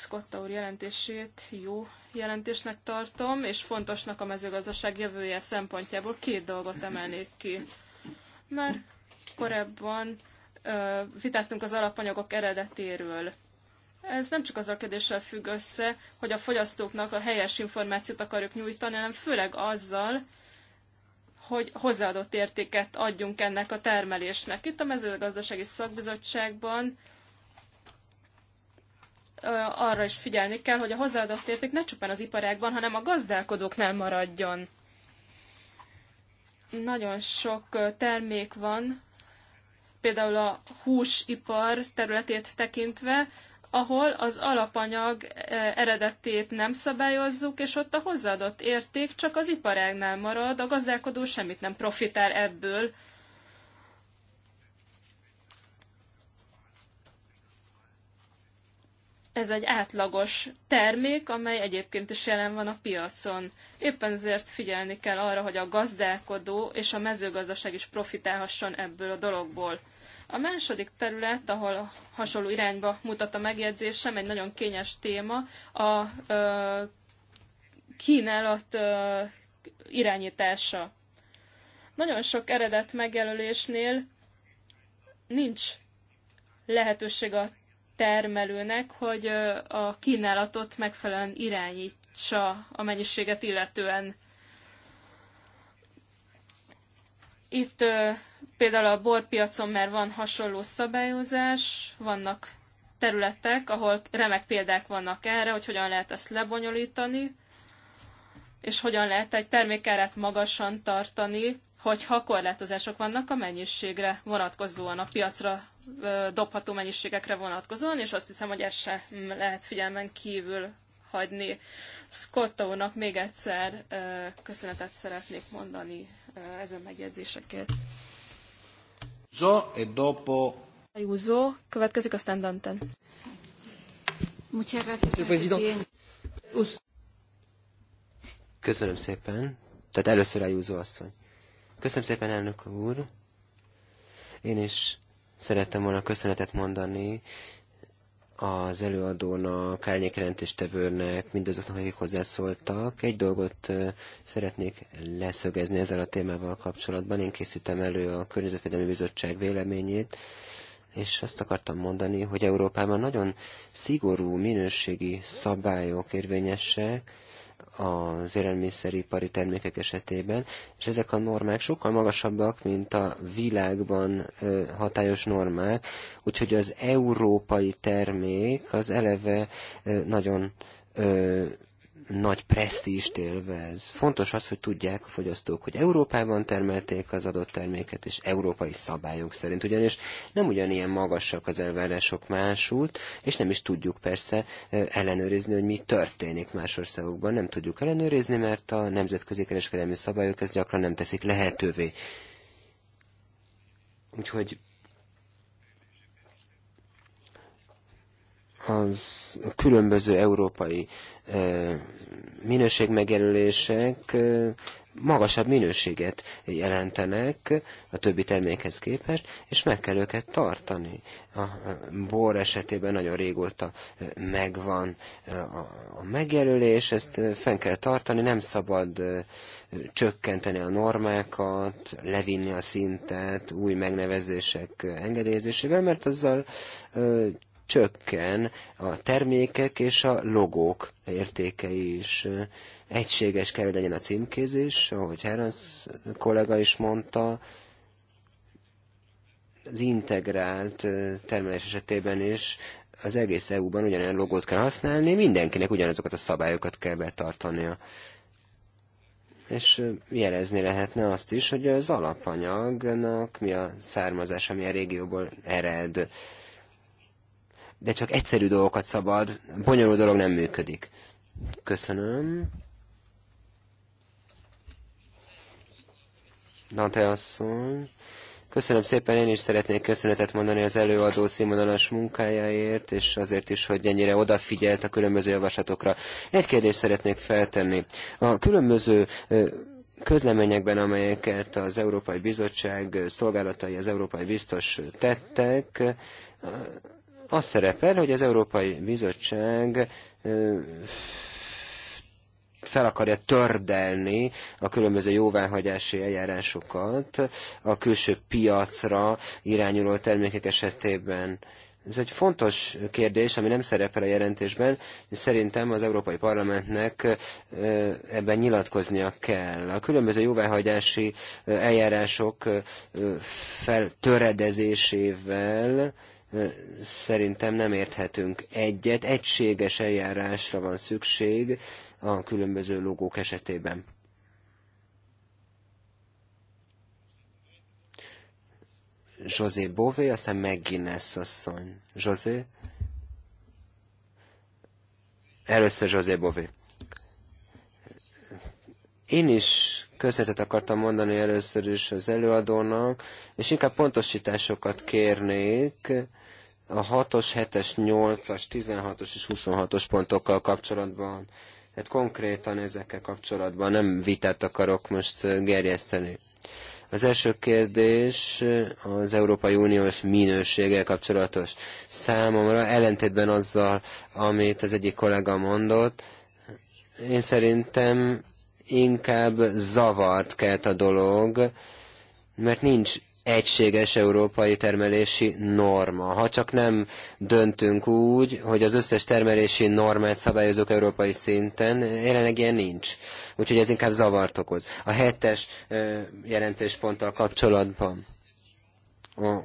Scotta úr jelentését jó jelentésnek tartom, és fontosnak a mezőgazdaság jövője szempontjából két dolgot emelnék ki. Már korábban ö, vitáztunk az alapanyagok eredetéről. Ez nem csak az a kérdéssel függ össze, hogy a fogyasztóknak a helyes információt akarjuk nyújtani, hanem főleg azzal, hogy hozzáadott értéket adjunk ennek a termelésnek. Itt a mezőgazdasági szakbizottságban arra is figyelni kell, hogy a hozzáadott érték ne csupán az iparágban, hanem a gazdálkodóknál maradjon. Nagyon sok termék van, például a húsipar területét tekintve, ahol az alapanyag eredetét nem szabályozzuk, és ott a hozzáadott érték csak az iparágnál marad, a gazdálkodó semmit nem profitál ebből, ez egy átlagos termék, amely egyébként is jelen van a piacon. Éppen ezért figyelni kell arra, hogy a gazdálkodó és a mezőgazdaság is profitálhasson ebből a dologból. A második terület, ahol hasonló irányba mutat a megjegyzésem, egy nagyon kényes téma, a ö, kínálat ö, irányítása. Nagyon sok eredet megjelölésnél nincs lehetőség a termelőnek, hogy a kínálatot megfelelően irányítsa a mennyiséget illetően. Itt például a borpiacon már van hasonló szabályozás, vannak területek, ahol remek példák vannak erre, hogy hogyan lehet ezt lebonyolítani, és hogyan lehet egy termékárát magasan tartani, hogyha korlátozások vannak a mennyiségre vonatkozóan, a piacra dobható mennyiségekre vonatkozóan, és azt hiszem, hogy ezt se lehet figyelmen kívül hagyni. Scottónak még egyszer köszönetet szeretnék mondani ezen megjegyzéseket. Zo e dopo... Ayuso, következik aztán Danten. Muchas gracias, Köszönöm szépen. Tehát először Ayuso asszony. Köszönöm szépen, elnök úr. Én is Szerettem volna köszönetet mondani az előadónak, árnyékjelentéstevőrnek, mindazoknak, akik hozzászóltak. Egy dolgot szeretnék leszögezni ezzel a témával kapcsolatban. Én készítem elő a Környezetvédelmi Bizottság véleményét, és azt akartam mondani, hogy Európában nagyon szigorú minőségi szabályok érvényesek, az élelmiszeripari termékek esetében, és ezek a normák sokkal magasabbak, mint a világban hatályos normák, úgyhogy az európai termék az eleve nagyon nagy presztízst élvez. Fontos az, hogy tudják a fogyasztók, hogy Európában termelték az adott terméket, és európai szabályok szerint. Ugyanis nem ugyanilyen magasak az elvárások másút, és nem is tudjuk persze ellenőrizni, hogy mi történik más országokban. Nem tudjuk ellenőrizni, mert a nemzetközi kereskedelmi szabályok ezt gyakran nem teszik lehetővé. Úgyhogy az különböző európai eh, minőségmegjelölések eh, magasabb minőséget jelentenek a többi termékhez képest, és meg kell őket tartani. A bor esetében nagyon régóta eh, megvan a megjelölés, ezt fenn kell tartani, nem szabad csökkenteni a normákat, levinni a szintet új megnevezések engedélyezésével, mert azzal csökken a termékek és a logók értékei is. Egységes kell, hogy legyen a címkézés, ahogy Herransz kollega is mondta, az integrált termelés esetében is az egész EU-ban ugyanolyan logót kell használni, mindenkinek ugyanazokat a szabályokat kell betartania. És jelezni lehetne azt is, hogy az alapanyagnak mi a származása, mi a régióból ered de csak egyszerű dolgokat szabad, bonyolult dolog nem működik. Köszönöm. Dante asszony. Köszönöm szépen, én is szeretnék köszönetet mondani az előadó színvonalas munkájáért, és azért is, hogy ennyire odafigyelt a különböző javaslatokra. Egy kérdést szeretnék feltenni. A különböző közleményekben, amelyeket az Európai Bizottság szolgálatai, az Európai Biztos tettek, az szerepel, hogy az Európai Bizottság fel akarja tördelni a különböző jóváhagyási eljárásokat a külső piacra irányuló termékek esetében. Ez egy fontos kérdés, ami nem szerepel a jelentésben, szerintem az Európai Parlamentnek ebben nyilatkoznia kell. A különböző jóváhagyási eljárások feltöredezésével szerintem nem érthetünk egyet, egységes eljárásra van szükség a különböző logók esetében. José Bové, aztán McGuinness asszony. José? Először José Bové. Én is köszönetet akartam mondani először is az előadónak, és inkább pontosításokat kérnék, a 6-os, 7-es, 8-as, 16-os és 26-os pontokkal kapcsolatban, hát konkrétan ezekkel kapcsolatban nem vitát akarok most gerjeszteni. Az első kérdés az Európai Uniós minőséggel kapcsolatos. Számomra ellentétben azzal, amit az egyik kollega mondott, én szerintem inkább zavart kelt a dolog, mert nincs egységes európai termelési norma. Ha csak nem döntünk úgy, hogy az összes termelési normát szabályozunk európai szinten, jelenleg ilyen nincs. Úgyhogy ez inkább zavart okoz. A hetes jelentésponttal kapcsolatban a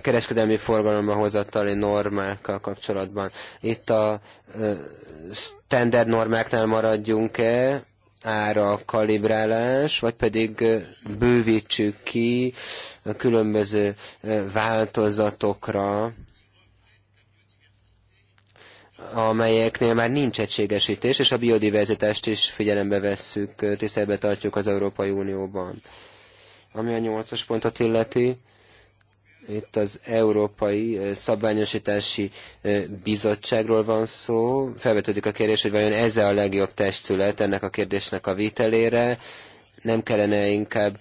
kereskedelmi forgalomba hozatali normákkal kapcsolatban. Itt a standard normáknál maradjunk-e, ára kalibrálás, vagy pedig bővítsük ki a különböző változatokra, amelyeknél már nincs egységesítés, és a biodiverzitást is figyelembe vesszük, tiszteletbe tartjuk az Európai Unióban. Ami a nyolcas pontot illeti, itt az Európai Szabványosítási Bizottságról van szó. Felvetődik a kérdés, hogy vajon ez a legjobb testület ennek a kérdésnek a vitelére. Nem kellene inkább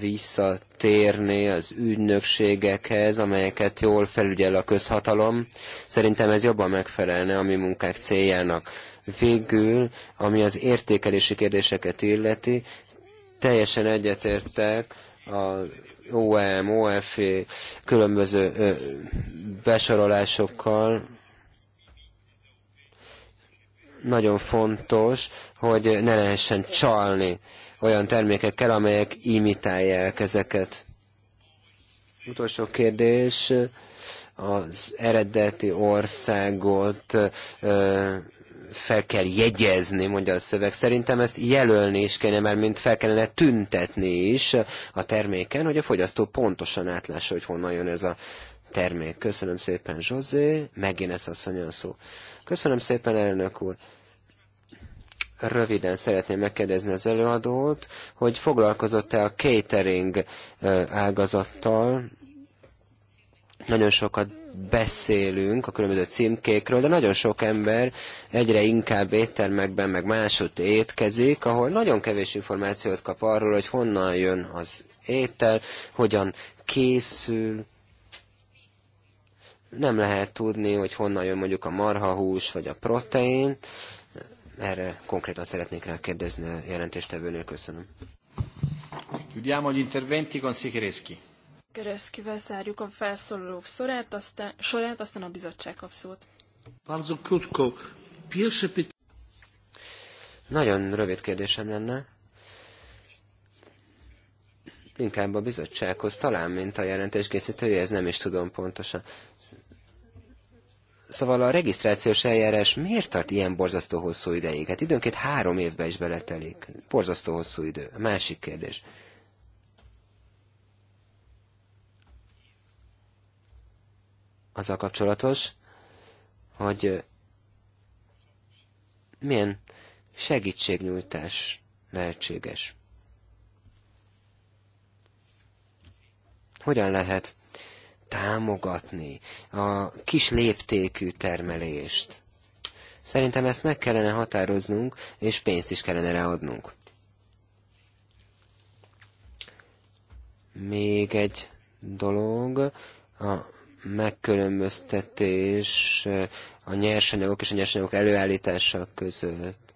visszatérni az ügynökségekhez, amelyeket jól felügyel a közhatalom. Szerintem ez jobban megfelelne a mi munkák céljának. Végül, ami az értékelési kérdéseket illeti, teljesen egyetértek a OM, OF e különböző besorolásokkal nagyon fontos, hogy ne lehessen csalni olyan termékekkel, amelyek imitálják ezeket. Utolsó kérdés, az eredeti országot fel kell jegyezni, mondja a szöveg. Szerintem ezt jelölni is kéne, mert mint fel kellene tüntetni is a terméken, hogy a fogyasztó pontosan átlássa, hogy honnan jön ez a termék. Köszönöm szépen, Zsozé. Megint ez a szó. Köszönöm szépen, elnök úr röviden szeretném megkérdezni az előadót, hogy foglalkozott-e a catering ágazattal. Nagyon sokat beszélünk a különböző címkékről, de nagyon sok ember egyre inkább éttermekben, meg máshogy étkezik, ahol nagyon kevés információt kap arról, hogy honnan jön az étel, hogyan készül, nem lehet tudni, hogy honnan jön mondjuk a marhahús vagy a protein. Erre konkrétan szeretnék rá kérdezni a jelentéstevőnél. Köszönöm. Chiudiamo gli interventi con Sikereski. Kereszkivel zárjuk a felszólalók sorát, aztán, sorát, aztán a bizottság kap szót. Nagyon rövid kérdésem lenne. Inkább a bizottsághoz talán, mint a jelentés készítője, ez nem is tudom pontosan. Szóval a regisztrációs eljárás miért tart ilyen borzasztó hosszú ideig? Hát időnként három évbe is beletelik. Borzasztó hosszú idő. A másik kérdés. azzal kapcsolatos, hogy milyen segítségnyújtás lehetséges. Hogyan lehet támogatni a kis léptékű termelést? Szerintem ezt meg kellene határoznunk, és pénzt is kellene ráadnunk. Még egy dolog, a megkülönböztetés eh, a nyersanyagok és a nyersanyagok előállítása között.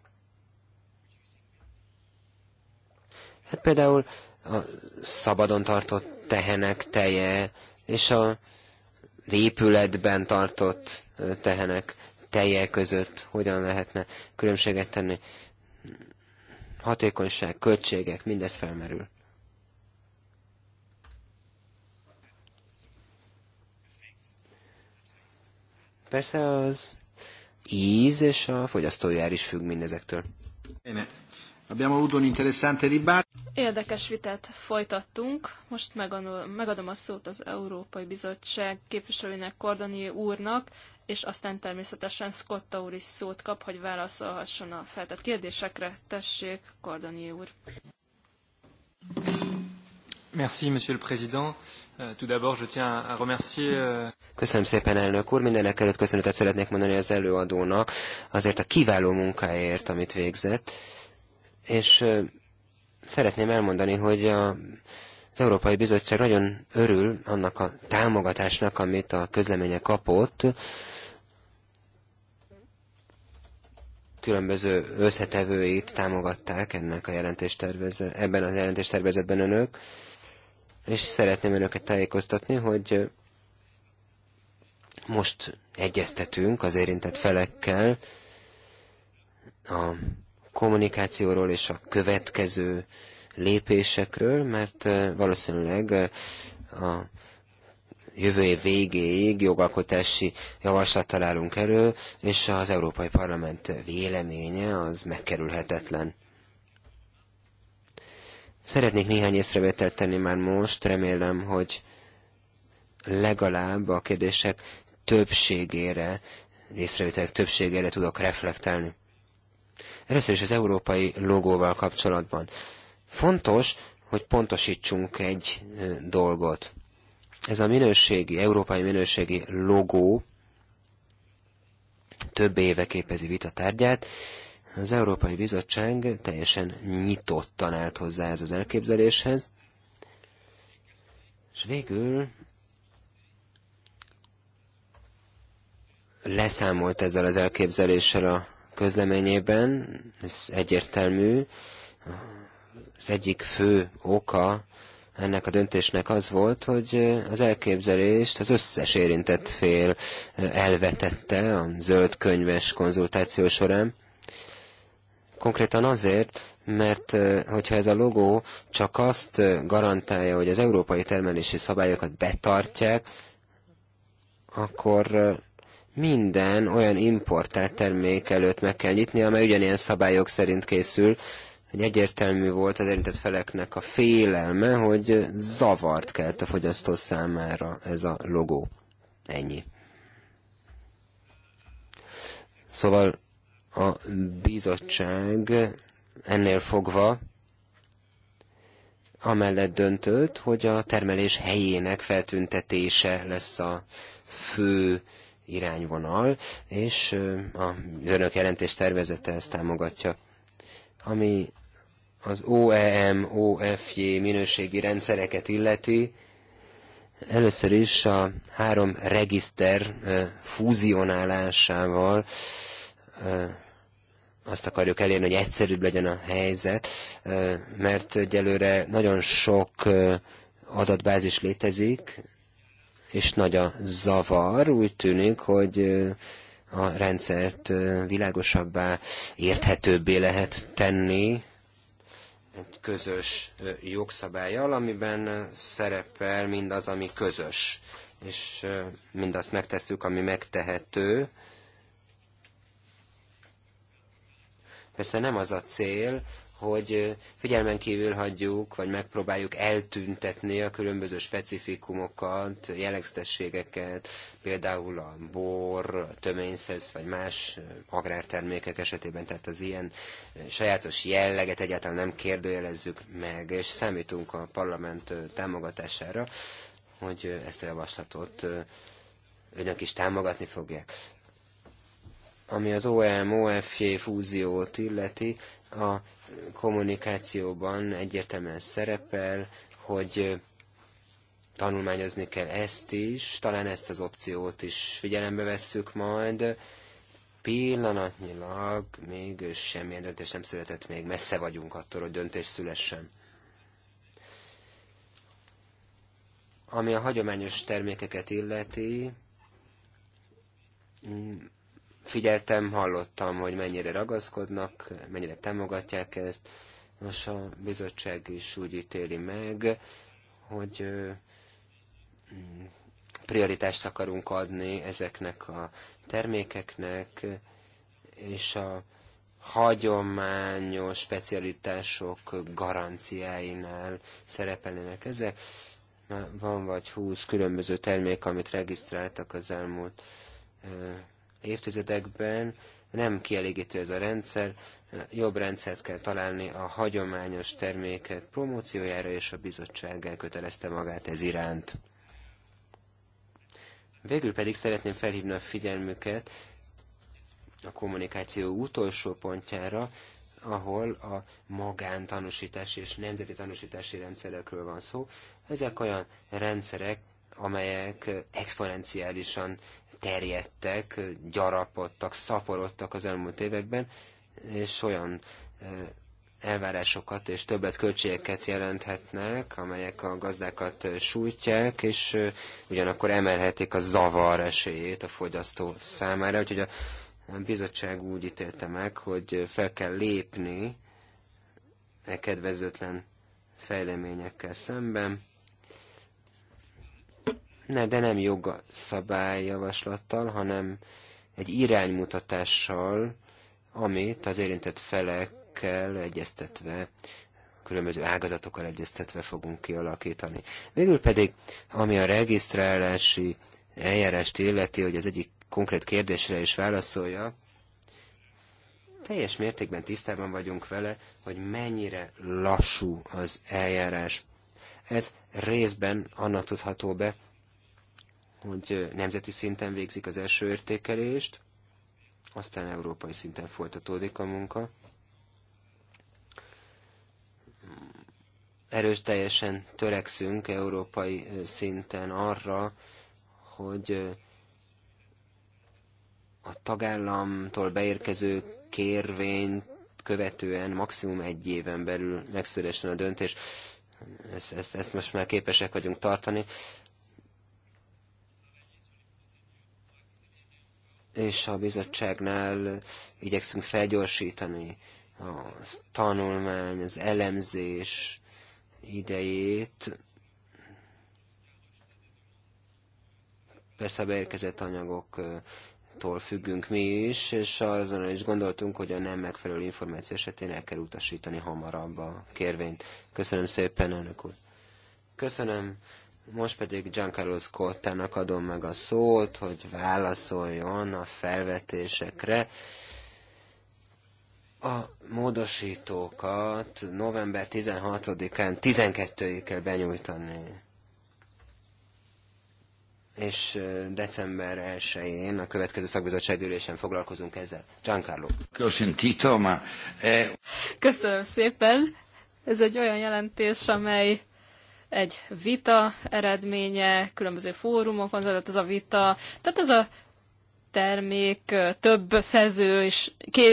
Hát például a szabadon tartott tehenek teje, és a épületben tartott eh, tehenek teje között hogyan lehetne különbséget tenni. Hatékonyság, költségek, mindez felmerül. Persze az íz és a fogyasztójár is függ mindezektől. Érdekes vitát folytattunk. Most megadom a szót az Európai Bizottság képviselőnek, Kordani úrnak, és aztán természetesen Scotta úr is szót kap, hogy válaszolhasson a feltett kérdésekre. Tessék, Kordani úr. Merci, Monsieur le Président. Euh, euh, Köszönöm szépen, elnök úr. Mindenek előtt köszönetet szeretnék mondani az előadónak azért a kiváló munkáért, amit végzett. És szeretném elmondani, hogy a az Európai Bizottság nagyon örül annak a támogatásnak, amit a közleménye kapott. Különböző összetevőit támogatták ennek a jelentéstervezet, ebben a jelentéstervezetben önök és szeretném önöket tájékoztatni, hogy most egyeztetünk az érintett felekkel a kommunikációról és a következő lépésekről, mert valószínűleg a jövő év végéig jogalkotási javaslattal állunk elő, és az Európai Parlament véleménye az megkerülhetetlen. Szeretnék néhány észrevételt tenni már most, remélem, hogy legalább a kérdések többségére, észrevételek többségére tudok reflektálni. Először is az európai logóval kapcsolatban. Fontos, hogy pontosítsunk egy dolgot. Ez a minőségi, európai minőségi logó több éve képezi vita tárgyát, az Európai Bizottság teljesen nyitottan állt hozzá ez az elképzeléshez, és végül leszámolt ezzel az elképzeléssel a közleményében, ez egyértelmű, az egyik fő oka ennek a döntésnek az volt, hogy az elképzelést az összes érintett fél elvetette a zöld könyves konzultáció során. Konkrétan azért, mert hogyha ez a logó csak azt garantálja, hogy az európai termelési szabályokat betartják, akkor minden olyan importált termék előtt meg kell nyitni, amely ugyanilyen szabályok szerint készül, hogy egyértelmű volt az érintett feleknek a félelme, hogy zavart kelt a fogyasztó számára ez a logó. Ennyi. Szóval a bizottság ennél fogva amellett döntött, hogy a termelés helyének feltüntetése lesz a fő irányvonal, és a önök jelentés tervezete ezt támogatja. Ami az OEM, OFJ minőségi rendszereket illeti, először is a három regiszter fúzionálásával azt akarjuk elérni, hogy egyszerűbb legyen a helyzet, mert egyelőre nagyon sok adatbázis létezik, és nagy a zavar. Úgy tűnik, hogy a rendszert világosabbá, érthetőbbé lehet tenni egy közös jogszabályjal, amiben szerepel mindaz, ami közös, és mindazt megtesszük, ami megtehető, Persze nem az a cél, hogy figyelmen kívül hagyjuk, vagy megpróbáljuk eltüntetni a különböző specifikumokat, jellegzetességeket, például a bor, a töményszesz, vagy más agrártermékek esetében, tehát az ilyen sajátos jelleget egyáltalán nem kérdőjelezzük meg, és számítunk a parlament támogatására, hogy ezt a javaslatot önök is támogatni fogják. Ami az OM-OFJ fúziót illeti, a kommunikációban egyértelműen szerepel, hogy tanulmányozni kell ezt is, talán ezt az opciót is figyelembe vesszük majd. Pillanatnyilag még semmilyen döntés nem született, még messze vagyunk attól, hogy döntés szülessen. Ami a hagyományos termékeket illeti, figyeltem, hallottam, hogy mennyire ragaszkodnak, mennyire támogatják ezt. Most a bizottság is úgy ítéli meg, hogy prioritást akarunk adni ezeknek a termékeknek, és a hagyományos specialitások garanciáinál szerepelnek ezek. Van vagy 20 különböző termék, amit regisztráltak az elmúlt évtizedekben nem kielégítő ez a rendszer, jobb rendszert kell találni a hagyományos termékek promóciójára, és a bizottság elkötelezte magát ez iránt. Végül pedig szeretném felhívni a figyelmüket a kommunikáció utolsó pontjára, ahol a magántanúsítási és nemzeti tanúsítási rendszerekről van szó. Ezek olyan rendszerek, amelyek exponenciálisan terjedtek, gyarapodtak, szaporodtak az elmúlt években, és olyan elvárásokat és többet költségeket jelenthetnek, amelyek a gazdákat sújtják, és ugyanakkor emelhetik a zavar esélyét a fogyasztó számára. Úgyhogy a bizottság úgy ítélte meg, hogy fel kell lépni e kedvezőtlen fejleményekkel szemben, ne, de nem jogszabályjavaslattal, hanem egy iránymutatással, amit az érintett felekkel egyeztetve, különböző ágazatokkal egyeztetve fogunk kialakítani. Végül pedig, ami a regisztrálási eljárást illeti, hogy az egyik konkrét kérdésre is válaszolja, teljes mértékben tisztában vagyunk vele, hogy mennyire lassú az eljárás. Ez részben annak tudható be, hogy nemzeti szinten végzik az első értékelést, aztán európai szinten folytatódik a munka. Erős teljesen törekszünk európai szinten arra, hogy a tagállamtól beérkező kérvényt követően maximum egy éven belül megszülessen a döntés. Ezt, ezt, ezt most már képesek vagyunk tartani. és a bizottságnál igyekszünk felgyorsítani a tanulmány, az elemzés idejét. Persze a beérkezett anyagoktól függünk mi is, és azon is gondoltunk, hogy a nem megfelelő információ esetén el kell utasítani hamarabb a kérvényt. Köszönöm szépen, elnök úr! Köszönöm! Most pedig Giancarlo Scottának adom meg a szót, hogy válaszoljon a felvetésekre. A módosítókat november 16-án 12-ig kell benyújtani és december 1-én a következő szakbizottság ülésen foglalkozunk ezzel. Giancarlo. Köszönöm, eh, Köszönöm szépen. Ez egy olyan jelentés, amely egy vita eredménye, különböző fórumokon zajlott ez a vita. Tehát ez a termék több szerző és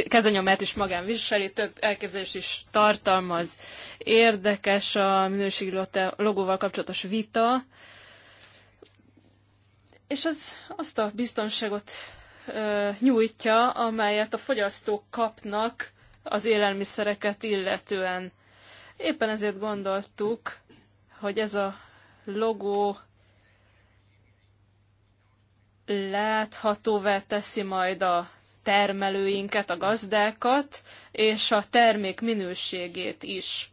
kezenyomát is magán viseli, több elképzelés is tartalmaz. Érdekes a minőségi logóval kapcsolatos vita, és az azt a biztonságot ö, nyújtja, amelyet a fogyasztók kapnak az élelmiszereket illetően. Éppen ezért gondoltuk, hogy ez a logó láthatóvá teszi majd a termelőinket, a gazdákat, és a termék minőségét is.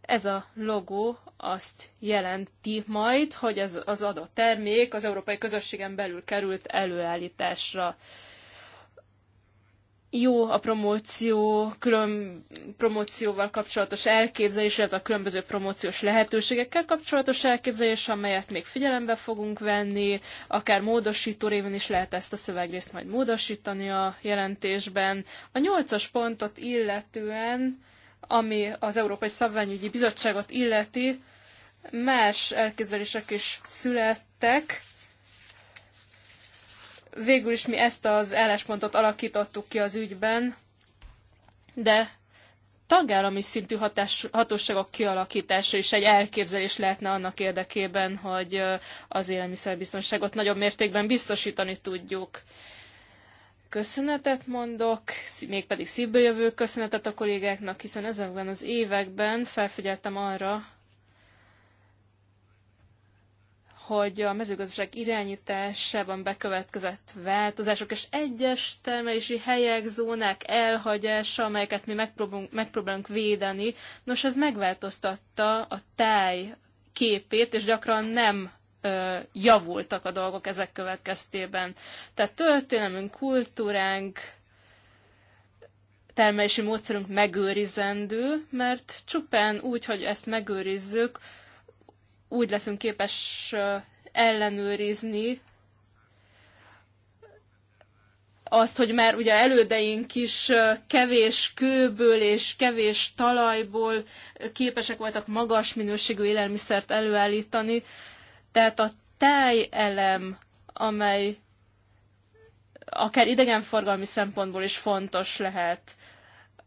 Ez a logó azt jelenti majd, hogy ez az adott termék az európai közösségen belül került előállításra jó a promóció, külön promócióval kapcsolatos elképzelés, ez a különböző promóciós lehetőségekkel kapcsolatos elképzelés, amelyet még figyelembe fogunk venni, akár módosító révén is lehet ezt a szövegrészt majd módosítani a jelentésben. A nyolcas pontot illetően, ami az Európai Szabványügyi Bizottságot illeti, más elképzelések is születtek, Végül is mi ezt az álláspontot alakítottuk ki az ügyben, de tagállami szintű hatás, hatóságok kialakítása is egy elképzelés lehetne annak érdekében, hogy az élelmiszerbiztonságot nagyobb mértékben biztosítani tudjuk. Köszönetet mondok, mégpedig szívből jövő köszönetet a kollégáknak, hiszen ezekben az években felfigyeltem arra, hogy a mezőgazdaság irányításában bekövetkezett változások és egyes termelési helyek, zónák elhagyása, amelyeket mi megpróbálunk, megpróbálunk védeni, nos, ez megváltoztatta a táj képét, és gyakran nem ö, javultak a dolgok ezek következtében. Tehát történelmünk, kultúránk, termelési módszerünk megőrizendő, mert csupán úgy, hogy ezt megőrizzük, úgy leszünk képes ellenőrizni azt, hogy már ugye elődeink is kevés kőből és kevés talajból képesek voltak magas minőségű élelmiszert előállítani. Tehát a tájelem, amely akár idegenforgalmi szempontból is fontos lehet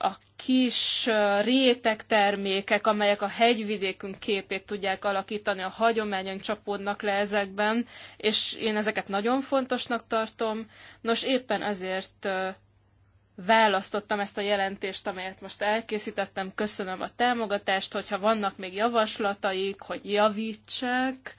a kis rétek termékek, amelyek a hegyvidékünk képét tudják alakítani, a hagyományaink csapódnak le ezekben, és én ezeket nagyon fontosnak tartom. Nos, éppen ezért választottam ezt a jelentést, amelyet most elkészítettem. Köszönöm a támogatást, hogyha vannak még javaslataik, hogy javítsák,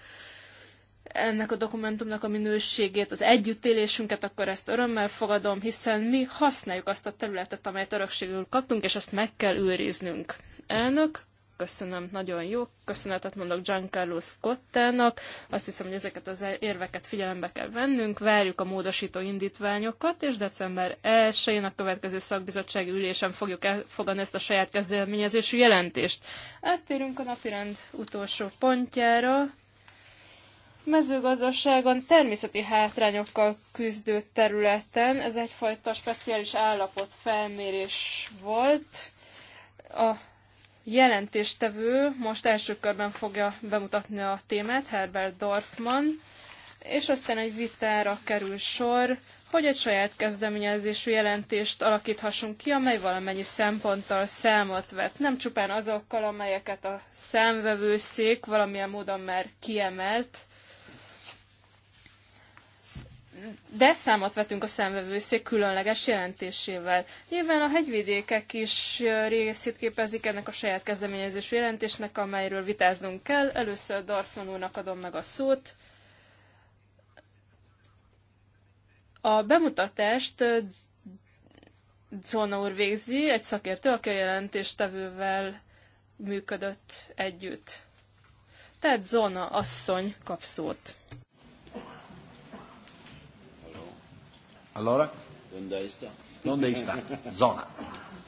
ennek a dokumentumnak a minőségét, az együttélésünket, akkor ezt örömmel fogadom, hiszen mi használjuk azt a területet, amelyet örökségül kaptunk, és ezt meg kell őriznünk. Elnök, köszönöm, nagyon jó. Köszönetet mondok Giancarlo Scottának. Azt hiszem, hogy ezeket az érveket figyelembe kell vennünk. Várjuk a módosító indítványokat, és december 1-én a következő szakbizottsági ülésen fogjuk elfogadni ezt a saját kezdeményezésű jelentést. Áttérünk a napirend utolsó pontjára mezőgazdaságon természeti hátrányokkal küzdő területen. Ez egyfajta speciális állapot felmérés volt. A jelentéstevő most első körben fogja bemutatni a témát, Herbert Dorfman, és aztán egy vitára kerül sor, hogy egy saját kezdeményezésű jelentést alakíthassunk ki, amely valamennyi szemponttal számot vet, nem csupán azokkal, amelyeket a számvevőszék valamilyen módon már kiemelt, de számot vetünk a szemvevőszék különleges jelentésével. Nyilván a hegyvidékek is részét képezik ennek a saját kezdeményezésű jelentésnek, amelyről vitáznunk kell. Először Dorfman úrnak adom meg a szót. A bemutatást Zona úr végzi, egy szakértő, aki a jelentéstevővel működött együtt. Tehát Zona asszony kap szót. Allora? Donde sta? Donde sta? Zona.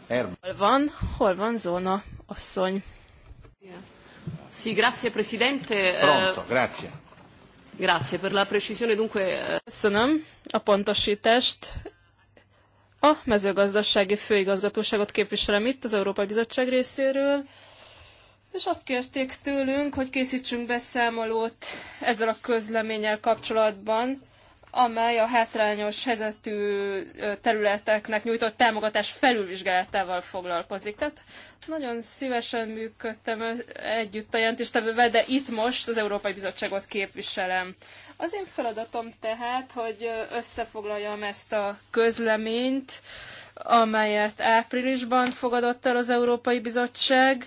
Erba. Hol van? Hol van zona, asszony? Sì, grazie Presidente. Eh, Pronto, grazie. Grazie per la precisione dunque. Eh, Köszönöm a pontosítást. A mezőgazdasági főigazgatóságot képviselem itt az Európai Bizottság részéről, és azt kérték tőlünk, hogy készítsünk beszámolót ezzel a közleménnyel kapcsolatban, amely a hátrányos helyzetű területeknek nyújtott támogatás felülvizsgálatával foglalkozik. Tehát nagyon szívesen működtem együtt a jelentéstevővel, de itt most az Európai Bizottságot képviselem. Az én feladatom tehát, hogy összefoglaljam ezt a közleményt, amelyet áprilisban fogadott el az Európai Bizottság,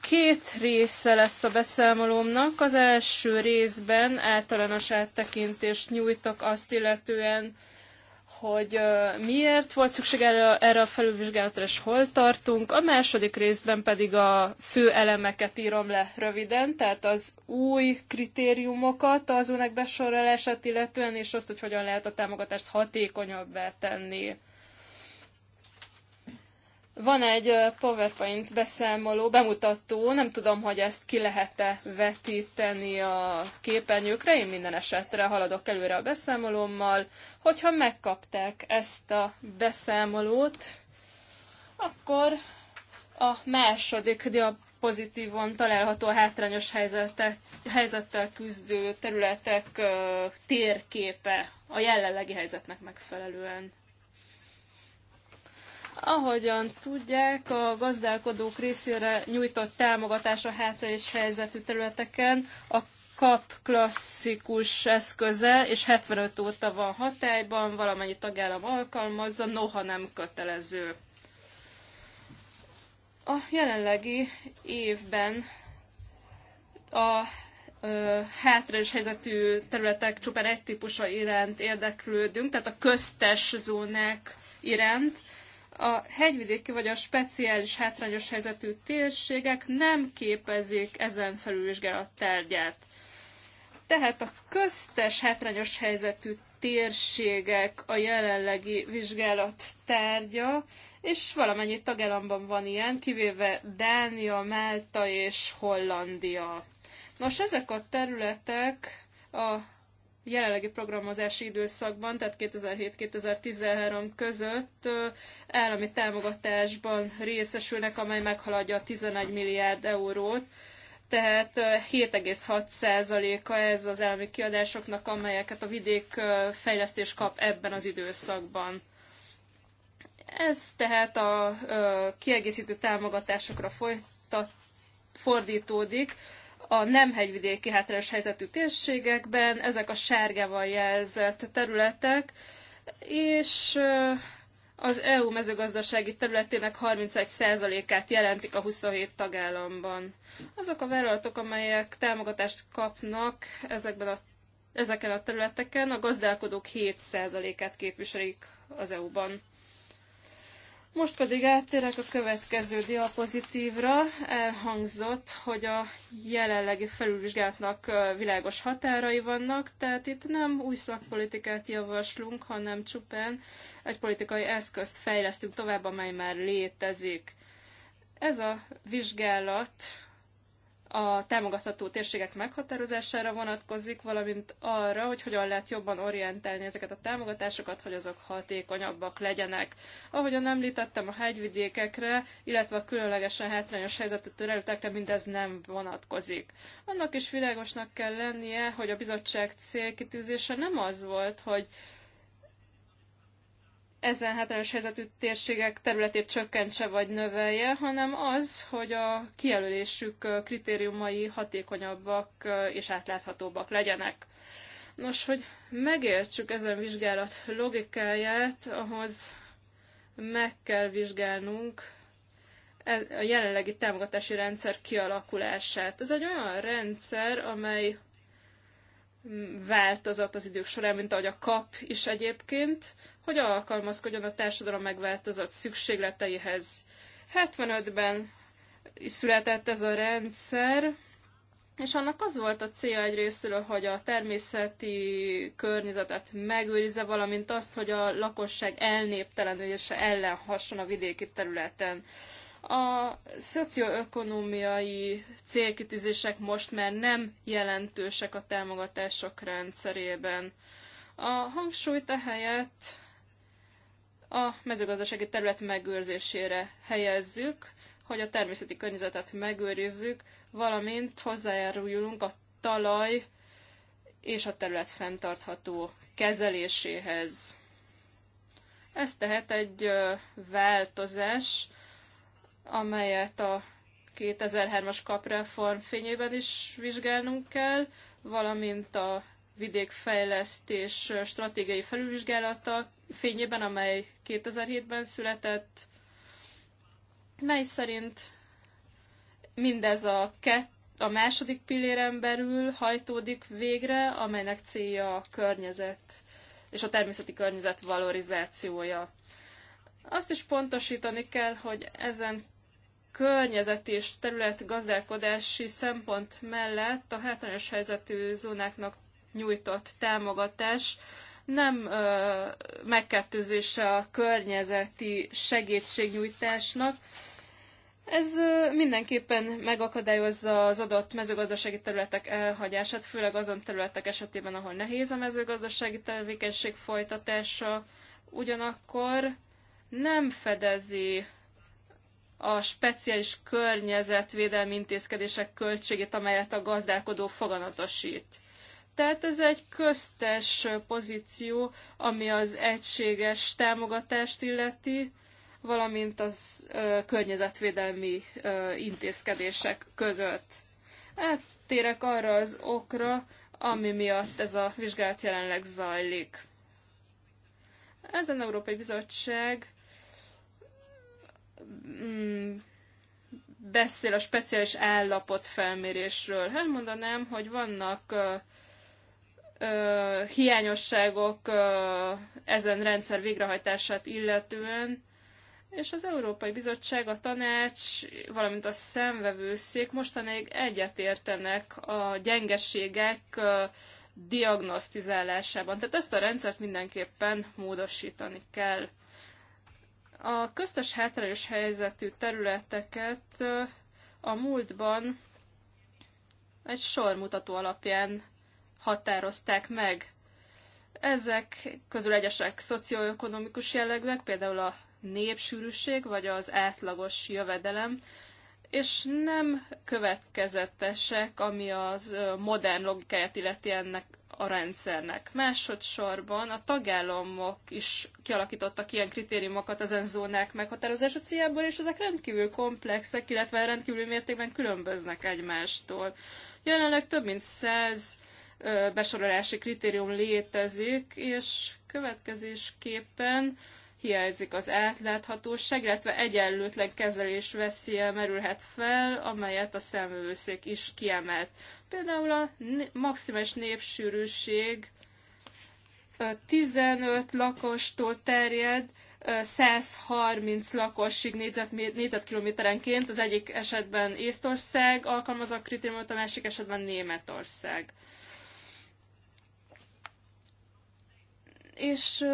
Két része lesz a beszámolómnak. Az első részben általános áttekintést nyújtok azt illetően, hogy miért volt szükség erre, erre a felülvizsgálatra, és hol tartunk. A második részben pedig a fő elemeket írom le röviden, tehát az új kritériumokat az önek besorolását illetően, és azt, hogy hogyan lehet a támogatást hatékonyabbá tenni. Van egy PowerPoint beszámoló, bemutató, nem tudom, hogy ezt ki lehet-e vetíteni a képernyőkre, én minden esetre haladok előre a beszámolómmal. Hogyha megkapták ezt a beszámolót, akkor a második diapozitívon található a hátrányos helyzetek, helyzettel küzdő területek térképe a jelenlegi helyzetnek megfelelően. Ahogyan tudják, a gazdálkodók részére nyújtott támogatás a hátrányos helyzetű területeken a kap klasszikus eszköze, és 75 óta van hatályban, valamennyi tagállam alkalmazza, noha nem kötelező. A jelenlegi évben a hátrányos helyzetű területek csupán egy típusa iránt érdeklődünk, tehát a köztes zónák iránt, a hegyvidéki vagy a speciális hátrányos helyzetű térségek nem képezik ezen felülvizsgálat tárgyát. Tehát a köztes hátrányos helyzetű térségek a jelenlegi vizsgálat tárgya, és valamennyi tagállamban van ilyen, kivéve Dánia, Málta és Hollandia. Nos, ezek a területek a jelenlegi programozási időszakban, tehát 2007-2013 között állami támogatásban részesülnek, amely meghaladja a 11 milliárd eurót. Tehát 7,6%-a ez az állami kiadásoknak, amelyeket a vidék fejlesztés kap ebben az időszakban. Ez tehát a kiegészítő támogatásokra folytat, fordítódik, a nem hegyvidéki hátrányos helyzetű térségekben, ezek a sárgával jelzett területek, és az EU mezőgazdasági területének 31%-át jelentik a 27 tagállamban. Azok a vállalatok, amelyek támogatást kapnak ezekben a, ezeken a területeken, a gazdálkodók 7%-át képviselik az EU-ban. Most pedig áttérek a következő diapozitívra. Elhangzott, hogy a jelenlegi felülvizsgálatnak világos határai vannak, tehát itt nem új szakpolitikát javaslunk, hanem csupán egy politikai eszközt fejlesztünk tovább, amely már létezik. Ez a vizsgálat a támogatható térségek meghatározására vonatkozik, valamint arra, hogy hogyan lehet jobban orientálni ezeket a támogatásokat, hogy azok hatékonyabbak legyenek. Ahogyan említettem, a hegyvidékekre, illetve a különlegesen hátrányos helyzetű területekre mindez nem vonatkozik. Annak is világosnak kell lennie, hogy a bizottság célkitűzése nem az volt, hogy ezen hátrányos helyzetű térségek területét csökkentse vagy növelje, hanem az, hogy a kijelölésük kritériumai hatékonyabbak és átláthatóbbak legyenek. Nos, hogy megértsük ezen vizsgálat logikáját, ahhoz meg kell vizsgálnunk e, a jelenlegi támogatási rendszer kialakulását. Ez egy olyan rendszer, amely változott az idők során, mint ahogy a kap is egyébként, hogy alkalmazkodjon a társadalom megváltozott szükségleteihez. 75-ben született ez a rendszer, és annak az volt a célja egy részről, hogy a természeti környezetet megőrizze, valamint azt, hogy a lakosság elnéptelenülése ellen hasson a vidéki területen. A szocioökonomiai célkitűzések most már nem jelentősek a támogatások rendszerében. A hangsúlyt ehelyett a mezőgazdasági terület megőrzésére helyezzük, hogy a természeti környezetet megőrizzük, valamint hozzájáruljunk a talaj és a terület fenntartható kezeléséhez. Ez tehát egy változás, amelyet a 2003-as kapreform fényében is vizsgálnunk kell, valamint a vidékfejlesztés stratégiai felülvizsgálata fényében, amely 2007-ben született, mely szerint mindez a kett, a második pilléren belül hajtódik végre, amelynek célja a környezet és a természeti környezet valorizációja. Azt is pontosítani kell, hogy ezen környezeti és területgazdálkodási szempont mellett a hátrányos helyzetű zónáknak nyújtott támogatás nem megkettőzése a környezeti segítségnyújtásnak. Ez ö, mindenképpen megakadályozza az adott mezőgazdasági területek elhagyását, főleg azon területek esetében, ahol nehéz a mezőgazdasági tevékenység folytatása. Ugyanakkor nem fedezi a speciális környezetvédelmi intézkedések költségét, amelyet a gazdálkodó foganatosít. Tehát ez egy köztes pozíció, ami az egységes támogatást illeti, valamint az ö, környezetvédelmi ö, intézkedések között. Áttérek arra az okra, ami miatt ez a vizsgálat jelenleg zajlik. Ezen Európai Bizottság Mm, beszél a speciális állapot felmérésről. Hát mondanám, hogy vannak ö, ö, hiányosságok ö, ezen rendszer végrehajtását illetően, és az Európai Bizottság, a tanács, valamint a szemvevőszék mostanáig egyetértenek a gyengeségek ö, diagnosztizálásában. Tehát ezt a rendszert mindenképpen módosítani kell. A köztes hátrányos helyzetű területeket a múltban egy sormutató alapján határozták meg. Ezek közül egyesek szocioekonomikus jellegűek, például a népsűrűség vagy az átlagos jövedelem, és nem következetesek, ami az modern logikáját illeti ennek a rendszernek. Másodszorban a tagállamok is kialakítottak ilyen kritériumokat ezen zónák meghatározása céljából, és ezek rendkívül komplexek, illetve rendkívül mértékben különböznek egymástól. Jelenleg több mint száz besorolási kritérium létezik, és következésképpen hiányzik az átláthatóság, illetve egyenlőtlen kezelés veszélye merülhet fel, amelyet a szemvőszék is kiemelt. Például a maximális népsűrűség 15 lakostól terjed, 130 lakosig négyzet, négyzetkilométerenként, az egyik esetben Észtország alkalmaz a kritériumot, a másik esetben Németország. És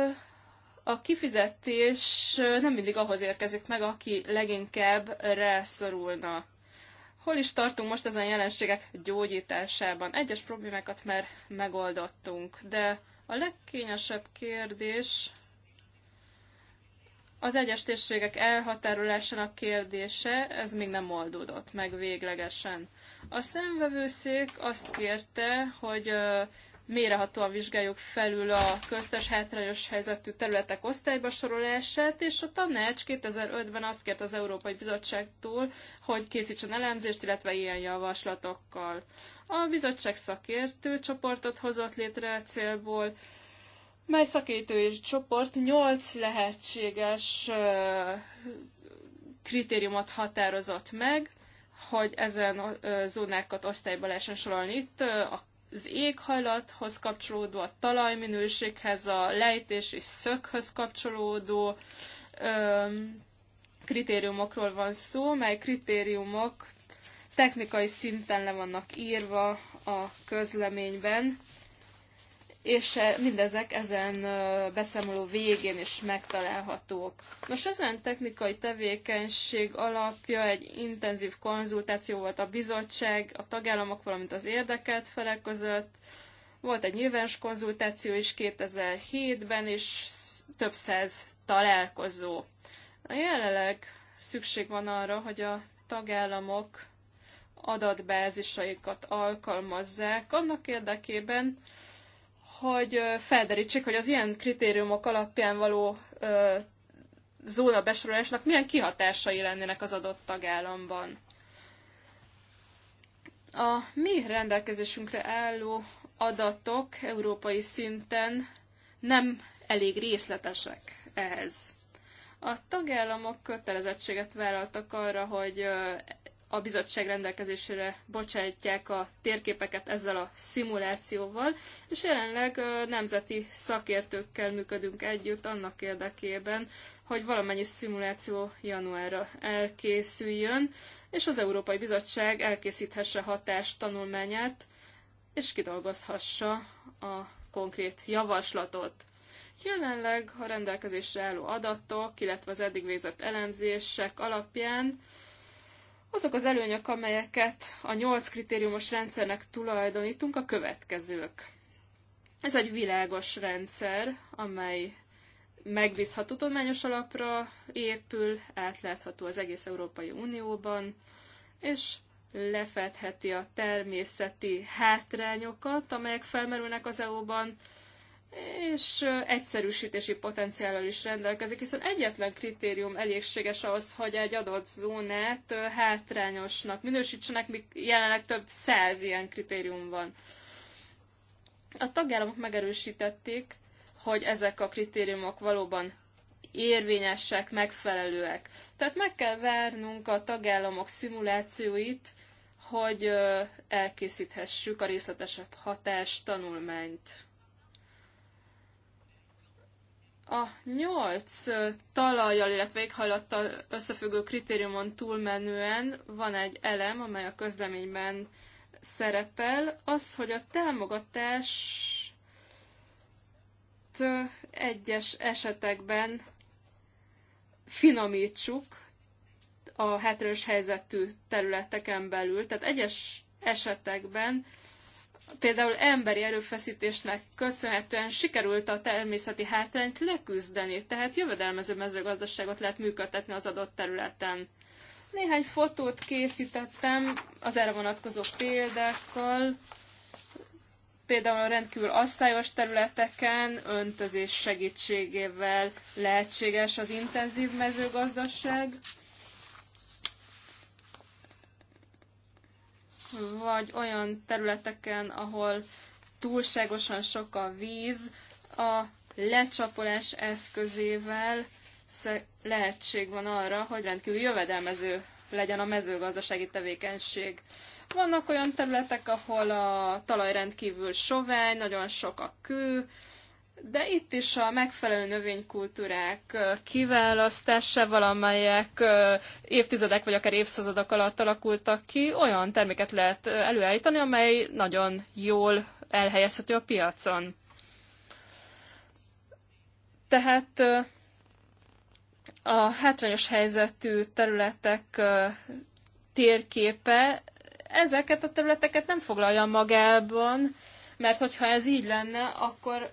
a kifizetés nem mindig ahhoz érkezik meg, aki leginkább rászorulna. Hol is tartunk most ezen jelenségek gyógyításában? Egyes problémákat már megoldottunk, de a legkényesebb kérdés az egyes térségek elhatárolásának kérdése, ez még nem oldódott meg véglegesen. A szemvevőszék azt kérte, hogy mérehatóan vizsgáljuk felül a köztes hátrányos helyzetű területek osztályba sorolását, és a tanács 2005-ben azt kért az Európai Bizottságtól, hogy készítsen elemzést, illetve ilyen javaslatokkal. A bizottság szakértő csoportot hozott létre célból, mely szakértői csoport 8 lehetséges kritériumot határozott meg, hogy ezen zónákat osztályba lehessen sorolni. Itt a az éghajlathoz kapcsolódó, a talajminőséghez, a lejtés és szökhöz kapcsolódó öm, kritériumokról van szó, mely kritériumok technikai szinten le vannak írva a közleményben, és eh, mindezek ezen beszámoló végén is megtalálhatók. Nos, ezen technikai tevékenység alapja egy intenzív konzultáció volt a bizottság, a tagállamok, valamint az érdekelt felek között. Volt egy nyilvános konzultáció is 2007-ben, és több száz találkozó. A jelenleg szükség van arra, hogy a tagállamok adatbázisaikat alkalmazzák annak érdekében, hogy felderítsék, hogy az ilyen kritériumok alapján való zóna besorolásnak milyen kihatásai lennének az adott tagállamban. A mi rendelkezésünkre álló adatok európai szinten nem elég részletesek ehhez. A tagállamok kötelezettséget vállaltak arra, hogy a bizottság rendelkezésére bocsátják a térképeket ezzel a szimulációval, és jelenleg nemzeti szakértőkkel működünk együtt annak érdekében, hogy valamennyi szimuláció januárra elkészüljön, és az Európai Bizottság elkészíthesse hatás tanulmányát, és kidolgozhassa a konkrét javaslatot. Jelenleg a rendelkezésre álló adatok, illetve az eddig végzett elemzések alapján azok az előnyök, amelyeket a nyolc kritériumos rendszernek tulajdonítunk, a következők. Ez egy világos rendszer, amely megbízható tudományos alapra épül, átlátható az egész Európai Unióban, és lefedheti a természeti hátrányokat, amelyek felmerülnek az EU-ban, és egyszerűsítési potenciállal is rendelkezik, hiszen egyetlen kritérium elégséges ahhoz, hogy egy adott zónát hátrányosnak minősítsenek, míg jelenleg több száz ilyen kritérium van. A tagállamok megerősítették, hogy ezek a kritériumok valóban érvényesek, megfelelőek. Tehát meg kell várnunk a tagállamok szimulációit, hogy elkészíthessük a részletesebb hatástanulmányt a nyolc talajjal, illetve éghajlattal összefüggő kritériumon túlmenően van egy elem, amely a közleményben szerepel, az, hogy a támogatás egyes esetekben finomítsuk a hátrányos helyzetű területeken belül. Tehát egyes esetekben például emberi erőfeszítésnek köszönhetően sikerült a természeti hátrányt leküzdeni, tehát jövedelmező mezőgazdaságot lehet működtetni az adott területen. Néhány fotót készítettem az erre vonatkozó példákkal, például a rendkívül asszályos területeken öntözés segítségével lehetséges az intenzív mezőgazdaság. vagy olyan területeken, ahol túlságosan sok a víz, a lecsapolás eszközével lehetség van arra, hogy rendkívül jövedelmező legyen a mezőgazdasági tevékenység. Vannak olyan területek, ahol a talaj rendkívül sovány, nagyon sok a kő, de itt is a megfelelő növénykultúrák kiválasztásával, amelyek évtizedek vagy akár évszázadok alatt alakultak ki, olyan terméket lehet előállítani, amely nagyon jól elhelyezhető a piacon. Tehát a hátrányos helyzetű területek térképe ezeket a területeket nem foglalja magában, mert hogyha ez így lenne, akkor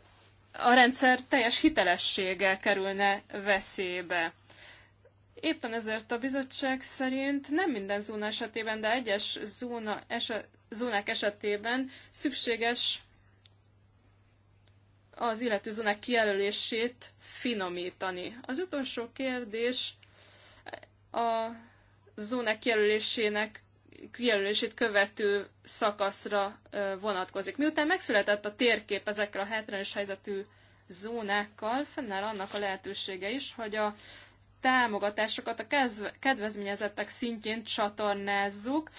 a rendszer teljes hitelessége kerülne veszélybe. Éppen ezért a bizottság szerint nem minden zóna esetében, de egyes zóna eset, zónák esetében szükséges az illető zónák kijelölését finomítani. Az utolsó kérdés a zónák kijelölésének kijelölését követő szakaszra vonatkozik. Miután megszületett a térkép ezekre a hátrányos helyzetű zónákkal, fennáll annak a lehetősége is, hogy a támogatásokat a kedvezményezettek szintjén csatornázzuk,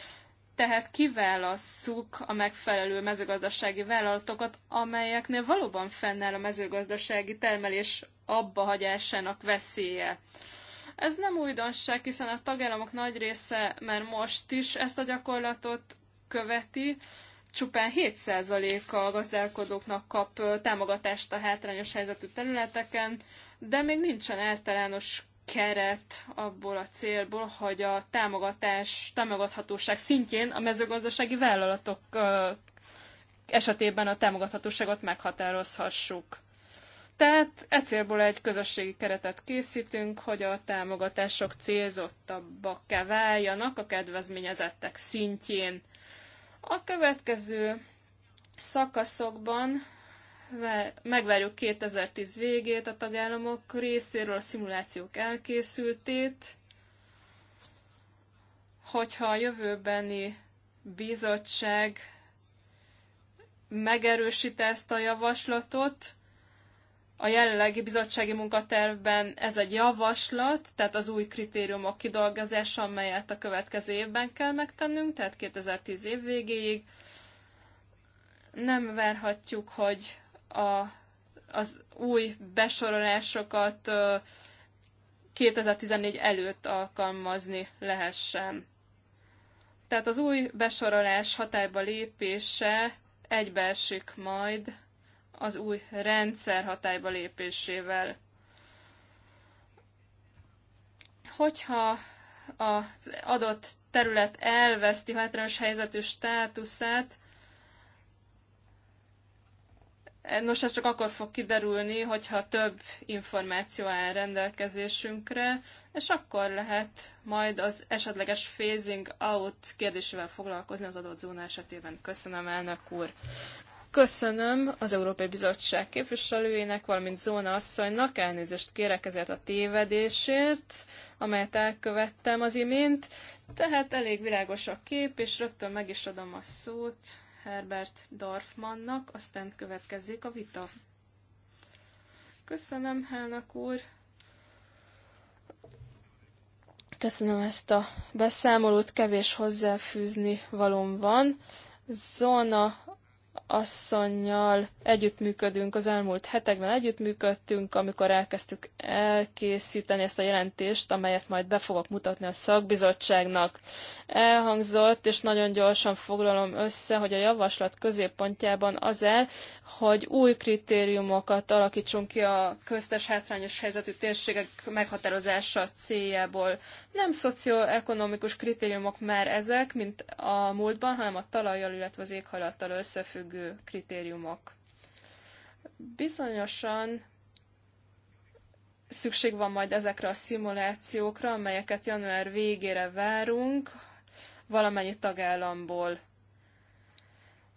tehát kiválasszuk a megfelelő mezőgazdasági vállalatokat, amelyeknél valóban fennáll a mezőgazdasági termelés abbahagyásának veszélye. Ez nem újdonság, hiszen a tagállamok nagy része már most is ezt a gyakorlatot követi, csupán 7% a gazdálkodóknak kap támogatást a hátrányos helyzetű területeken, de még nincsen általános keret abból a célból, hogy a támogatás, támogathatóság szintjén a mezőgazdasági vállalatok esetében a támogathatóságot meghatározhassuk. Tehát e célból egy közösségi keretet készítünk, hogy a támogatások célzottabbakká váljanak a kedvezményezettek szintjén. A következő szakaszokban megvárjuk 2010 végét a tagállamok részéről a szimulációk elkészültét, hogyha a jövőbeni bizottság megerősít ezt a javaslatot, a jelenlegi bizottsági munkatervben ez egy javaslat, tehát az új kritériumok kidolgozása, amelyet a következő évben kell megtennünk, tehát 2010 év végéig. Nem várhatjuk, hogy a, az új besorolásokat 2014 előtt alkalmazni lehessen. Tehát az új besorolás hatályba lépése egybeesik majd az új rendszer hatályba lépésével. Hogyha az adott terület elveszti hátrányos helyzetű státuszát, Nos, ez csak akkor fog kiderülni, hogyha több információ áll rendelkezésünkre, és akkor lehet majd az esetleges phasing out kérdésével foglalkozni az adott zóna esetében. Köszönöm, elnök úr. Köszönöm az Európai Bizottság képviselőjének, valamint Zóna asszonynak, elnézést kérek ezért a tévedésért, amelyet elkövettem az imént. Tehát elég világos a kép, és rögtön meg is adom a szót Herbert Dorfmannak, aztán következzék a vita. Köszönöm, Helnak úr. Köszönöm ezt a beszámolót, kevés hozzáfűzni valóm van. Zona asszonynal együttműködünk, az elmúlt hetekben együttműködtünk, amikor elkezdtük elkészíteni ezt a jelentést, amelyet majd be fogok mutatni a szakbizottságnak. Elhangzott, és nagyon gyorsan foglalom össze, hogy a javaslat középpontjában az el, hogy új kritériumokat alakítsunk ki a köztes hátrányos helyzetű térségek meghatározása céljából. Nem szocioekonomikus kritériumok már ezek, mint a múltban, hanem a talajjal, illetve az éghajlattal összefüggő jellegű kritériumok. Bizonyosan szükség van majd ezekre a szimulációkra, amelyeket január végére várunk valamennyi tagállamból.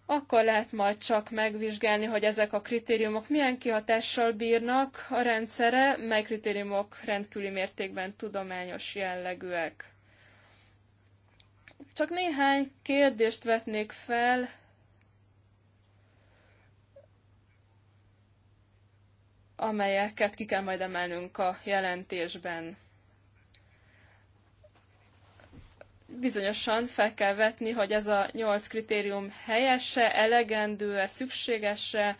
Akkor lehet majd csak megvizsgálni, hogy ezek a kritériumok milyen kihatással bírnak a rendszere, mely kritériumok rendkívüli mértékben tudományos jellegűek. Csak néhány kérdést vetnék fel amelyeket ki kell majd emelnünk a jelentésben. Bizonyosan fel kell vetni, hogy ez a nyolc kritérium helyese, elegendő-e, szükséges-e,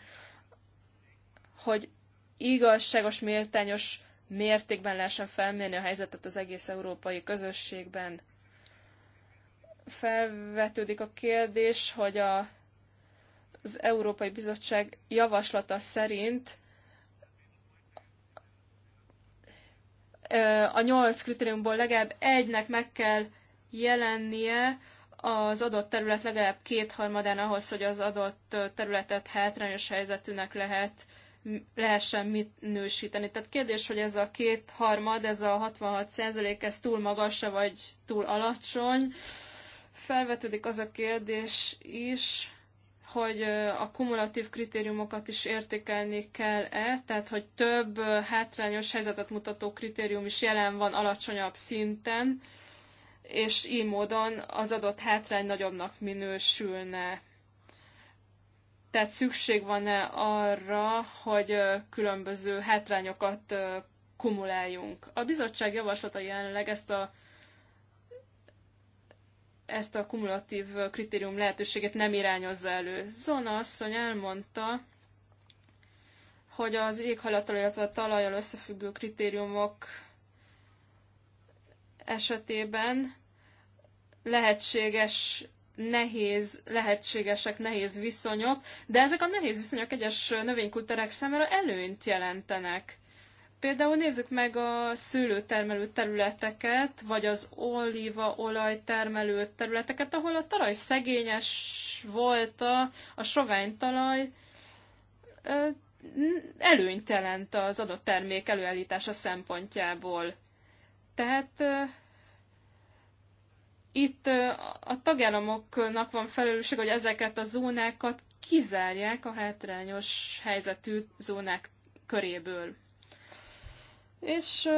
hogy igazságos, méltányos mértékben lehessen felmérni a helyzetet az egész európai közösségben. Felvetődik a kérdés, hogy a, az Európai Bizottság javaslata szerint a nyolc kritériumból legalább egynek meg kell jelennie az adott terület legalább kétharmadán ahhoz, hogy az adott területet hátrányos helyzetűnek lehet lehessen mit nősíteni. Tehát kérdés, hogy ez a két harmad, ez a 66 százalék, ez túl magas vagy túl alacsony. Felvetődik az a kérdés is, hogy a kumulatív kritériumokat is értékelni kell-e, tehát hogy több hátrányos helyzetet mutató kritérium is jelen van alacsonyabb szinten, és így módon az adott hátrány nagyobbnak minősülne. Tehát szükség van-e arra, hogy különböző hátrányokat kumuláljunk. A bizottság javaslata jelenleg ezt a ezt a kumulatív kritérium lehetőséget nem irányozza elő. Zona asszony elmondta, hogy az éghajlattal, illetve a talajjal összefüggő kritériumok esetében lehetséges nehéz, lehetségesek nehéz viszonyok, de ezek a nehéz viszonyok egyes növénykultúrák számára előnyt jelentenek. Például nézzük meg a szőlőtermelő területeket, vagy az olívaolaj termelő területeket, ahol a talaj szegényes volt, a, a sovány talaj előnytelent az adott termék előállítása szempontjából. Tehát itt a tagállamoknak van felelősség, hogy ezeket a zónákat kizárják a hátrányos helyzetű zónák köréből. És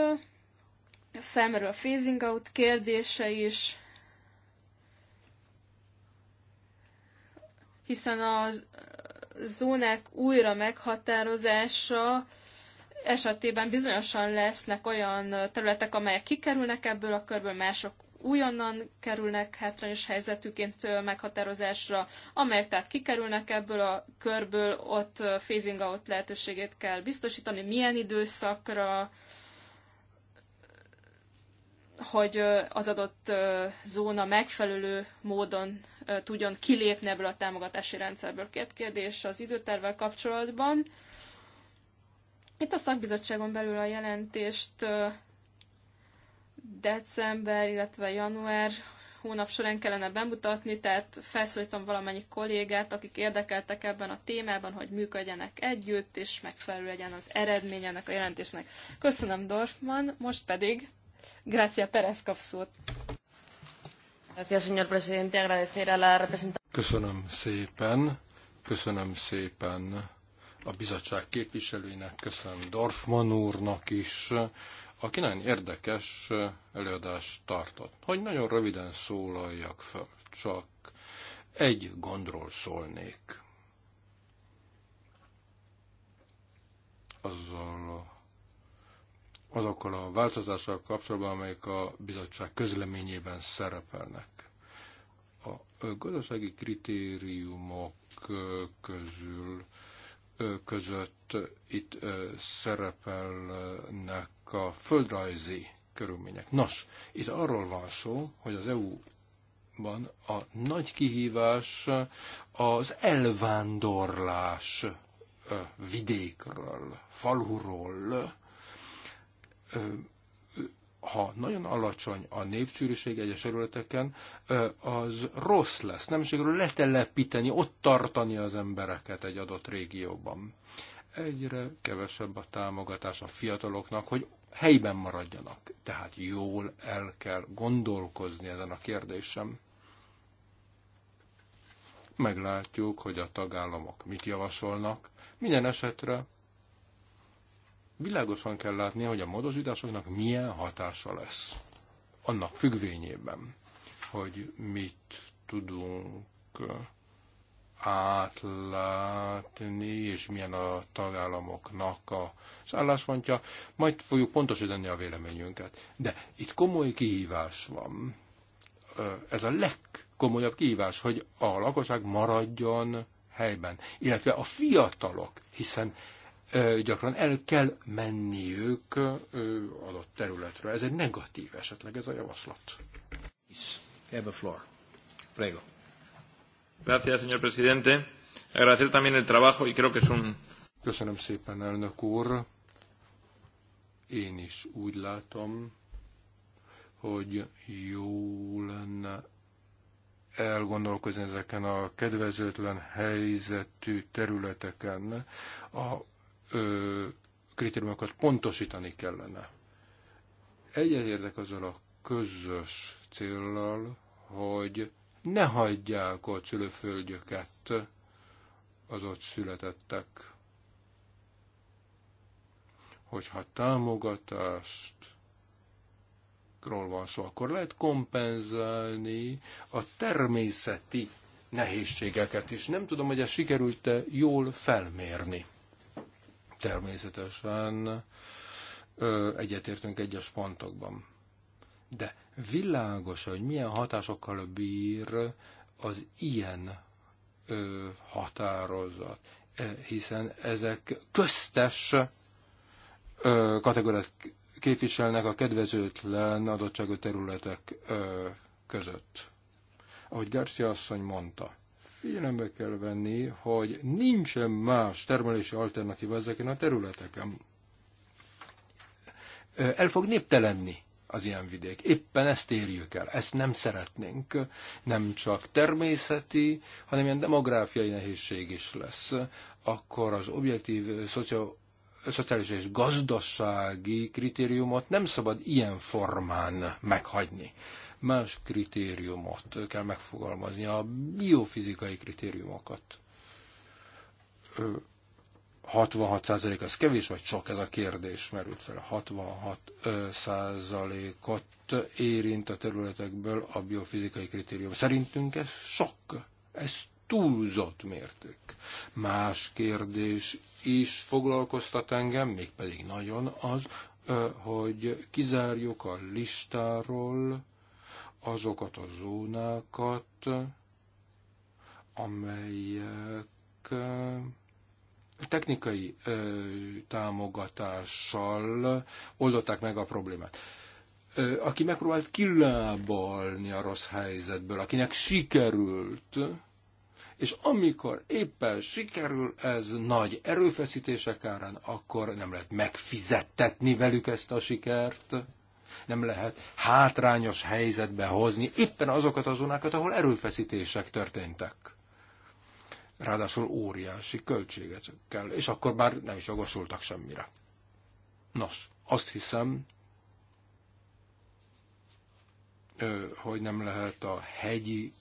felmerül a phasing out kérdése is, hiszen a zónák újra meghatározása esetében bizonyosan lesznek olyan területek, amelyek kikerülnek ebből a körből, mások újonnan kerülnek hátrányos helyzetüként meghatározásra, amelyek tehát kikerülnek ebből a körből, ott phasing out lehetőségét kell biztosítani, milyen időszakra, hogy az adott zóna megfelelő módon tudjon kilépni ebből a támogatási rendszerből. Két kérdés az időtervel kapcsolatban. Itt a szakbizottságon belül a jelentést december, illetve január hónap során kellene bemutatni, tehát felszólítom valamennyi kollégát, akik érdekeltek ebben a témában, hogy működjenek együtt, és megfelelő legyen az eredmény ennek a jelentésnek. Köszönöm, Dorfman, most pedig Grácia Perez kap szót. Köszönöm szépen, köszönöm szépen a bizottság képviselőinek, köszönöm Dorfman úrnak is aki nagyon érdekes előadást tartott. Hogy nagyon röviden szólaljak fel, csak egy gondról szólnék. Azzal a, azokkal a változással kapcsolatban, amelyek a bizottság közleményében szerepelnek. A gazdasági kritériumok közül között itt szerepelnek a földrajzi körülmények. Nos, itt arról van szó, hogy az EU-ban a nagy kihívás az elvándorlás vidékről, faluról, ha nagyon alacsony a népcsűrűség egyes területeken, az rossz lesz. Nem sikerül letelepíteni, ott tartani az embereket egy adott régióban. Egyre kevesebb a támogatás a fiataloknak, hogy helyben maradjanak. Tehát jól el kell gondolkozni ezen a kérdésem. Meglátjuk, hogy a tagállamok mit javasolnak. Minden esetre Világosan kell látni, hogy a módosításoknak milyen hatása lesz. Annak függvényében, hogy mit tudunk átlátni, és milyen a tagállamoknak a szálláspontja, Majd fogjuk pontosítani a véleményünket. De itt komoly kihívás van. Ez a legkomolyabb kihívás, hogy a lakosság maradjon helyben, illetve a fiatalok, hiszen gyakran el kell menniük adott területről. Ez egy negatív esetleg ez a javaslat. floor. presidente. Köszönöm szépen, elnök úr. Én is úgy látom, hogy jó lenne elgondolkozni ezeken a kedvezőtlen helyzetű területeken. A ö, kritériumokat pontosítani kellene. Egyetértek azzal a közös céllal, hogy ne hagyják ott szülőföldjöket az ott születettek. Hogyha támogatást ról van szó, akkor lehet kompenzálni a természeti nehézségeket is. Nem tudom, hogy ezt sikerült -e jól felmérni. Természetesen egyetértünk egyes pontokban. De világos, hogy milyen hatásokkal bír az ilyen ö, határozat, e, hiszen ezek köztes ö, kategóriát képviselnek a kedvezőtlen adottságú területek ö, között. Ahogy Garcia asszony mondta, figyelembe kell venni, hogy nincsen más termelési alternatíva ezeken a területeken. El fog néptelenni az ilyen vidék. Éppen ezt érjük el, ezt nem szeretnénk. Nem csak természeti, hanem ilyen demográfiai nehézség is lesz. Akkor az objektív szocio szociális és gazdasági kritériumot nem szabad ilyen formán meghagyni. Más kritériumot kell megfogalmazni, a biofizikai kritériumokat. 66% az kevés, vagy csak ez a kérdés merült fel. 66%-ot érint a területekből a biofizikai kritérium. Szerintünk ez sok, ez túlzott mérték. Más kérdés is foglalkoztat engem, mégpedig nagyon az, hogy kizárjuk a listáról azokat a zónákat, amelyek technikai támogatással oldották meg a problémát. Aki megpróbált kilábalni a rossz helyzetből, akinek sikerült, és amikor éppen sikerül ez nagy erőfeszítések árán, akkor nem lehet megfizettetni velük ezt a sikert nem lehet hátrányos helyzetbe hozni éppen azokat a zónákat, ahol erőfeszítések történtek. Ráadásul óriási költséget kell és akkor már nem is jogosultak semmire. Nos, azt hiszem, hogy nem lehet a hegyi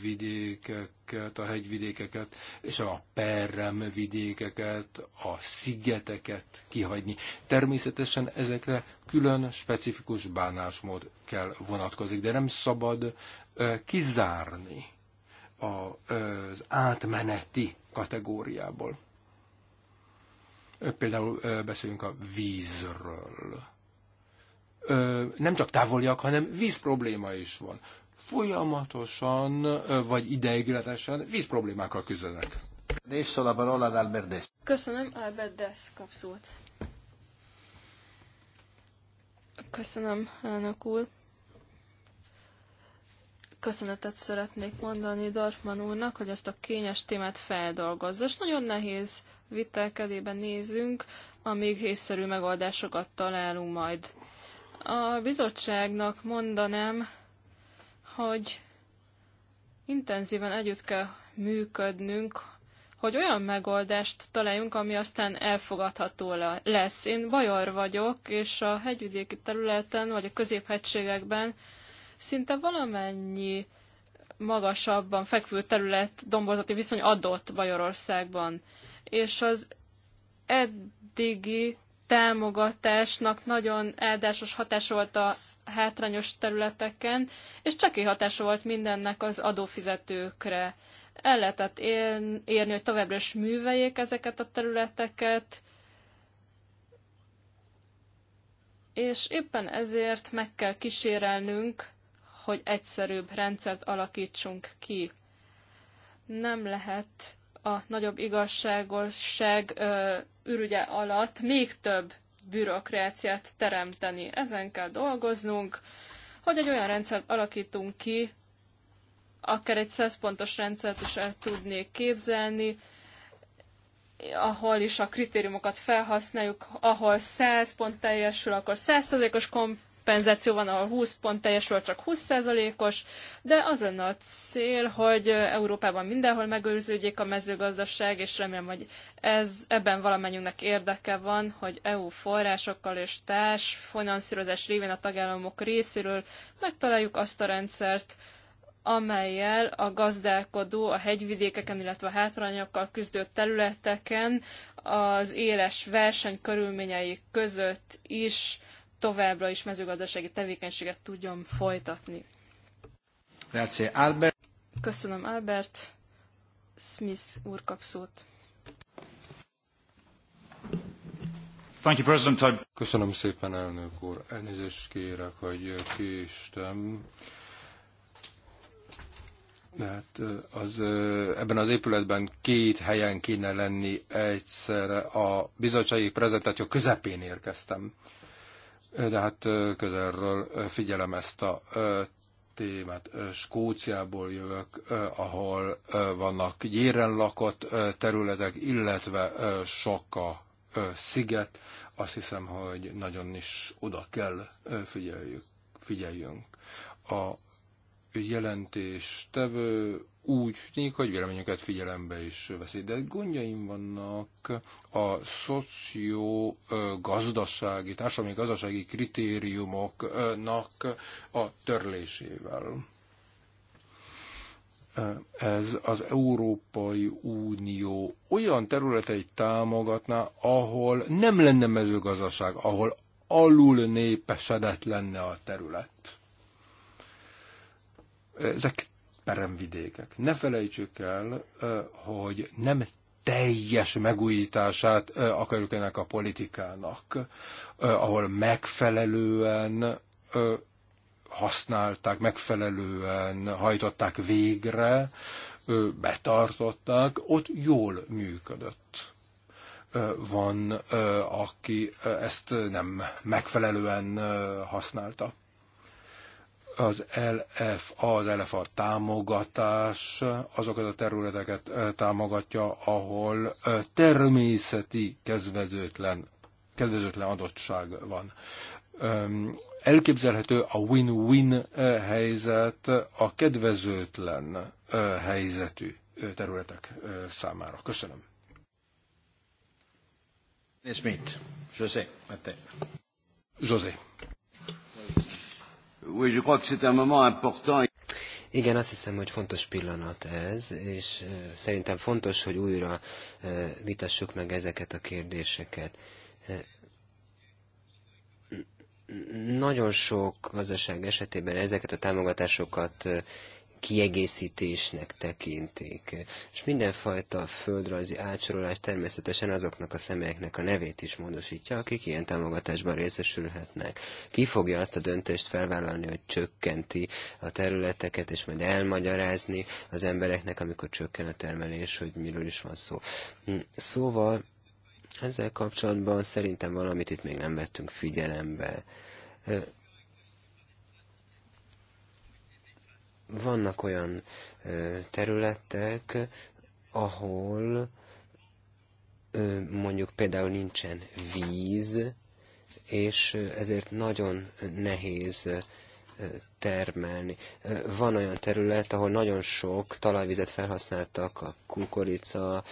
vidékeket, a hegyvidékeket, és a perrem vidékeket, a szigeteket kihagyni. Természetesen ezekre külön specifikus bánásmód kell vonatkozik, de nem szabad kizárni az átmeneti kategóriából. Például beszéljünk a vízről. Nem csak távoliak, hanem vízprobléma is van folyamatosan vagy víz vízproblémákkal küzdenek. Köszönöm, Albert Dess szót. Köszönöm, elnök úr. Köszönetet szeretnék mondani Dorfman úrnak, hogy ezt a kényes témát feldolgozza, és nagyon nehéz vitelkedében nézünk, amíg észszerű megoldásokat találunk majd. A bizottságnak mondanám, hogy intenzíven együtt kell működnünk, hogy olyan megoldást találjunk, ami aztán elfogadható lesz. Én bajor vagyok, és a hegyvidéki területen, vagy a középhegységekben szinte valamennyi magasabban fekvő terület domborzati viszony adott Bajorországban. És az eddigi támogatásnak nagyon áldásos hatása volt a hátrányos területeken, és csak hatása volt mindennek az adófizetőkre. El lehetett érni, hogy továbbra is műveljék ezeket a területeket, és éppen ezért meg kell kísérelnünk, hogy egyszerűbb rendszert alakítsunk ki. Nem lehet a nagyobb igazságosság ürügye alatt még több bürokráciát teremteni. Ezen kell dolgoznunk, hogy egy olyan rendszert alakítunk ki, akár egy szeszpontos rendszert is el tudnék képzelni, ahol is a kritériumokat felhasználjuk, ahol 100 pont teljesül, akkor 100%-os komp kompenzáció van, ahol 20 pont teljesről csak 20%-os, de az lenne a cél, hogy Európában mindenhol megőrződjék a mezőgazdaság, és remélem, hogy ez ebben valamennyünknek érdeke van, hogy EU forrásokkal és társ finanszírozás révén a tagállamok részéről megtaláljuk azt a rendszert, amelyel a gazdálkodó a hegyvidékeken, illetve a hátrányokkal küzdő területeken az éles verseny körülményei között is továbbra is mezőgazdasági tevékenységet tudjon folytatni. Grazie, Albert. Köszönöm, Albert. Smith úr kap szót. Köszönöm szépen, elnök úr. Elnézést kérek, hogy késtem. De hát az, ebben az épületben két helyen kéne lenni egyszerre. A bizottsági prezentáció közepén érkeztem de hát közelről figyelem ezt a témát. Skóciából jövök, ahol vannak gyéren lakott területek, illetve sok a sziget. Azt hiszem, hogy nagyon is oda kell figyeljük, figyeljünk. A jelentéstevő úgy tűnik, hogy véleményeket figyelembe is veszi. De gondjaim vannak a szociogazdasági, társadalmi gazdasági kritériumoknak a törlésével. Ez az Európai Unió olyan területeit támogatná, ahol nem lenne mezőgazdaság, ahol alul népesedett lenne a terület. Ezek peremvidékek. Ne felejtsük el, hogy nem teljes megújítását akarjuk ennek a politikának, ahol megfelelően használták, megfelelően hajtották végre, betartották, ott jól működött. Van, aki ezt nem megfelelően használta az LFA, az LFA támogatás azokat a területeket támogatja, ahol természeti kezvezőtlen kedvezőtlen adottság van. Elképzelhető a win-win helyzet a kedvezőtlen helyzetű területek számára. Köszönöm. Smith, José, a te. José. Igen, azt hiszem, hogy fontos pillanat ez, és szerintem fontos, hogy újra vitassuk meg ezeket a kérdéseket. Nagyon sok gazdaság esetében ezeket a támogatásokat kiegészítésnek tekintik. És mindenfajta földrajzi átsorolás természetesen azoknak a személyeknek a nevét is módosítja, akik ilyen támogatásban részesülhetnek. Ki fogja azt a döntést felvállalni, hogy csökkenti a területeket, és majd elmagyarázni az embereknek, amikor csökken a termelés, hogy miről is van szó. Hm, szóval ezzel kapcsolatban szerintem valamit itt még nem vettünk figyelembe Vannak olyan területek, ahol mondjuk például nincsen víz, és ezért nagyon nehéz termelni. Van olyan terület, ahol nagyon sok talajvizet felhasználtak a kukorica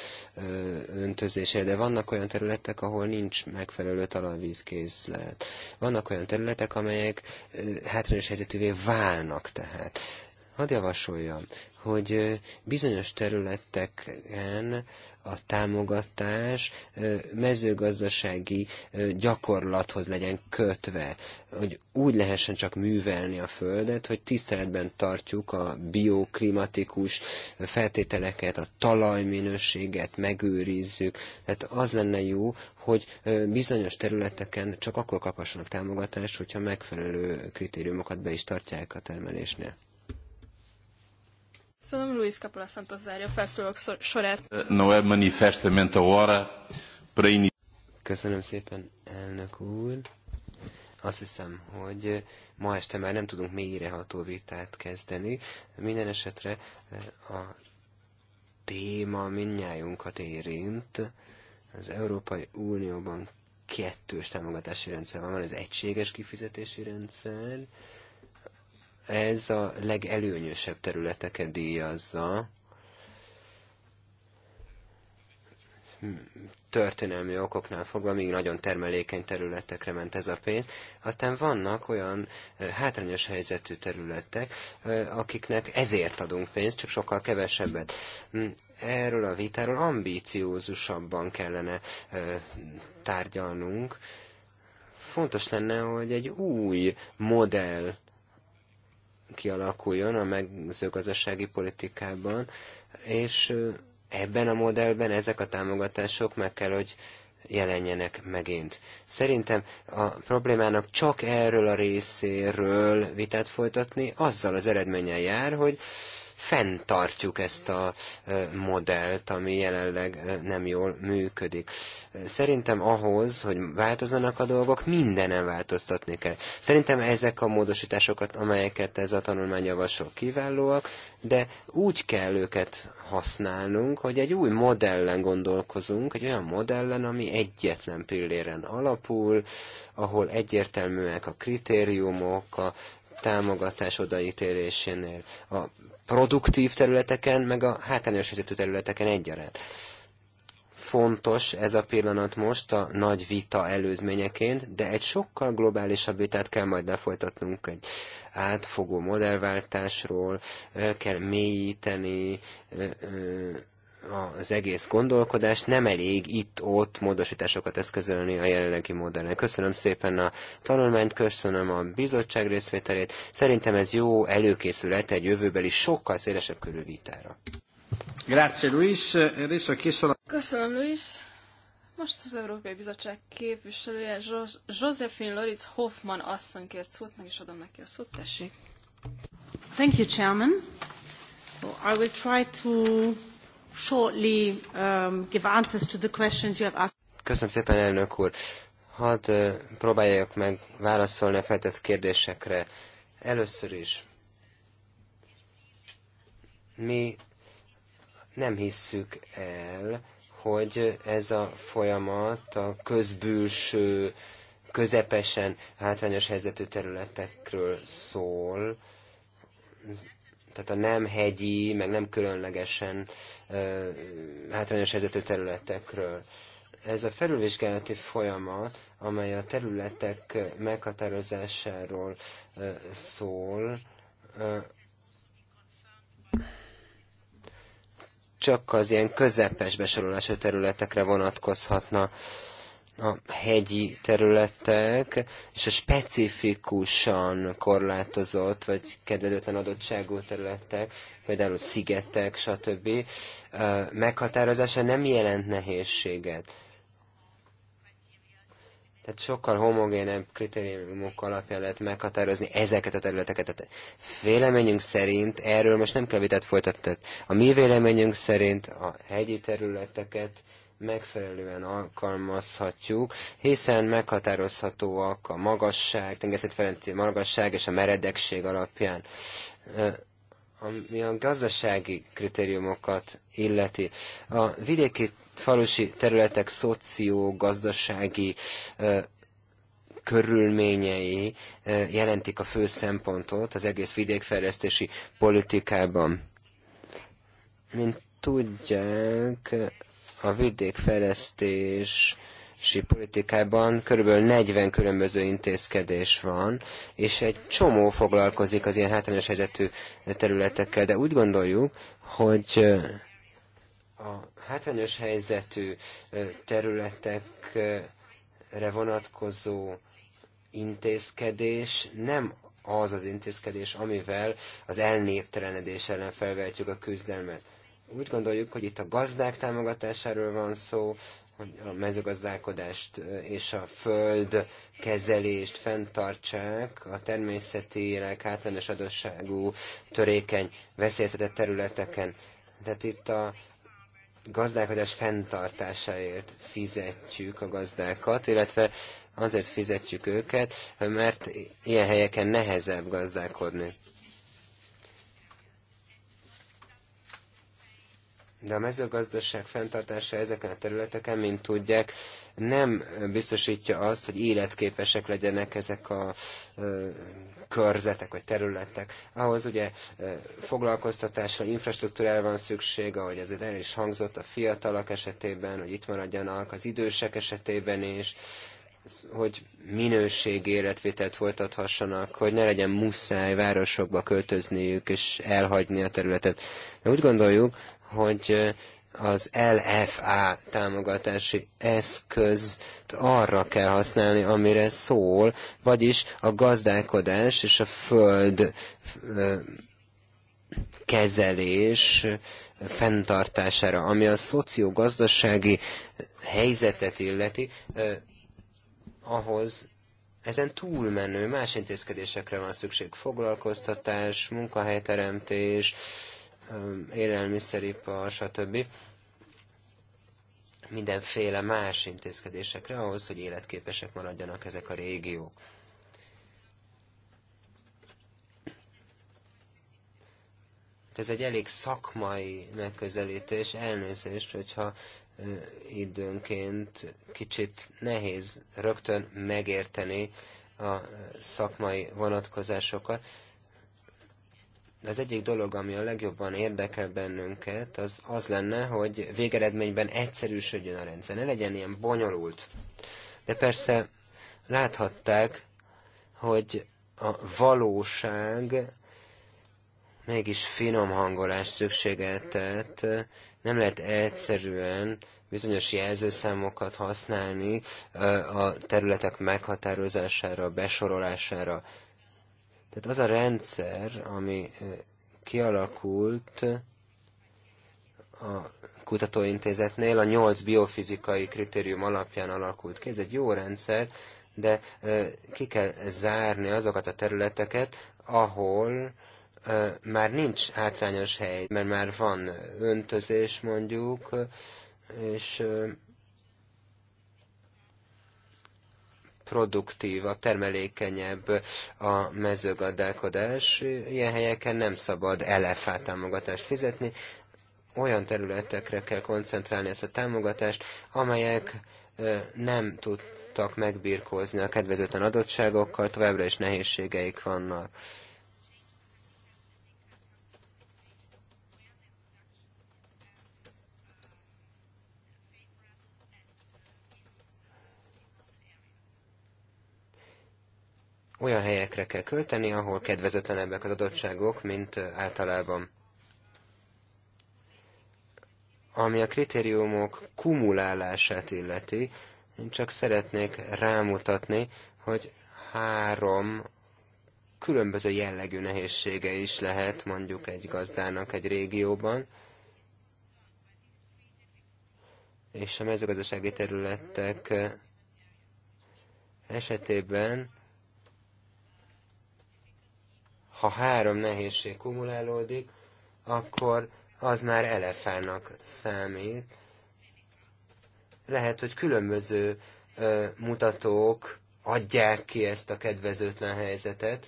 öntözésére, de vannak olyan területek, ahol nincs megfelelő talajvízkészlet. Vannak olyan területek, amelyek hátrányos helyzetűvé válnak tehát hadd javasoljam, hogy bizonyos területeken a támogatás mezőgazdasági gyakorlathoz legyen kötve, hogy úgy lehessen csak művelni a földet, hogy tiszteletben tartjuk a bioklimatikus feltételeket, a talajminőséget megőrizzük. Tehát az lenne jó, hogy bizonyos területeken csak akkor kaphassanak támogatást, hogyha megfelelő kritériumokat be is tartják a termelésnél. Szóval Luis Capola Santos zárja felszólalók sorát. Eh, no é manifestamente a hora para Köszönöm szépen, elnök úr. Azt hiszem, hogy ma este már nem tudunk ható vitát kezdeni. Minden esetre eh, a téma minnyájunkat érint. Az Európai Unióban kettős támogatási rendszer van, van az egységes kifizetési rendszer, ez a legelőnyösebb területeket díjazza. Történelmi okoknál fogva még nagyon termelékeny területekre ment ez a pénz. Aztán vannak olyan hátrányos helyzetű területek, akiknek ezért adunk pénzt, csak sokkal kevesebbet. Hm, erről a vitáról ambíciózusabban kellene tárgyalnunk. Fontos lenne, hogy egy új modell kialakuljon a mezőgazdasági politikában, és ebben a modellben ezek a támogatások meg kell, hogy jelenjenek megint. Szerintem a problémának csak erről a részéről vitát folytatni azzal az eredménnyel jár, hogy fenntartjuk ezt a modellt, ami jelenleg nem jól működik. Szerintem ahhoz, hogy változzanak a dolgok, mindenen változtatni kell. Szerintem ezek a módosításokat, amelyeket ez a tanulmány javasol, kiválóak, de úgy kell őket használnunk, hogy egy új modellen gondolkozunk, egy olyan modellen, ami egyetlen pilléren alapul, ahol egyértelműek a kritériumok, a támogatás odaítélésénél, a produktív területeken, meg a hátrányos helyzetű területeken egyaránt. Fontos ez a pillanat most a nagy vita előzményeként, de egy sokkal globálisabb vitát kell majd lefolytatnunk egy átfogó modellváltásról, el kell mélyíteni, ö, ö, az egész gondolkodás, nem elég itt-ott módosításokat eszközölni a jelenlegi modellen. Köszönöm szépen a tanulmányt, köszönöm a bizottság részvételét. Szerintem ez jó előkészület egy jövőbeli sokkal szélesebb körű vitára. Grazie Luis. Köszönöm Luis. Most az Európai Bizottság képviselője Josephine Loritz Hoffman asszony kért szót, meg is adom neki a szót, tessék. Thank you, Chairman. So I will try to shortly um, give answers to the questions you have asked. Köszönöm szépen, elnök úr. Hadd uh, próbáljak meg válaszolni a feltett kérdésekre. Először is, mi nem hisszük el, hogy ez a folyamat a közbülső, közepesen hátrányos helyzetű területekről szól tehát a nem hegyi, meg nem különlegesen hátrányos helyzetű területekről. Ez a felülvizsgálati folyamat, amely a területek meghatározásáról szól, csak az ilyen közepes besorolású területekre vonatkozhatna a hegyi területek és a specifikusan korlátozott vagy kedvedetlen adottságú területek, például szigetek, stb. meghatározása nem jelent nehézséget. Tehát sokkal homogénebb kritériumok alapján lehet meghatározni ezeket a területeket. Tehát véleményünk szerint, erről most nem kell vitát folytatni, a mi véleményünk szerint a hegyi területeket megfelelően alkalmazhatjuk, hiszen meghatározhatóak a magasság, felenti magasság és a meredekség alapján ami a gazdasági kritériumokat illeti. A vidéki falusi területek szoció gazdasági körülményei jelentik a fő szempontot az egész vidékfejlesztési politikában. Mint tudják, a vidékfejlesztés politikában körülbelül 40 különböző intézkedés van, és egy csomó foglalkozik az ilyen hátrányos helyzetű területekkel, de úgy gondoljuk, hogy a hátrányos helyzetű területekre vonatkozó intézkedés nem az az intézkedés, amivel az elnéptelenedés ellen felvehetjük a küzdelmet. Úgy gondoljuk, hogy itt a gazdák támogatásáról van szó, hogy a mezőgazdálkodást és a föld kezelést fenntartsák a természetileg általános adosságú törékeny, veszélyeztetett területeken. Tehát itt a gazdálkodás fenntartásáért fizetjük a gazdákat, illetve azért fizetjük őket, mert ilyen helyeken nehezebb gazdálkodni. De a mezőgazdaság fenntartása ezeken a területeken, mint tudják, nem biztosítja azt, hogy életképesek legyenek ezek a ö, körzetek vagy területek. Ahhoz ugye ö, foglalkoztatásra, infrastruktúrára van szükség, ahogy ez el is hangzott a fiatalok esetében, hogy itt maradjanak, az idősek esetében is, hogy minőségi életvitelt folytathassanak, hogy ne legyen muszáj városokba költözniük és elhagyni a területet. De úgy gondoljuk, hogy az LFA támogatási eszközt arra kell használni, amire szól, vagyis a gazdálkodás és a föld kezelés fenntartására, ami a szociogazdasági helyzetet illeti, ahhoz ezen túlmenő más intézkedésekre van szükség. Foglalkoztatás, munkahelyteremtés, élelmiszeripar, stb. Mindenféle más intézkedésekre ahhoz, hogy életképesek maradjanak ezek a régiók. Hát ez egy elég szakmai megközelítés, elnézést, hogyha időnként kicsit nehéz rögtön megérteni a szakmai vonatkozásokat, de az egyik dolog, ami a legjobban érdekel bennünket, az az lenne, hogy végeredményben egyszerűsödjön a rendszer, ne legyen ilyen bonyolult. De persze láthatták, hogy a valóság mégis finom hangolás szükségeltet, nem lehet egyszerűen bizonyos jelzőszámokat használni a területek meghatározására, besorolására. Tehát az a rendszer, ami kialakult a kutatóintézetnél, a nyolc biofizikai kritérium alapján alakult ki, ez egy jó rendszer, de ki kell zárni azokat a területeket, ahol már nincs hátrányos hely, mert már van öntözés mondjuk, és produktívabb, termelékenyebb a mezőgazdálkodás. Ilyen helyeken nem szabad LFA támogatást fizetni, olyan területekre kell koncentrálni ezt a támogatást, amelyek nem tudtak megbirkózni a kedvezőtlen adottságokkal, továbbra is nehézségeik vannak. olyan helyekre kell költeni, ahol kedvezetlenebbek az adottságok, mint általában. Ami a kritériumok kumulálását illeti, én csak szeretnék rámutatni, hogy három különböző jellegű nehézsége is lehet mondjuk egy gazdának egy régióban, és a mezőgazdasági területek esetében ha három nehézség kumulálódik, akkor az már elefának számít. Lehet, hogy különböző ö, mutatók adják ki ezt a kedvezőtlen helyzetet.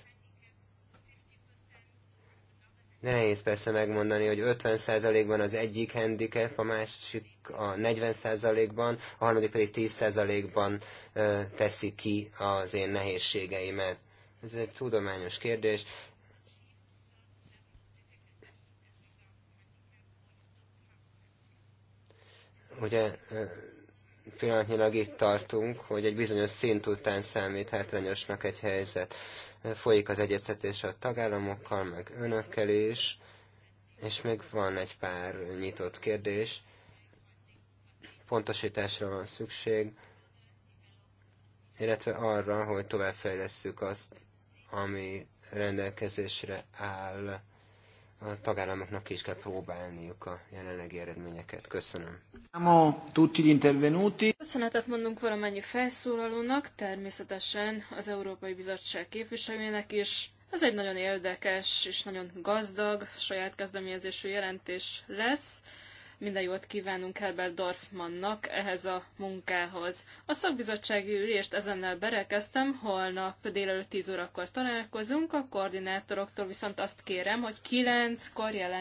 De nehéz persze megmondani, hogy 50%-ban az egyik handicap, a másik a 40%-ban, a harmadik pedig 10%-ban teszi ki az én nehézségeimet. Ez egy tudományos kérdés, Ugye pillanatnyilag itt tartunk, hogy egy bizonyos szint után számít hátrányosnak egy helyzet. Folyik az egyeztetés a tagállamokkal, meg önökkel is, és még van egy pár nyitott kérdés. Pontosításra van szükség, illetve arra, hogy továbbfejlesszük azt, ami rendelkezésre áll a tagállamoknak is kell próbálniuk a jelenlegi eredményeket. Köszönöm. Köszönetet mondunk valamennyi felszólalónak, természetesen az Európai Bizottság képviselőjének is. Ez egy nagyon érdekes és nagyon gazdag, saját kezdeményezésű jelentés lesz. Minden jót kívánunk Herbert Dorfmannnak ehhez a munkához. A szakbizottsági ülést ezennel berekeztem, holnap délelőtt 10 órakor találkozunk, a koordinátoroktól viszont azt kérem, hogy 9-kor jelen